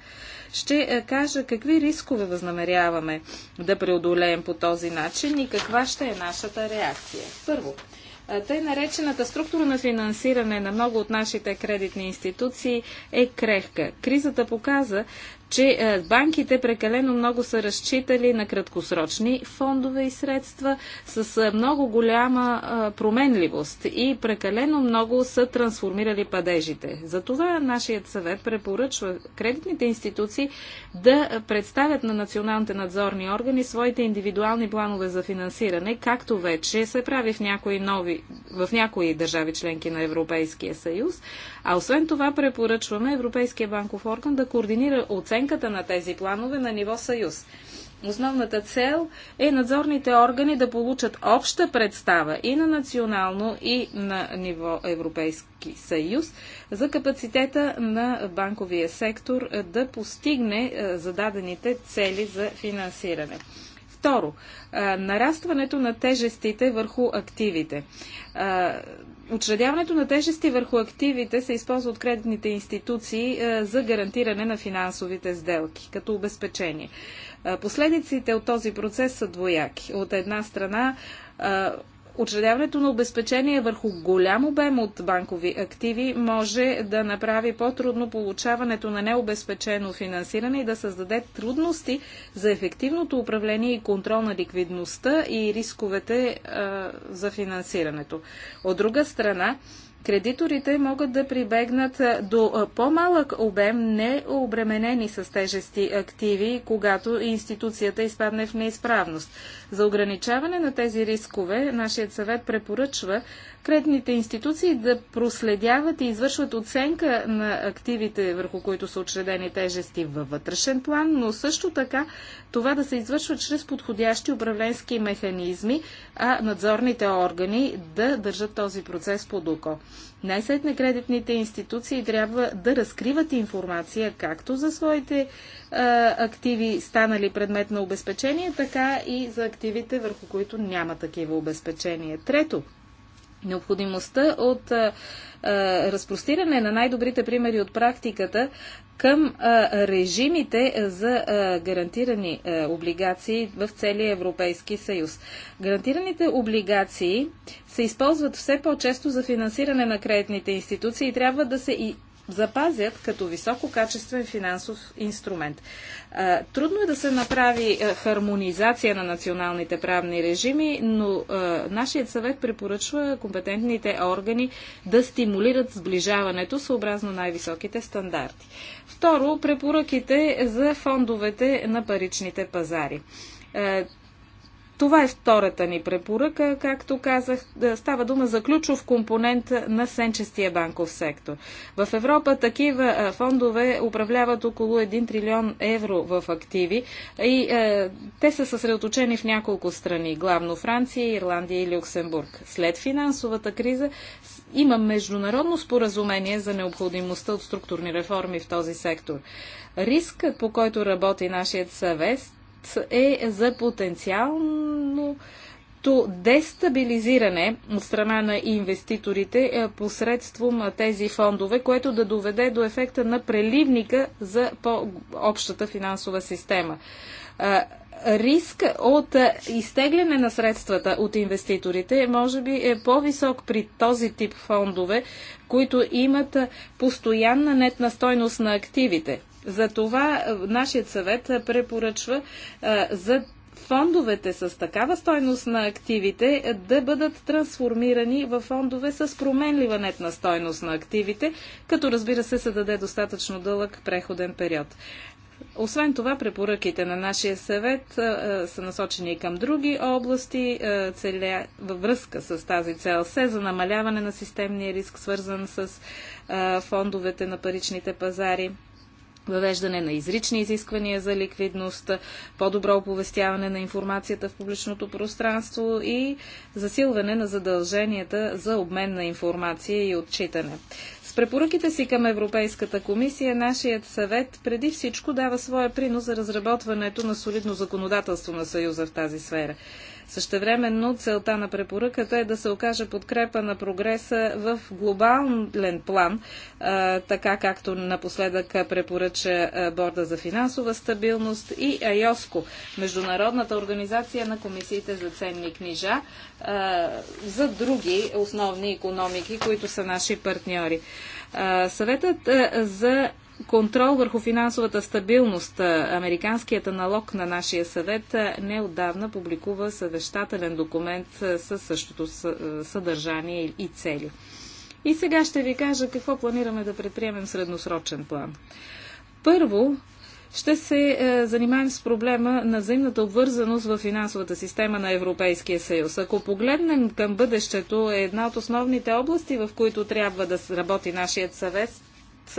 Ще кажа какви рискове възнамеряваме да преодолеем по този начин и каква ще е нашата реакция. Първо, тъй наречената структура на финансиране на много от нашите кредитни институции е крехка. Кризата показа, че е, банките прекалено много са разчитали на краткосрочни фондове и средства с е, много голяма е, променливост и прекалено много са трансформирали падежите. Затова нашият съвет препоръчва кредитните институции да представят на националните надзорни органи своите индивидуални планове за финансиране, както вече се прави в някои, нови, в някои държави членки на Европейския съюз. А освен това препоръчваме Европейския банков орган да координира оценката оценката на тези планове на ниво съюз. Основната цел е надзорните органи да получат обща представа и на национално, и на ниво Европейски съюз за капацитета на банковия сектор да постигне е, зададените цели за финансиране. Второ, е, нарастването на тежестите върху активите. Е, Отшредяването на тежести върху активите се използва от кредитните институции е, за гарантиране на финансовите сделки, като обезпечение. Е, последиците от този процес са двояки. От една страна, е, Учредяването на обезпечение върху голям обем от банкови активи може да направи по-трудно получаването на необезпечено финансиране и да създаде трудности за ефективното управление и контрол на ликвидността и рисковете а, за финансирането. От друга страна, кредиторите могат да прибегнат до по-малък обем, необременени с тежести активи, когато институцията изпадне в неизправност. За ограничаване на тези рискове, нашият съвет препоръчва кредитните институции да проследяват и извършват оценка на активите, върху които са учредени тежести във вътрешен план, но също така това да се извършва чрез подходящи управленски механизми, а надзорните органи да държат този процес под око. Най-сетне кредитните институции трябва да разкриват информация както за своите а, активи, станали предмет на обезпечение, така и за активите, върху които няма такива обезпечения. Трето, Необходимостта от разпростиране на най-добрите примери от практиката към режимите за гарантирани облигации в целия Европейски съюз. Гарантираните облигации се използват все по-често за финансиране на кредитните институции и трябва да се и запазят като висококачествен финансов инструмент. Трудно е да се направи хармонизация на националните правни режими, но нашият съвет препоръчва компетентните органи да стимулират сближаването съобразно най-високите стандарти. Второ, препоръките за фондовете на паричните пазари. Това е втората ни препоръка. Както казах, става дума за ключов компонент на сенчестия банков сектор. В Европа такива фондове управляват около 1 трилион евро в активи и е, те са съсредоточени в няколко страни, главно Франция, Ирландия и Люксембург. След финансовата криза има международно споразумение за необходимостта от структурни реформи в този сектор. Рискът, по който работи нашият съвест, е за потенциално то дестабилизиране от страна на инвеститорите е, посредством е, тези фондове, което да доведе до ефекта на преливника за по-общата финансова система. Е, риск от изтегляне на средствата от инвеститорите може би е по-висок при този тип фондове, които имат постоянна нетна стойност на активите. За това е, нашият съвет е, препоръчва е, за фондовете с такава стойност на активите да бъдат трансформирани в фондове с променлива нетна стойност на активите, като разбира се се даде достатъчно дълъг преходен период. Освен това, препоръките на нашия съвет а, са насочени към други области, а, целя, във връзка с тази цел се за намаляване на системния риск, свързан с а, фондовете на паричните пазари въвеждане на изрични изисквания за ликвидност, по-добро оповестяване на информацията в публичното пространство и засилване на задълженията за обмен на информация и отчитане. С препоръките си към Европейската комисия, нашият съвет преди всичко дава своя принос за разработването на солидно законодателство на Съюза в тази сфера. Същевременно целта на препоръката е да се окаже подкрепа на прогреса в глобален план, така както напоследък препоръча Борда за финансова стабилност и АЙОСКО, Международната организация на комисиите за ценни книжа, за други основни економики, които са наши партньори. Съветът за контрол върху финансовата стабилност. Американският аналог на нашия съвет неодавна публикува съвещателен документ със същото е, съдържание и цели. И сега ще ви кажа какво планираме да предприемем средносрочен план. Първо, ще се е, занимаем с проблема на взаимната обвързаност в финансовата система на Европейския съюз. Ако погледнем към бъдещето, е една от основните области, в които трябва да работи нашият съвет,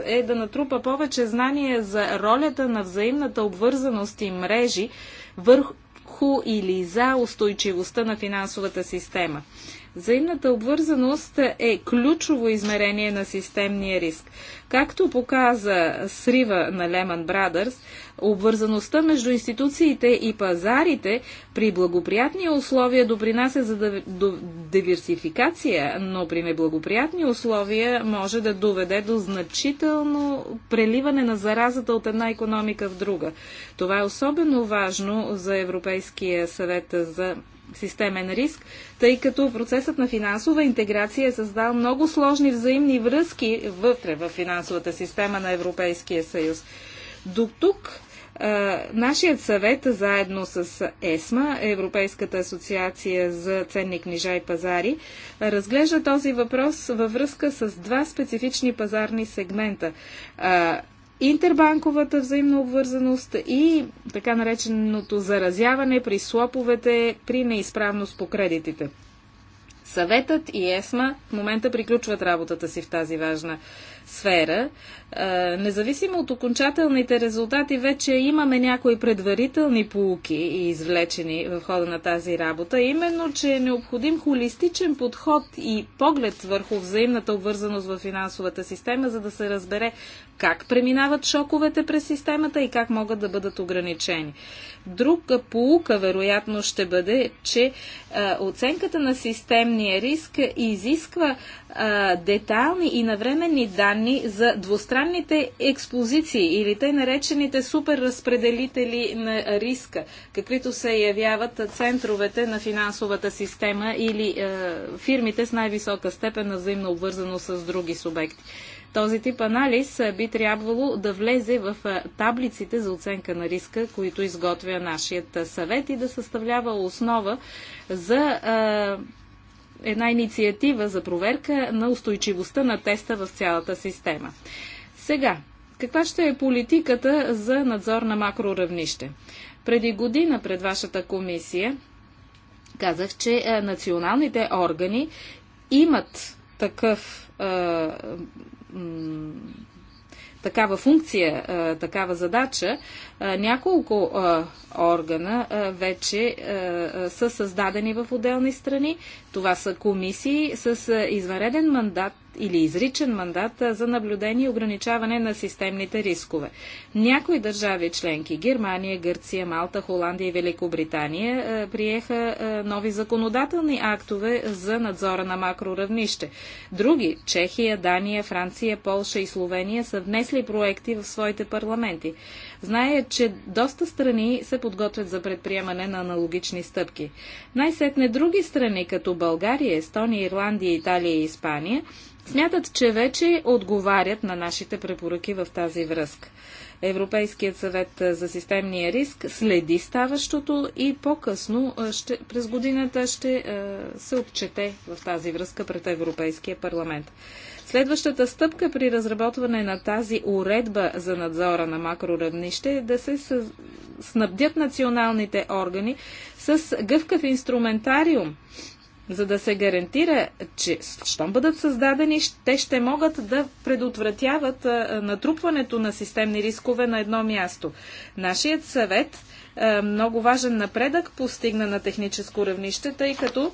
е да натрупа повече знания за ролята на взаимната обвързаност и мрежи върху или за устойчивостта на финансовата система. Взаимната обвързаност е ключово измерение на системния риск. Както показа срива на Lehman Brothers, обвързаността между институциите и пазарите при благоприятни условия допринася за диверсификация, но при неблагоприятни условия може да доведе до значително преливане на заразата от една економика в друга. Това е особено важно за Европейския съвет за системен риск, тъй като процесът на финансова интеграция е създал много сложни взаимни връзки вътре в финансовата система на Европейския съюз. До тук нашият съвет заедно с ЕСМА, Европейската асоциация за ценни книжа и пазари, разглежда този въпрос във връзка с два специфични пазарни сегмента интербанковата взаимна обвързаност и така нареченото заразяване при слоповете при неизправност по кредитите. Съветът и ЕСМА в момента приключват работата си в тази важна сфера, независимо от окончателните резултати, вече имаме някои предварителни полуки и извлечени в хода на тази работа, именно, че е необходим холистичен подход и поглед върху взаимната обвързаност в финансовата система, за да се разбере как преминават шоковете през системата и как могат да бъдат ограничени. Друга полука, вероятно, ще бъде, че оценката на системния риск изисква а, детални и навременни данни за двустранните експозиции или тъй наречените суперразпределители на риска, каквито се явяват центровете на финансовата система или а, фирмите с най-висока степен на взаимно обвързано с други субекти. Този тип анализ би трябвало да влезе в таблиците за оценка на риска, които изготвя нашият съвет и да съставлява основа за една инициатива за проверка на устойчивостта на теста в цялата система. Сега, каква ще е политиката за надзор на макроравнище? Преди година пред вашата комисия казах, че е, националните органи имат такъв е, такава функция, е, такава задача, е, няколко е, органа вече са създадени в отделни страни. Това са комисии с извареден мандат или изричен мандат за наблюдение и ограничаване на системните рискове. Някои държави членки Германия, Гърция, Малта, Холандия и Великобритания приеха нови законодателни актове за надзора на макроравнище. Други Чехия, Дания, Франция, Полша и Словения са внесли проекти в своите парламенти. Зная, че доста страни се подготвят за предприемане на аналогични стъпки. Най-сетне други страни, като България, Естония, Ирландия, Италия и Испания, смятат, че вече отговарят на нашите препоръки в тази връзка. Европейският съвет за системния риск следи ставащото и по-късно през годината ще се отчете в тази връзка пред Европейския парламент. Следващата стъпка при разработване на тази уредба за надзора на макроравнище е да се снабдят националните органи с гъвкав инструментариум, за да се гарантира, че щом бъдат създадени, те ще могат да предотвратяват натрупването на системни рискове на едно място. Нашият съвет много важен напредък постигна на техническо равнище, тъй като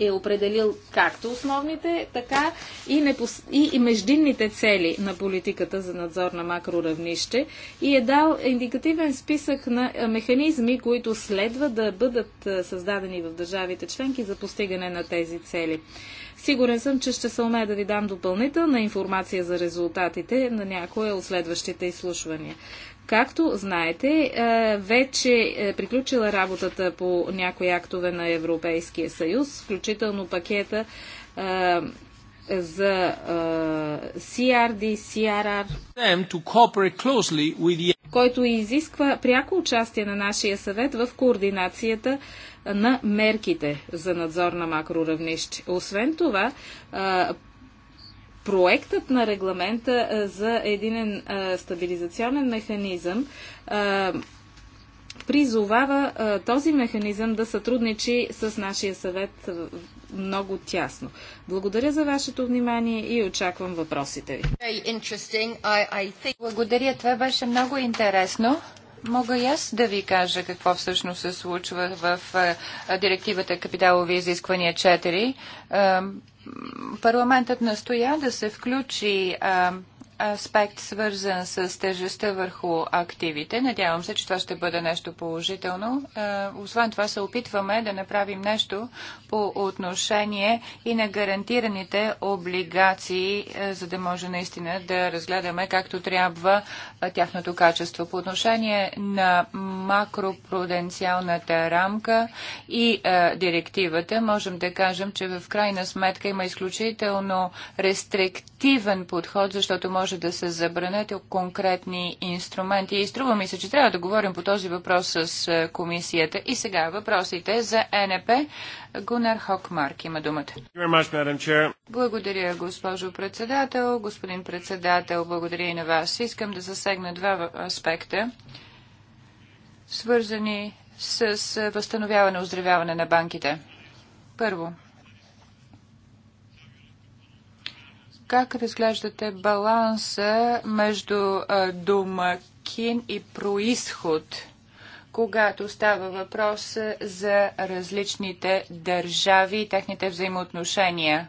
е определил както основните, така и, непос... и, междинните цели на политиката за надзор на макроравнище и е дал индикативен списък на е, механизми, които следва да бъдат е, създадени в държавите членки за постигане на тези цели. Сигурен съм, че ще се умея да ви дам допълнителна информация за резултатите на някое от следващите изслушвания. Както знаете, е, вече е приключила работата по някои актове на Европейския съюз, включително пакета е, за е, CRD, CRR, който изисква пряко участие на нашия съвет в координацията на мерките за надзор на макроравнище. Освен това, проектът на регламента за един стабилизационен механизъм призовава този механизъм да сътрудничи с нашия съвет много тясно. Благодаря за вашето внимание и очаквам въпросите ви. Благодаря, това беше много интересно. Мога и аз да ви кажа какво всъщност се случва в е, директивата Капиталови изисквания 4. Е, парламентът настоя да се включи е, аспект, свързан с тежестта върху активите. Надявам се, че това ще бъде нещо положително. Е, освен това се опитваме да направим нещо по отношение и на гарантираните облигации, е, за да може наистина да разгледаме както трябва е, тяхното качество. По отношение на макропруденциалната рамка и директивата, можем да кажем, че в крайна сметка има изключително рестриктивен подход, защото може може да се забранят конкретни инструменти. И струва ми се, че трябва да говорим по този въпрос с е, комисията. И сега въпросите за НП. Гунар Хокмарк има думата. благодаря, госпожо председател. Господин председател, благодаря и на вас. Искам да засегна два аспекта, свързани с е, възстановяване, оздравяване на банките. Първо, Как разглеждате баланса между домакин и происход, когато става въпрос за различните държави и техните взаимоотношения?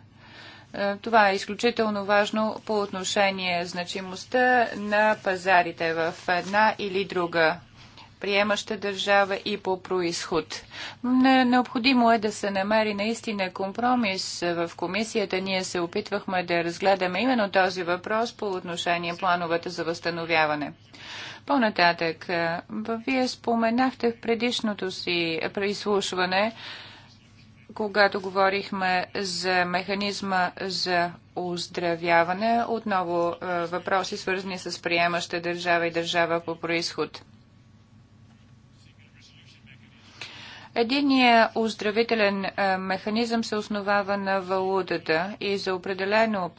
Това е изключително важно по отношение значимостта на пазарите в една или друга приемаща държава и по происход. Не, необходимо е да се намери наистина компромис. В комисията ние се опитвахме да разгледаме именно този въпрос по отношение плановете за възстановяване. По-нататък, вие споменахте в предишното си преизслушване, когато говорихме за механизма за оздравяване, отново въпроси свързани с приемаща държава и държава по происход – Единият оздравителен е, механизъм се основава на валутата и за определено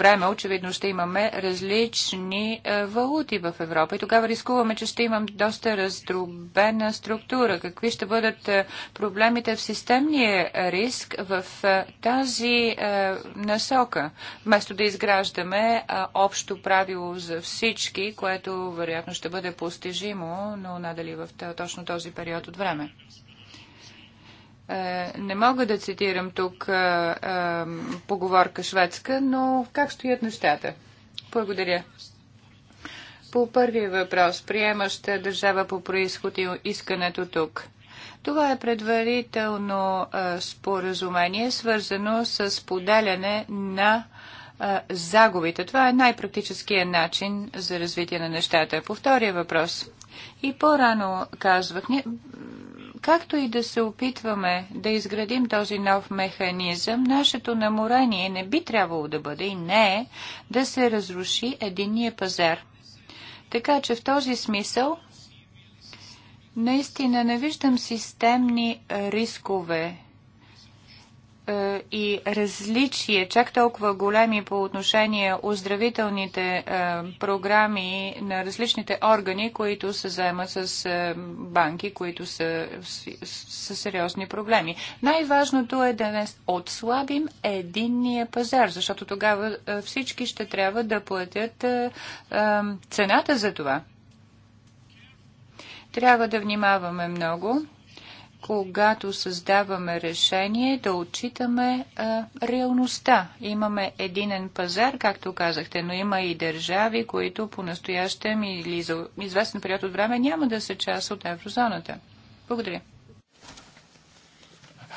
време очевидно ще имаме различни е, валути в Европа и тогава рискуваме, че ще имам доста раздробена структура. Какви ще бъдат е, проблемите в системния риск в е, тази насока, вместо да изграждаме общо правило за всички, което вероятно ще бъде постижимо, но надали в точно този период от време. Е, не мога да цитирам тук е, е, поговорка шведска, но как стоят нещата? Благодаря. По първия въпрос, приемаща държава по происход и искането тук. Това е предварително споразумение, свързано с поделяне на а, загубите. Това е най-практическия начин за развитие на нещата. По втория въпрос. И по-рано казвах, Както и да се опитваме да изградим този нов механизъм, нашето наморение не би трябвало да бъде и не е да се разруши единния пазар. Така че в този смисъл наистина не виждам системни рискове е, и различие, чак толкова големи по отношение оздравителните е, програми на различните органи, които се заемат с е, банки, които са с сериозни проблеми. Най-важното е да не отслабим единния пазар, защото тогава всички ще трябва да платят цената за това. Трябва да внимаваме много когато създаваме решение, да отчитаме а, реалността. Имаме единен пазар, както казахте, но има и държави, които по-настоящем или за известен период от време няма да са част от еврозоната. Благодаря.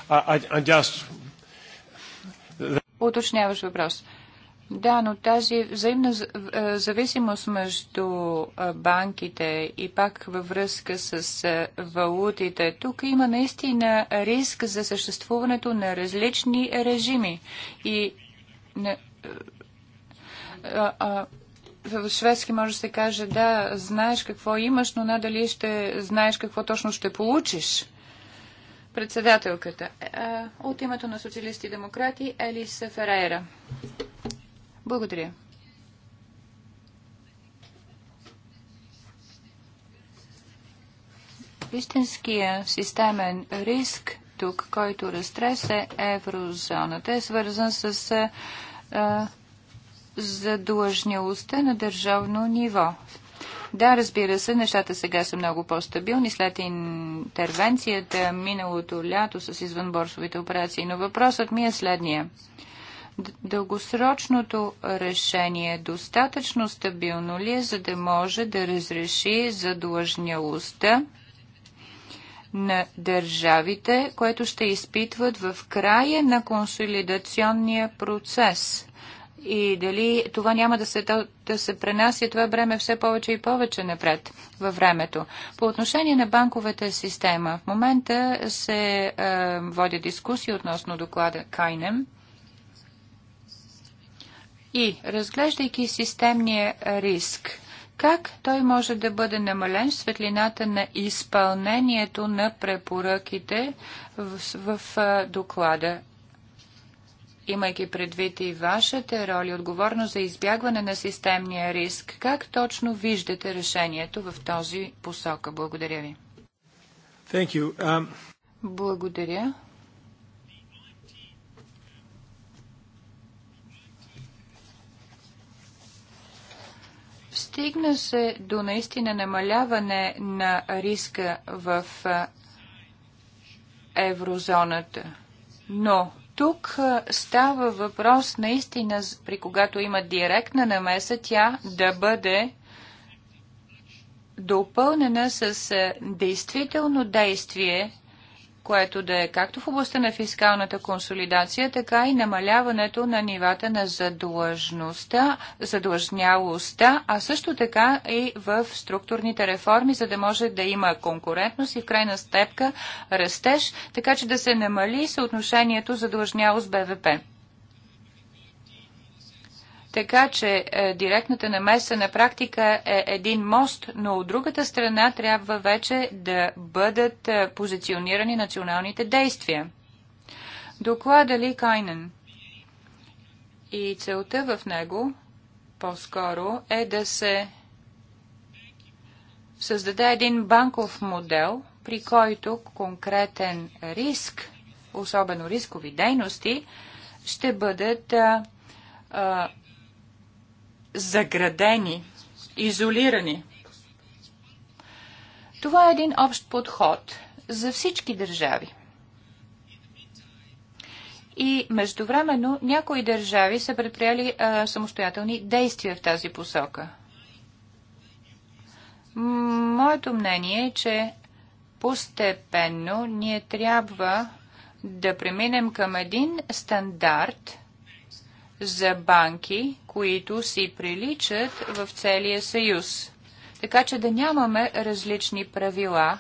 I, I just... Уточняваш въпрос. Uh, да, но тази взаимна зависимост между банките и пак във връзка с валутите, тук има наистина риск за съществуването на различни режими. И в шведски може да се каже, да, знаеш какво имаш, но надали ще знаеш какво точно ще получиш. Председателката. Е, от името на социалисти и демократи Елиса Ферейра. Благодаря. Истинския системен риск тук, който разтресе еврозоната, е свързан с а, задлъжнялостта на държавно ниво. Да, разбира се, нещата сега са много по-стабилни след интервенцията миналото лято с извънборсовите операции, но въпросът ми е следния дългосрочното решение е достатъчно стабилно ли е, за да може да разреши задлъжнялостта на държавите, което ще изпитват в края на консолидационния процес? и дали това няма да се, да се пренася това време все повече и повече напред във времето. По отношение на банковата система, в момента се е, води дискусия относно доклада Кайнем. И разглеждайки системния риск, как той може да бъде намален в светлината на изпълнението на препоръките в, в, в доклада имайки предвид и вашата роля, отговорно за избягване на системния риск, как точно виждате решението в този посока? Благодаря ви. Um... Благодаря. Стигна се до наистина намаляване на риска в еврозоната. Но тук става въпрос наистина, при когато има директна намеса, тя да бъде допълнена с действително действие което да е както в областта на фискалната консолидация, така и намаляването на нивата на задлъжността, задлъжнялостта, а също така и в структурните реформи, за да може да има конкурентност и в крайна степка растеж, така че да се намали съотношението задлъжнялост БВП. Така че е, директната намеса на практика е един мост, но от другата страна трябва вече да бъдат е, позиционирани националните действия. Доклада Ли Кайнен и целта в него по-скоро е да се създаде един банков модел, при който конкретен риск, особено рискови дейности, ще бъдат а, е, а, е, заградени, изолирани. Това е един общ подход за всички държави. И междувременно някои държави са предприели а, самостоятелни действия в тази посока. Моето мнение е, че постепенно ние трябва да преминем към един стандарт – за банки, които си приличат в целия съюз. Така че да нямаме различни правила,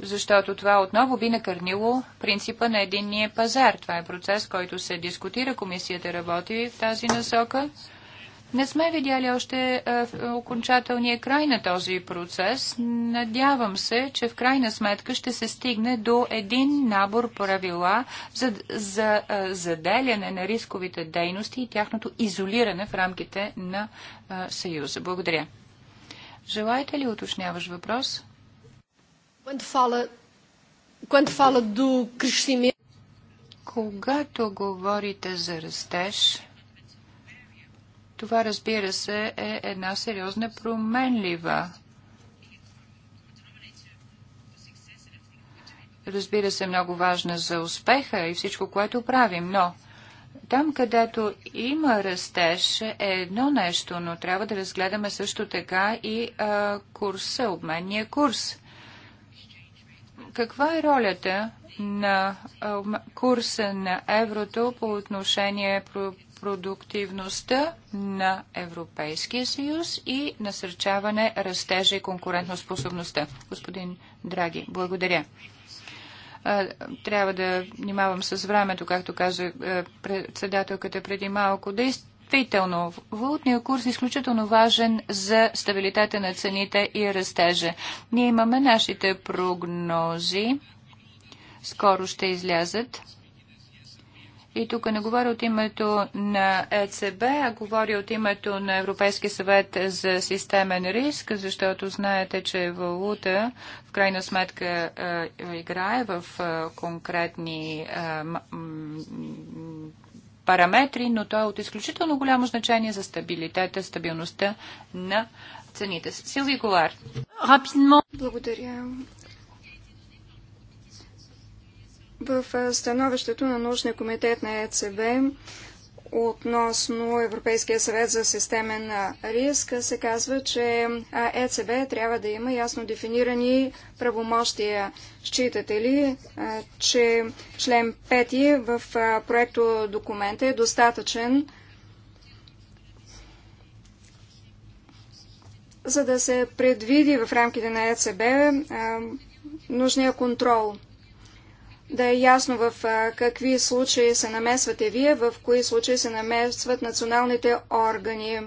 защото това отново би накърнило принципа на единния пазар. Това е процес, който се дискутира. Комисията работи в тази насока. Не сме видяли още е, окончателния край на този процес. Надявам се, че в крайна сметка ще се стигне до един набор правила за, за е, заделяне на рисковите дейности и тяхното изолиране в рамките на е, Съюза. Благодаря. Желаете ли уточняваш въпрос? Когато говорите за растеж, това, разбира се, е една сериозна променлива. Разбира се, много важна за успеха и всичко, което правим, но там, където има растеж, е едно нещо, но трябва да разгледаме също така и а, курса, обменния курс. Каква е ролята на а, курса на еврото по отношение продуктивността на Европейския съюз и насърчаване растежа и конкурентоспособността. Господин Драги, благодаря. Трябва да внимавам с времето, както каза председателката преди малко. Действително, валутният курс е изключително важен за стабилитета на цените и растежа. Ние имаме нашите прогнози. Скоро ще излязат и тук не говоря от името на ЕЦБ, а говоря от името на Европейския съвет за системен риск, защото знаете, че валута в крайна сметка играе в конкретни параметри, но той е от изключително голямо значение за стабилитета, стабилността на цените. Силви Голар. Благодаря. В становището на научния комитет на ЕЦБ относно Европейския съвет за системен риск се казва, че ЕЦБ трябва да има ясно дефинирани правомощия. Считате ли, че член 5 в проекто документа е достатъчен, за да се предвиди в рамките на ЕЦБ нужния контрол? да е ясно в какви случаи се намесвате вие, в кои случаи се намесват националните органи.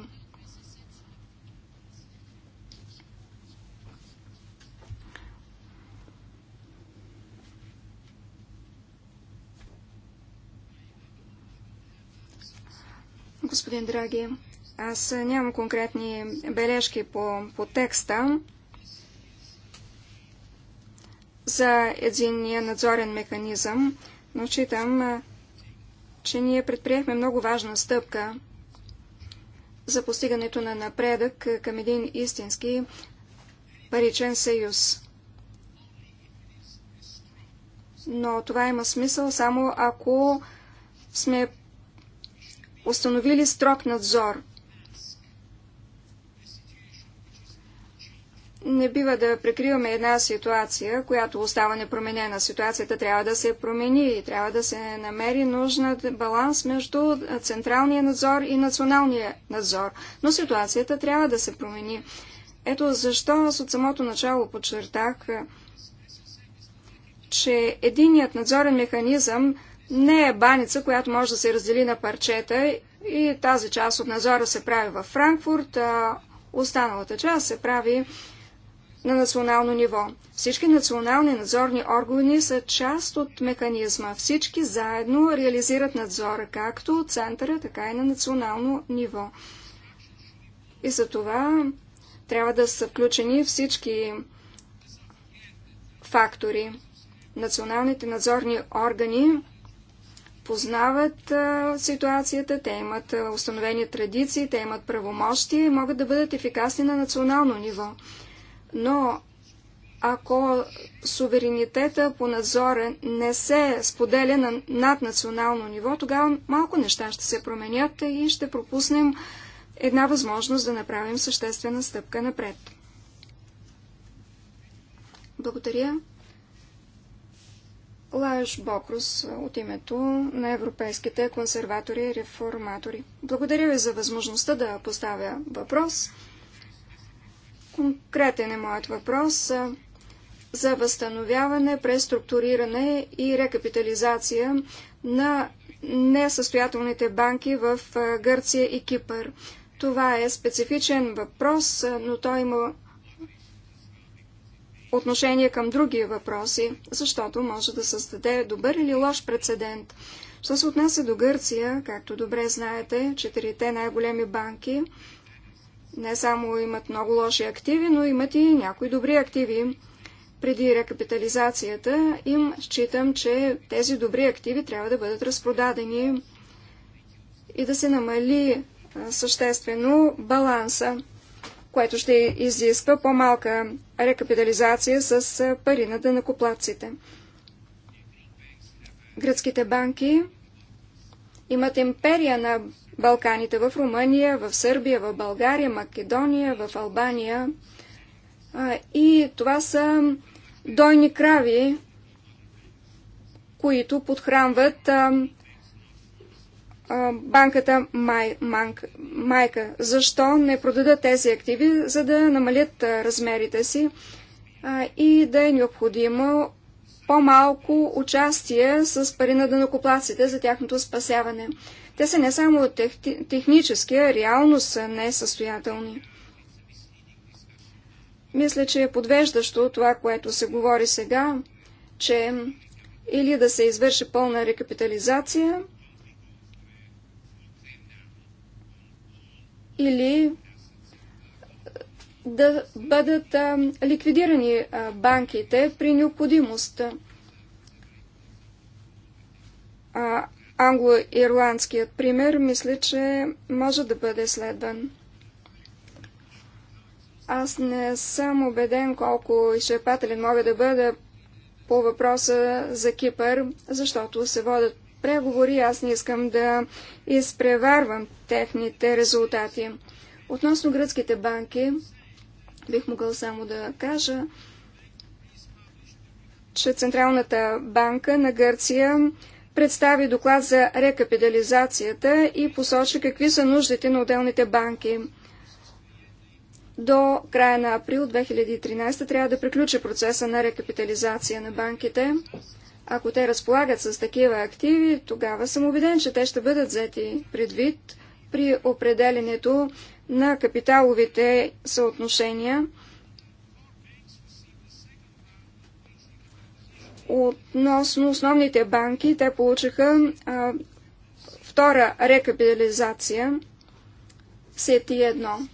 Господин Драги, аз нямам конкретни бележки по, по текста за единния надзорен механизъм, но читам, че ние предприехме много важна стъпка за постигането на напредък към един истински паричен съюз. Но това има смисъл само ако сме установили строг надзор. Не бива да прикриваме една ситуация, която остава непроменена. Ситуацията трябва да се промени и трябва да се намери нужна баланс между централния надзор и националния надзор. Но ситуацията трябва да се промени. Ето защо аз от самото начало подчертах, че единият надзорен механизъм не е баница, която може да се раздели на парчета и тази част от надзора се прави във Франкфурт, а останалата част се прави на национално ниво. Всички национални надзорни органи са част от механизма. Всички заедно реализират надзора, както от центъра, така и на национално ниво. И за това трябва да са включени всички фактори. Националните надзорни органи познават ситуацията, те имат установени традиции, те имат правомощи и могат да бъдат ефикасни на национално ниво но ако суверенитета по надзора не се споделя на наднационално ниво, тогава малко неща ще се променят и ще пропуснем една възможност да направим съществена стъпка напред. Благодаря. Лаш Бокрус от името на европейските консерватори и реформатори. Благодаря ви за възможността да поставя въпрос. Конкретен е моят въпрос за възстановяване, преструктуриране и рекапитализация на несъстоятелните банки в Гърция и Кипър. Това е специфичен въпрос, но той има отношение към други въпроси, защото може да създаде добър или лош прецедент. Що се отнася до Гърция, както добре знаете, четирите най-големи банки – не само имат много лоши активи, но имат и някои добри активи. Преди рекапитализацията им считам, че тези добри активи трябва да бъдат разпродадени и да се намали съществено баланса, което ще изисква по-малка рекапитализация с пари на дънакоплаците. Гръцките банки имат империя на Балканите, в Румъния, в Сърбия, в България, Македония, в Албания. И това са дойни крави, които подхранват банката май, манк, майка. Защо не продадат тези активи, за да намалят размерите си и да е необходимо по-малко участие с пари на дънокоплаците за тяхното спасяване. Те са не само тех, технически, а реално са несъстоятелни. Мисля, че е подвеждащо това, което се говори сега, че или да се извърши пълна рекапитализация, или да бъдат а, ликвидирани а, банките при необходимост. А, англо-ирландският пример, мисля, че може да бъде следван. Аз не съм убеден колко изчерпателен мога да бъда по въпроса за Кипър, защото се водят преговори, аз не искам да изпреварвам техните резултати. Относно гръцките банки, бих могъл само да кажа, че Централната банка на Гърция представи доклад за рекапитализацията и посочи какви са нуждите на отделните банки. До края на април 2013 трябва да приключи процеса на рекапитализация на банките. Ако те разполагат с такива активи, тогава съм убеден, че те ще бъдат взети предвид при определенето на капиталовите съотношения Относно основните банки, те получиха а, втора рекапитализация СЕТИ-1.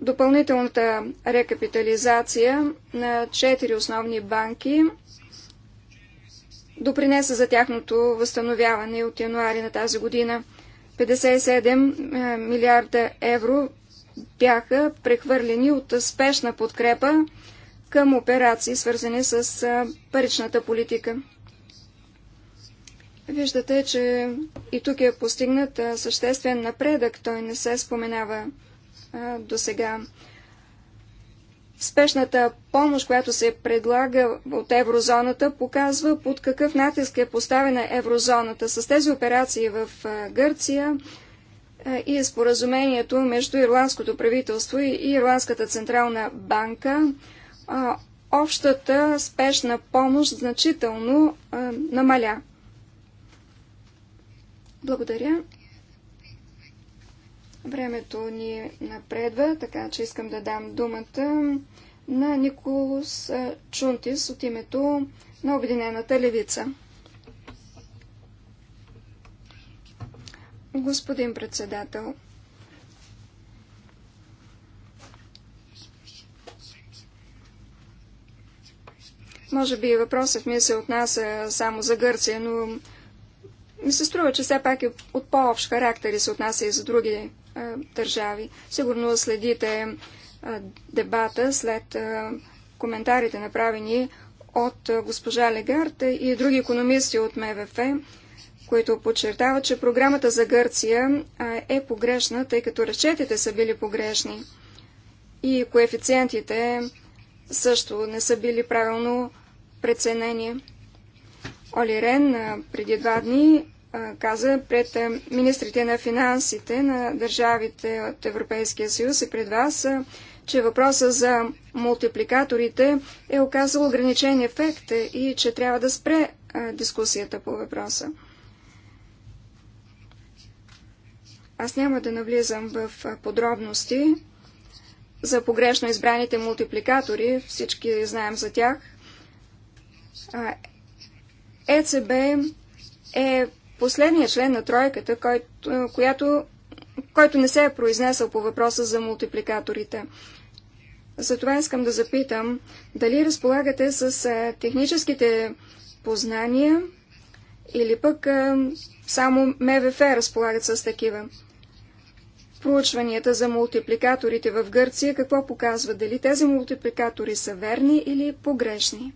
Допълнителната рекапитализация на четири основни банки допринесе за тяхното възстановяване от януари на тази година. 57 милиарда евро бяха прехвърлени от спешна подкрепа към операции, свързани с паричната политика. Виждате, че и тук е постигнат съществен напредък. Той не се споменава до сега. Спешната помощ, която се предлага от еврозоната, показва под какъв натиск е поставена еврозоната. С тези операции в Гърция и споразумението между ирландското правителство и Ирландската централна банка а, общата спешна помощ значително а, намаля. Благодаря. Времето ни напредва, така че искам да дам думата на Николас Чунтис от името на Обединената левица. Господин председател, Може би въпросът ми се отнася само за Гърция, но ми се струва, че все пак е от по-общ характер и се отнася и за други а, е, държави. Сигурно следите а, е, дебата след а, е, коментарите направени от а, госпожа Легард и други економисти от МВФ, които подчертават, че програмата за Гърция а, е погрешна, тъй като разчетите са били погрешни и коефициентите също не са били правилно преценение. Оли Рен преди два дни каза пред министрите на финансите на държавите от Европейския съюз и пред вас, че въпроса за мултипликаторите е оказал ограничен ефект и че трябва да спре дискусията по въпроса. Аз няма да навлизам в подробности за погрешно избраните мултипликатори, всички знаем за тях – ЕЦБ е последният член на тройката, който, която, който не се е произнесъл по въпроса за мултипликаторите. Затова искам да запитам, дали разполагате с техническите познания или пък само МВФ разполагат с такива. Проучванията за мултипликаторите в Гърция какво показват? Дали тези мултипликатори са верни или погрешни?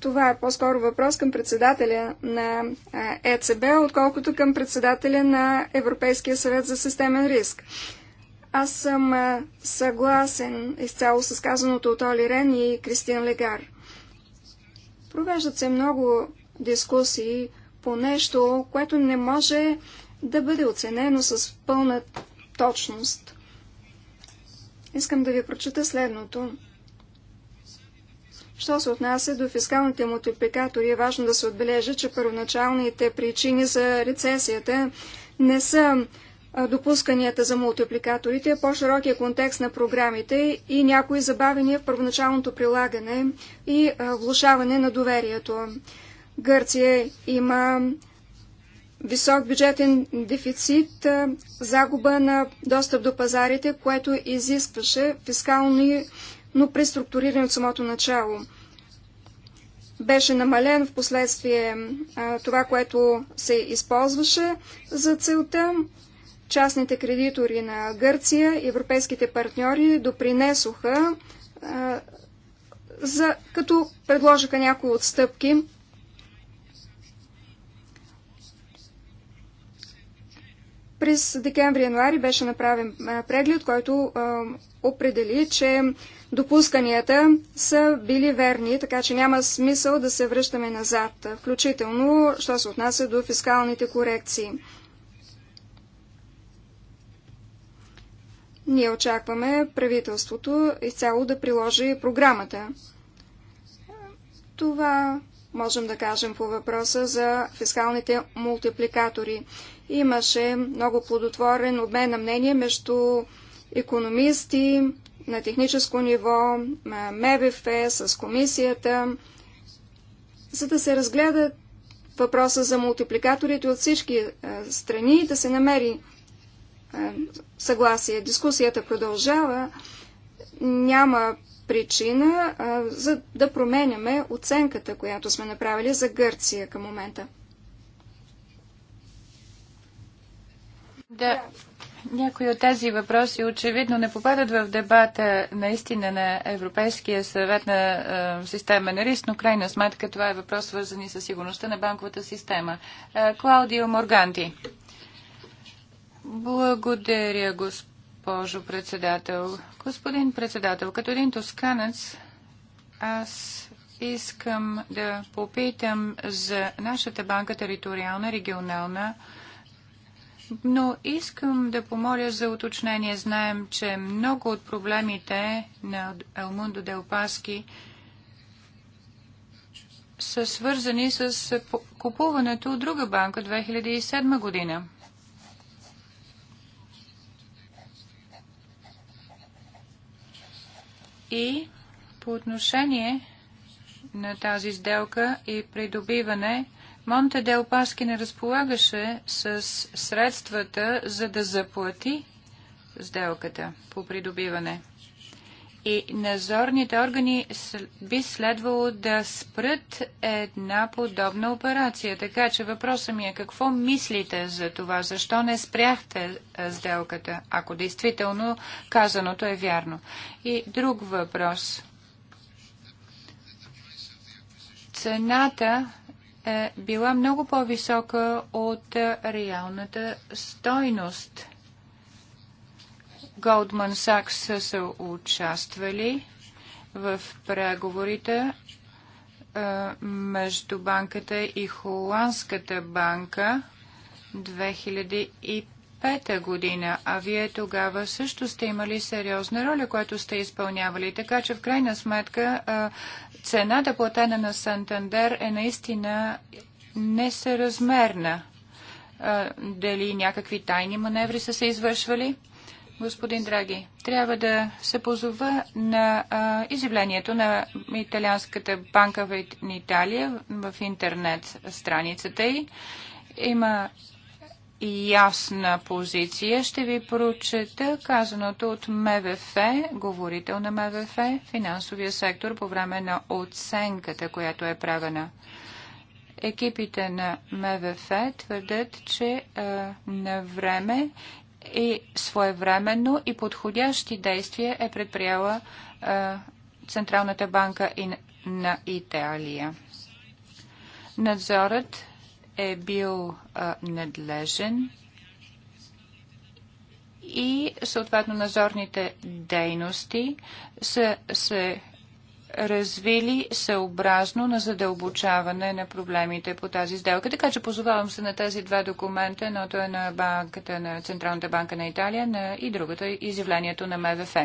Това е по-скоро въпрос към председателя на ЕЦБ, отколкото към председателя на Европейския съвет за системен риск. Аз съм съгласен изцяло с казаното от Оли Рен и Кристиан Легар. Провеждат се много дискусии по нещо, което не може да бъде оценено с пълна точност. Искам да ви прочита следното. Що се отнася до фискалните мултипликатори, е важно да се отбележи, че първоначалните причини за рецесията не са допусканията за мултипликаторите, по-широкия контекст на програмите и някои забавения в първоначалното прилагане и влушаване на доверието. Гърция има висок бюджетен дефицит, загуба на достъп до пазарите, което изискваше фискални но при структуриране от самото начало. Беше намален в последствие това, което се използваше за целта. Частните кредитори на Гърция, европейските партньори допринесоха за, като предложиха някои отстъпки. През декември-януари беше направен преглед, който определи, че допусканията са били верни, така че няма смисъл да се връщаме назад, включително, що се отнася до фискалните корекции. Ние очакваме правителството изцяло да приложи програмата. Това можем да кажем по въпроса за фискалните мултипликатори. Имаше много плодотворен обмен на мнение между економисти, на техническо ниво, МВФ, с комисията, за да се разгледа въпроса за мултипликаторите от всички страни и да се намери съгласие. Дискусията продължава. Няма причина за да променяме оценката, която сме направили за Гърция към момента. Да, някои от тези въпроси очевидно не попадат в дебата наистина на Европейския съвет на е, система на риск, но крайна сметка това е въпрос свързан и със сигурността на банковата система. Е, Клаудио Морганти. Благодаря, госпожо председател. Господин председател, като един тосканец, аз искам да попитам за нашата банка териториална, регионална, но искам да помоля за уточнение. Знаем, че много от проблемите на Елмундо Делпаски са свързани с купуването от друга банка 2007 година. И по отношение на тази сделка и придобиване Монте Дел Паски не разполагаше с средствата, за да заплати сделката по придобиване. И надзорните органи би следвало да спрат една подобна операция. Така че въпросът ми е какво мислите за това? Защо не спряхте сделката, ако действително казаното е вярно? И друг въпрос. Цената е била много по-висока от е, реалната стойност. Goldman Sachs са участвали в преговорите е, между банката и Холандската банка 2005 Пета година, а вие тогава също сте имали сериозна роля, която сте изпълнявали. Така че в крайна сметка цената платена на Сантандер е наистина несъразмерна. Дали някакви тайни маневри са се извършвали? господин Драги, трябва да се позова на а, изявлението на Италианската банка в Италия в интернет страницата й. Има ясна позиция. Ще ви прочета казаното от МВФ, говорител на МВФ, финансовия сектор по време на оценката, която е правена. Екипите на МВФ твърдят, че е, на време и своевременно и подходящи действия е предприяла е, Централната банка и, на Италия. Надзорът е бил а, надлежен и съответно назорните дейности са се развили съобразно на задълбочаване на проблемите по тази сделка. Така че позовавам се на тези два документа. Едното е на банката, на Централната банка на Италия на, и другата е изявлението на МВФ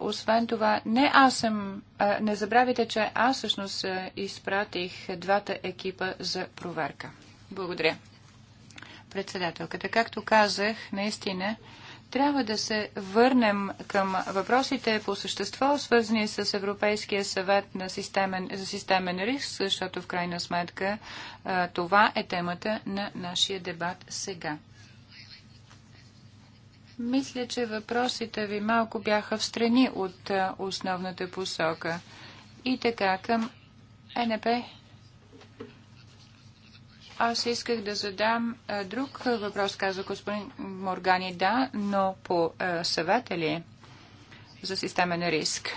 освен това, не аз съм, не забравяйте, че аз всъщност изпратих двата екипа за проверка. Благодаря. Председателката, както казах, наистина, трябва да се върнем към въпросите по същество, свързани с Европейския съвет на системен, за системен риск, защото в крайна сметка това е темата на нашия дебат сега. Мисля, че въпросите ви малко бяха встрани от основната посока. И така, към е НП. Аз исках да задам друг въпрос, каза господин Моргани, да, но по съвета ли е за на риск?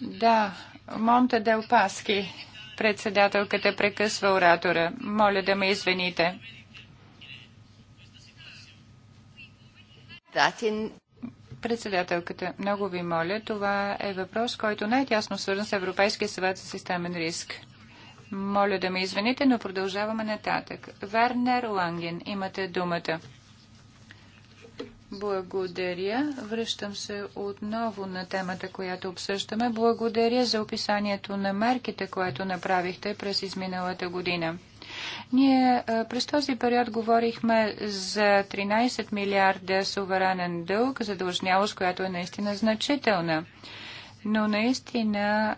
Да, Монта Делпаски, председателката прекъсва оратора. Моля да ме извините. Председателката, много ви моля, това е въпрос, който най-тясно е свързан с Европейския съвет за системен риск. Моля да ме извините, но продължаваме нататък. Вернер Ланген, имате думата. Благодаря. Връщам се отново на темата, която обсъждаме. Благодаря за описанието на мерките, което направихте през изминалата година. Ние през този период говорихме за 13 милиарда суверенен дълг, задължнялост, която е наистина значителна. Но наистина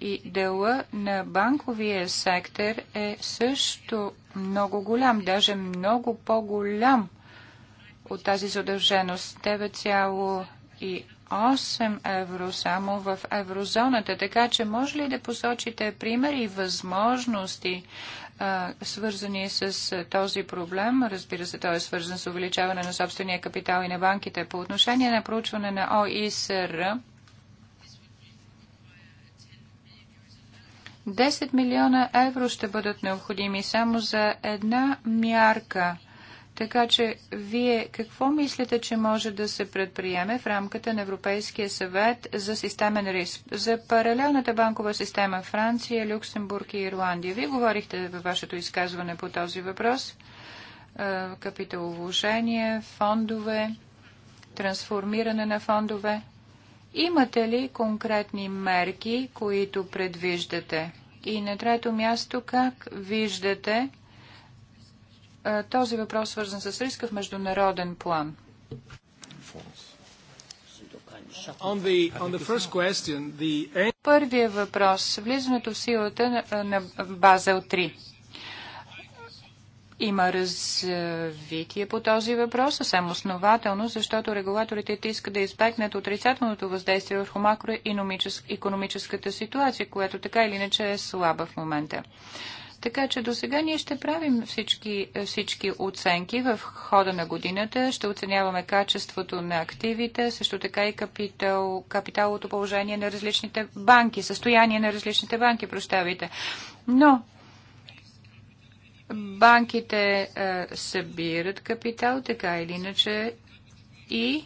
и дела на банковия сектор е също много голям, даже много по-голям от тази задълженост. 9,8 евро само в еврозоната. Така че може ли да посочите примери и възможности свързани с този проблем. Разбира се, той е свързан с увеличаване на собствения капитал и на банките. По отношение на проучване на ОИСР, 10 милиона евро ще бъдат необходими само за една мярка така че, вие какво мислите, че може да се предприеме в рамката на Европейския съвет за системен риск? За паралелната банкова система Франция, Люксембург и Ирландия. Вие говорихте във вашето изказване по този въпрос. Е, Капиталовложение, фондове, трансформиране на фондове. Имате ли конкретни мерки, които предвиждате? И на трето място, как виждате този въпрос, свързан с риска в международен план. Първият въпрос. Влизането в силата на, на Базел 3. Има развитие по този въпрос, съвсем основателно, защото регулаторите искат да избегнат отрицателното въздействие върху макроекономическата ситуация, която така или иначе е слаба в момента. Така че до сега ние ще правим всички, всички оценки в хода на годината. Ще оценяваме качеството на активите, също така и капитал, капиталото положение на различните банки, състояние на различните банки, прощавайте. Но банките е, събират капитал, така или иначе, и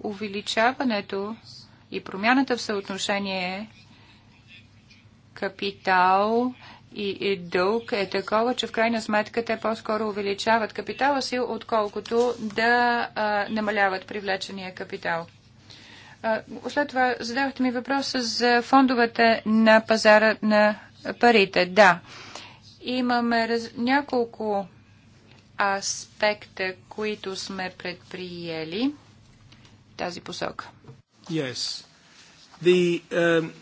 увеличаването и промяната в съотношение капитал и, и дълг е такова, че в крайна сметка те по-скоро увеличават капитала си, отколкото да а, намаляват привлечения капитал. А, след това задавахте ми въпроса за фондовете на пазара на парите. Да, имаме раз... няколко аспекта, които сме предприели тази посока. Yes. The, um...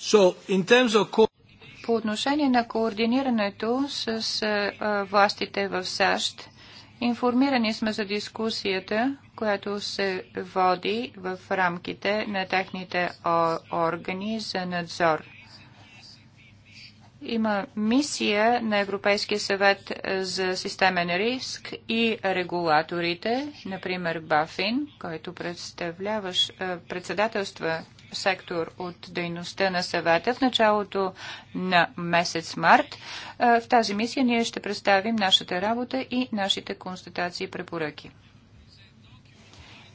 So, in terms of по отношение на координирането с властите в САЩ, информирани сме за дискусията, която се води в рамките на техните органи за надзор. Има мисия на Европейския съвет за системен риск и регулаторите, например Бафин, който представляваш, председателства сектор от дейността на съвета в началото на месец март. В тази мисия ние ще представим нашата работа и нашите констатации и препоръки.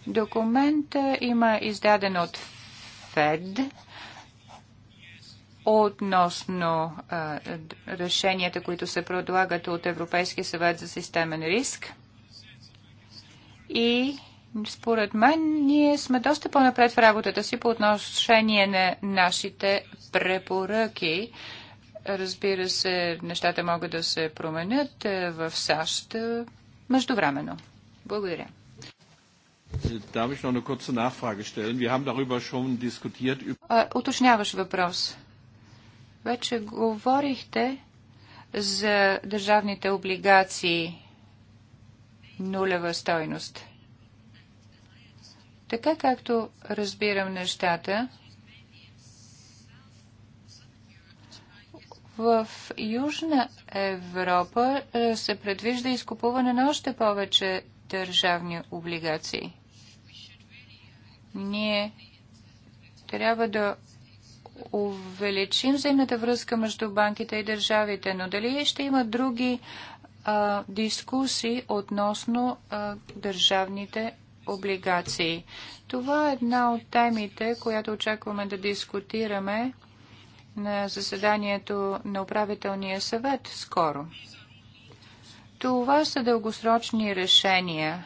Документ има издаден от ФЕД относно а, решенията, които се предлагат от Европейския съвет за системен риск и според мен, ние сме доста по-напред в работата си по отношение на нашите препоръки. Разбира се, нещата могат да се променят е, в САЩ е, междувременно. Благодаря. Darf ich noch eine kurze Nachfrage stellen? Wir haben darüber schon diskutiert. Уточняваш въпрос. Вече говорихте за държавните облигации нулева стойност. Така както разбирам нещата, В Южна Европа е, се предвижда изкупуване на още повече държавни облигации. Ние трябва да увеличим взаимната връзка между банките и държавите, но дали ще има други а, дискусии относно а, държавните облигации. Това е една от темите, която очакваме да дискутираме на заседанието на управителния съвет скоро. Това са дългосрочни решения.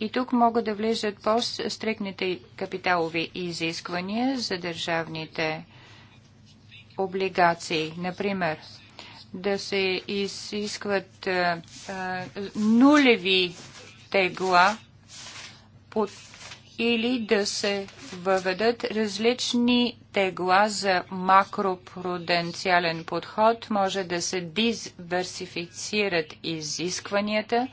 И тук могат да влизат по-стрикните капиталови изисквания за държавните облигации. Например, да се изискват а, а, нулеви тегла под или да се въведат различни тегла за макропруденциален подход, може да се диверсифицират изискванията,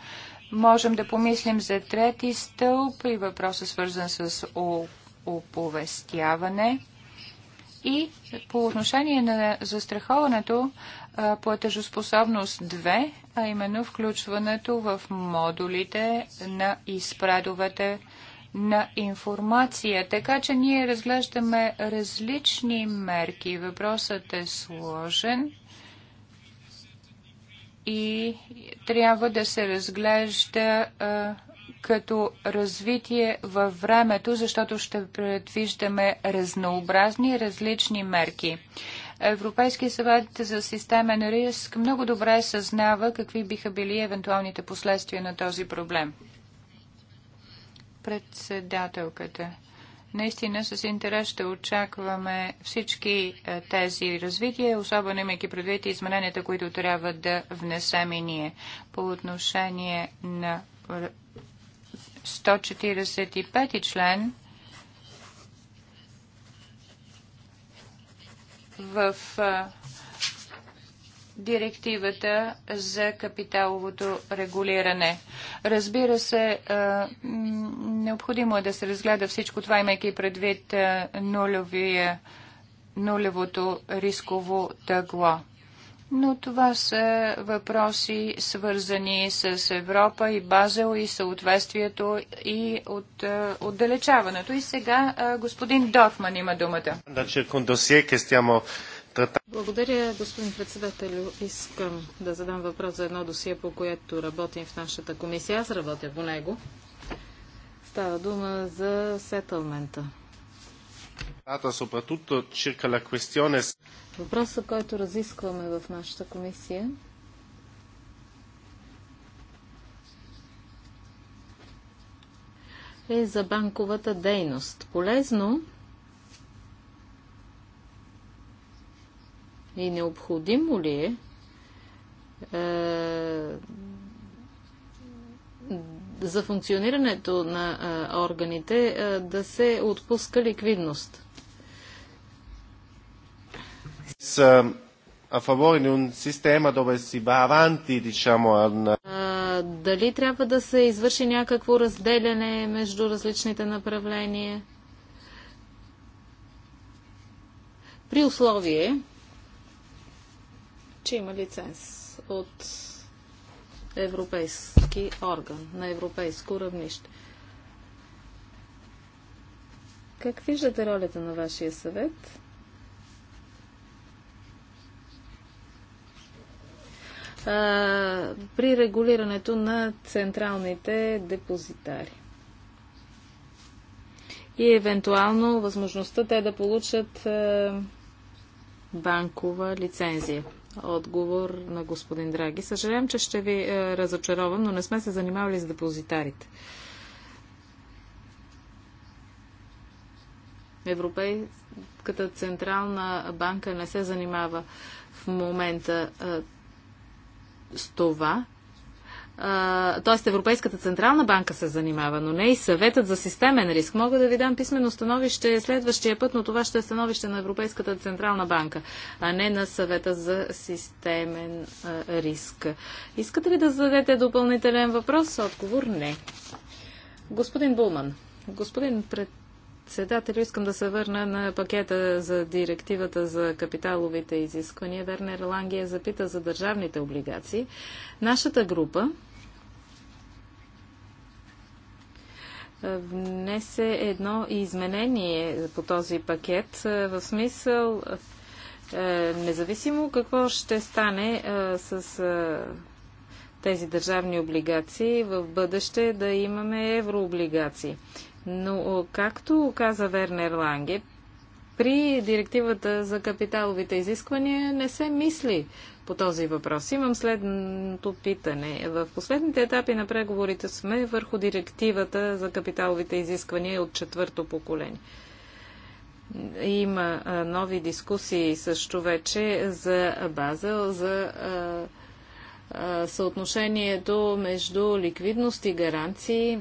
можем да помислим за трети стълб и въпроса свързан с оповестяване. И по отношение на застраховането, платежоспособност 2, а именно включването в модулите на изпредовете на информация. Така че ние разглеждаме различни мерки. Въпросът е сложен и трябва да се разглежда като развитие във времето, защото ще предвиждаме разнообразни различни мерки. Европейския съвет за системен риск много добре съзнава какви биха били евентуалните последствия на този проблем. Председателката. Наистина с интерес ще очакваме всички е, тези развития, особено имайки предвид измененията, които трябва да внесем и ние по отношение на 145 е, член в директивата за капиталовото регулиране. Разбира се, необходимо е да се разгледа всичко това, имайки предвид нулевия, нулевото рисково тъгло. Но това са въпроси свързани с Европа и Базел и съответствието и от е, отдалечаването. И сега е, господин Дорфман има думата. Благодаря, господин председател. Искам да задам въпрос за едно досие, по което работим в нашата комисия. Аз работя по него. Става дума за сетълмента. Въпросът, който разискваме в нашата комисия, е за банковата дейност. Полезно и необходимо ли е, е за функционирането на органите да се отпуска ликвидност. С дали трябва да се извърши някакво разделяне между различните направления? При условие, че има лиценз от европейски орган на европейско равнище. Как виждате ролята на вашия съвет? А, при регулирането на централните депозитари и евентуално възможността те да получат банкова лицензия. Отговор на господин Драги. Съжалявам, че ще ви е, разочаровам, но не сме се занимавали с депозитарите. Европейската централна банка не се занимава в момента е, с това т.е. Европейската Централна банка се занимава, но не и съветът за системен риск. Мога да ви дам писмено становище следващия път, но това ще е становище на Европейската Централна банка, а не на съвета за системен а, риск. Искате ли да зададете допълнителен въпрос? Отговор не. Господин Булман, господин пред председател, искам да се върна на пакета за директивата за капиталовите изисквания. Вернер Лангия запита за държавните облигации. Нашата група внесе едно изменение по този пакет е, в смисъл е, независимо какво ще стане е, с тези държавни облигации в бъдеще да имаме еврооблигации. Но, както каза Вернер Ланге, при директивата за капиталовите изисквания не се мисли по този въпрос. Имам следното питане. В последните етапи на преговорите сме върху директивата за капиталовите изисквания от четвърто поколение. Има нови дискусии също вече за Базел, за съотношението между ликвидност и гаранции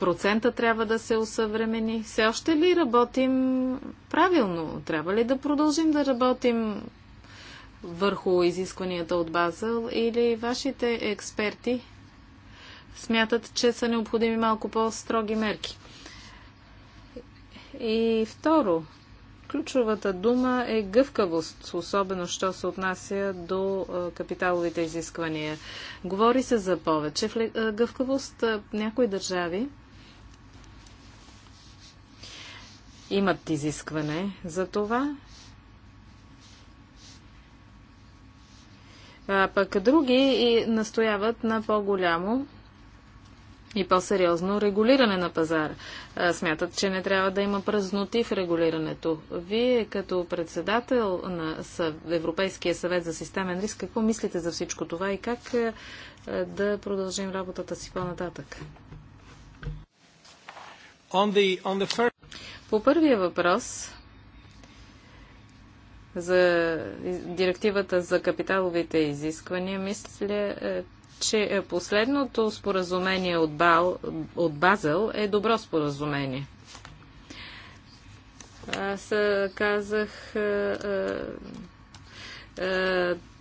Процента трябва да се усъвремени. Все още ли работим правилно? Трябва ли да продължим да работим върху изискванията от Базъл или вашите експерти смятат, че са необходими малко по-строги мерки? И второ, Ключовата дума е гъвкавост, особено що се отнася до капиталовите изисквания. Говори се за повече гъвкавост. Някои държави имат изискване за това. А пък други и настояват на по-голямо и по-сериозно регулиране на пазара. Смятат, че не трябва да има празноти в регулирането. Вие като председател на Европейския съвет за системен риск, какво мислите за всичко това и как да продължим работата си по-нататък? По първия въпрос за директивата за капиталовите изисквания, мисля, е, че е, последното споразумение от, Бал, от Базел е добро споразумение. Аз е, казах е,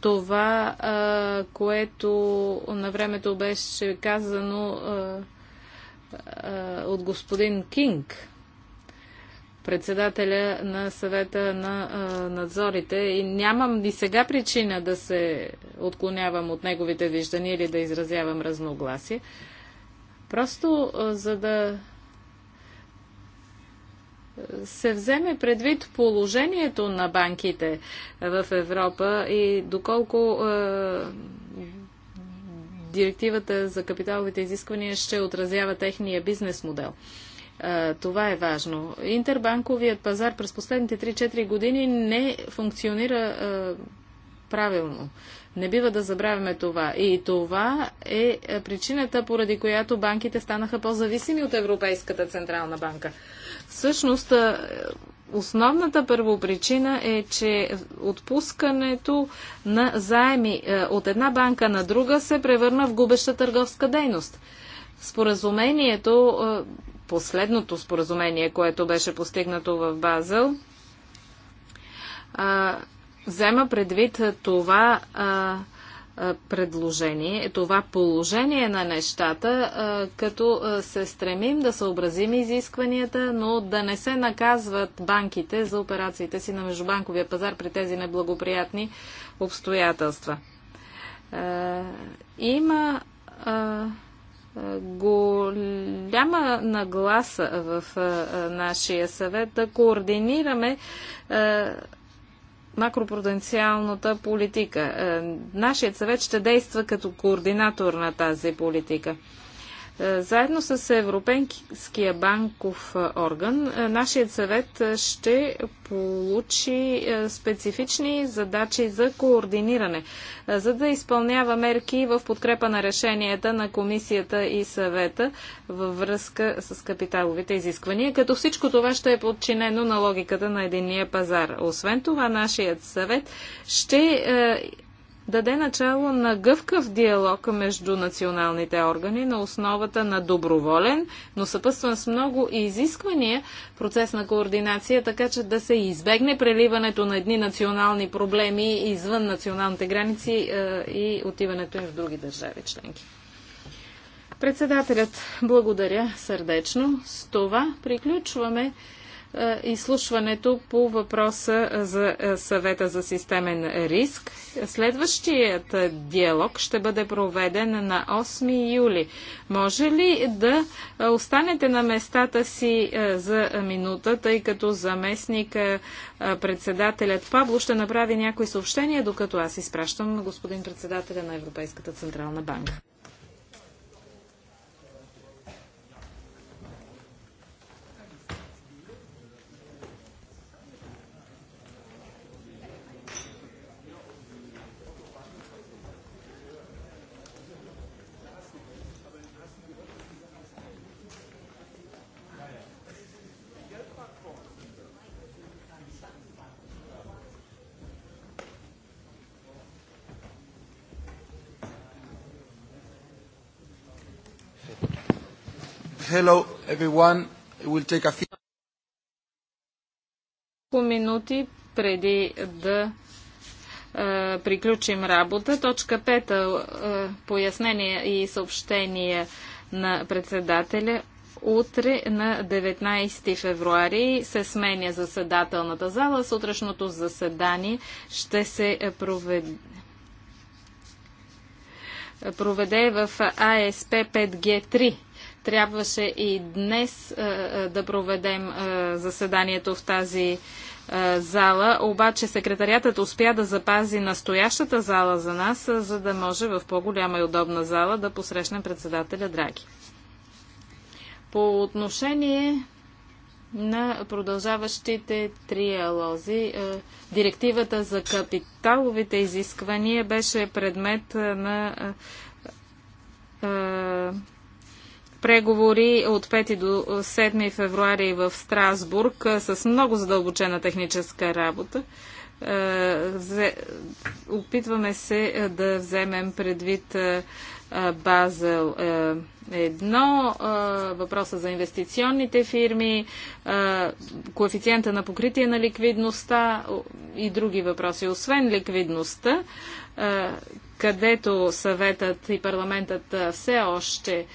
това, което на времето беше казано от господин Кинг председателя на съвета на а, надзорите и нямам и сега причина да се отклонявам от неговите виждания или да изразявам разногласие. Просто а, за да се вземе предвид положението на банките в Европа и доколко а, директивата за капиталовите изисквания ще отразява техния бизнес модел. Това е важно. Интербанковият пазар през последните 3-4 години не функционира правилно. Не бива да забравяме това. И това е причината, поради която банките станаха по-зависими от Европейската Централна банка. Всъщност, основната първопричина е, че отпускането на заеми от една банка на друга се превърна в губеща търговска дейност. Споразумението последното споразумение, което беше постигнато в Базел, взема предвид това предложение, това положение на нещата, като се стремим да съобразим изискванията, но да не се наказват банките за операциите си на междубанковия пазар при тези неблагоприятни обстоятелства. Има голяма нагласа в нашия съвет да координираме макропруденциалната политика. Нашият съвет ще действа като координатор на тази политика. Е, заедно с Европейския банков е, орган, е, нашият съвет ще получи специфични задачи за координиране, за да изпълнява мерки в подкрепа на решенията на комисията и съвета във връзка с капиталовите изисквания, като всичко това ще е подчинено на логиката на единния пазар. Освен това, нашият съвет ще даде начало на гъвкав диалог между националните органи на основата на доброволен, но съпътстван с много изисквания процес на координация, така че да се избегне преливането на едни национални проблеми извън националните граници е, и отиването им в други държави членки. Председателят, благодаря сърдечно. С това приключваме е, изслушването по въпроса е, за е, съвета за системен риск. Следващият диалог ще бъде проведен на 8 юли. Може ли да останете на местата си за минута, тъй като заместник председателят Пабло ще направи някои съобщения, докато аз изпращам господин председателя на Европейската централна банка. Hello, everyone. will take a few... минути преди да е, приключим работа. Точка 5. Е, пояснение и съобщение на председателя. Утре на 19 февруари се сменя заседателната зала. Сутрешното заседание ще се проведе в АСП 5G3 Трябваше и днес е, е, да проведем е, заседанието в тази зала, обаче секретариатът успя да запази настоящата зала за нас, за да може в по-голяма и удобна зала да посрещнем председателя Драги. По отношение на продължаващите триалози. Директивата за капиталовите изисквания беше предмет на преговори от 5 до 7 февруари в Страсбург с много задълбочена техническа работа. Опитваме се да вземем предвид Базел едно, въпроса за инвестиционните фирми, коефициента на покритие на ликвидността и други въпроси. Освен ликвидността, където съветът и парламентът все още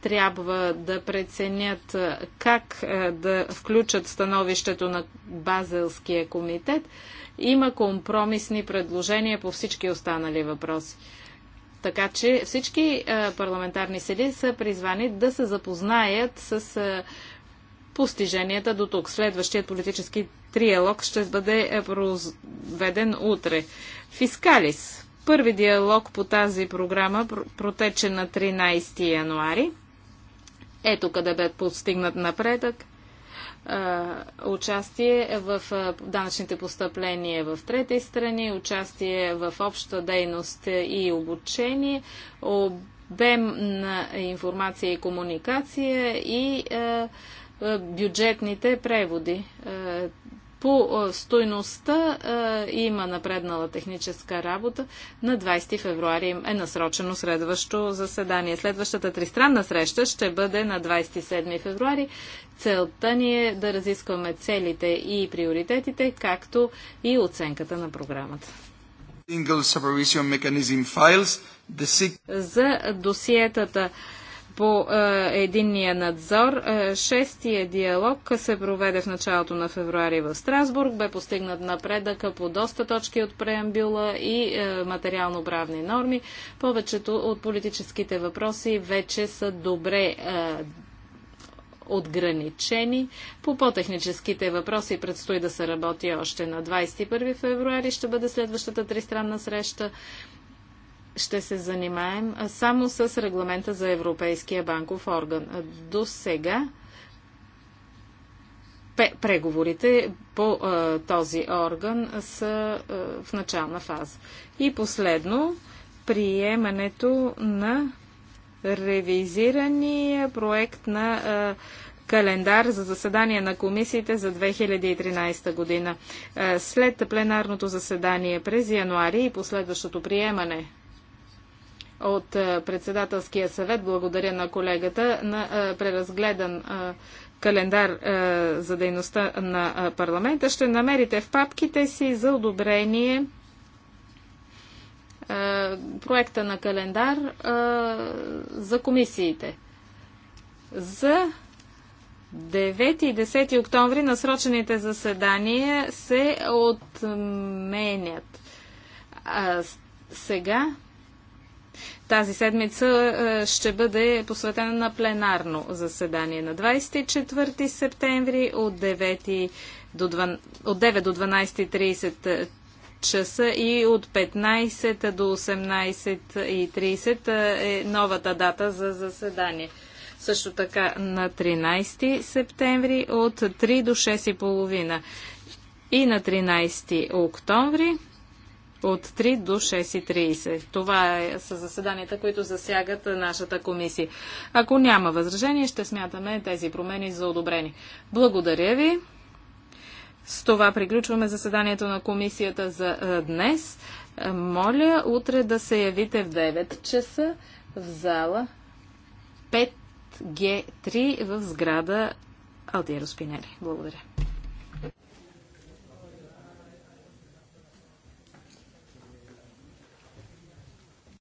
трябва да преценят как да включат становището на Базелския комитет. Има компромисни предложения по всички останали въпроси. Така че всички парламентарни сели са призвани да се запознаят с постиженията до тук. Следващият политически триалог ще бъде проведен утре. Фискалис Първи диалог по тази програма протече на 13 януари. Ето къде бе постигнат напредък. Участие в данъчните постъпления в трети страни, участие в обща дейност и обучение, обем на информация и комуникация и бюджетните преводи. По стойността има напреднала техническа работа. На 20 февруари е насрочено следващо заседание. Следващата тристранна среща ще бъде на 27 февруари. Целта ни е да разискваме целите и приоритетите, както и оценката на програмата. За досиетата по е, единния надзор. Е, шестия диалог се проведе в началото на февруари в Страсбург. Бе постигнат напредък по доста точки от преамбюла и е, материално-правни норми. Повечето от политическите въпроси вече са добре отграничени. По по-техническите въпроси предстои да се работи още на 21 февруари. Ще бъде следващата тристранна среща ще се занимаем само с регламента за Европейския банков орган. До сега преговорите по този орган са в начална фаза. И последно, приемането на ревизирания проект на календар за заседание на комисиите за 2013 година. След пленарното заседание през януари и последващото приемане от е, председателския съвет, благодаря на колегата, на е, преразгледан е, календар за дейността на парламента, ще намерите в папките си за одобрение проекта на календар за комисиите. За 9 и 10 октомври насрочените заседания се отменят. А сега тази седмица е, ще бъде посветена на пленарно заседание на 24 септември от 9 до 12, от 9 до 12.30 е, часа и от 15 до 18.30 е, е новата дата за заседание. Също така на 13 септември от 3 до 6.30 и на 13 октомври от 3 до 6.30. Това е, са заседанията, които засягат нашата комисия. Ако няма възражение, ще смятаме тези промени за одобрени. Благодаря ви. С това приключваме заседанието на комисията за е, днес. Е, моля утре да се явите в 9 часа в зала 5G3 в сграда Алтиеро Спинери. Благодаря.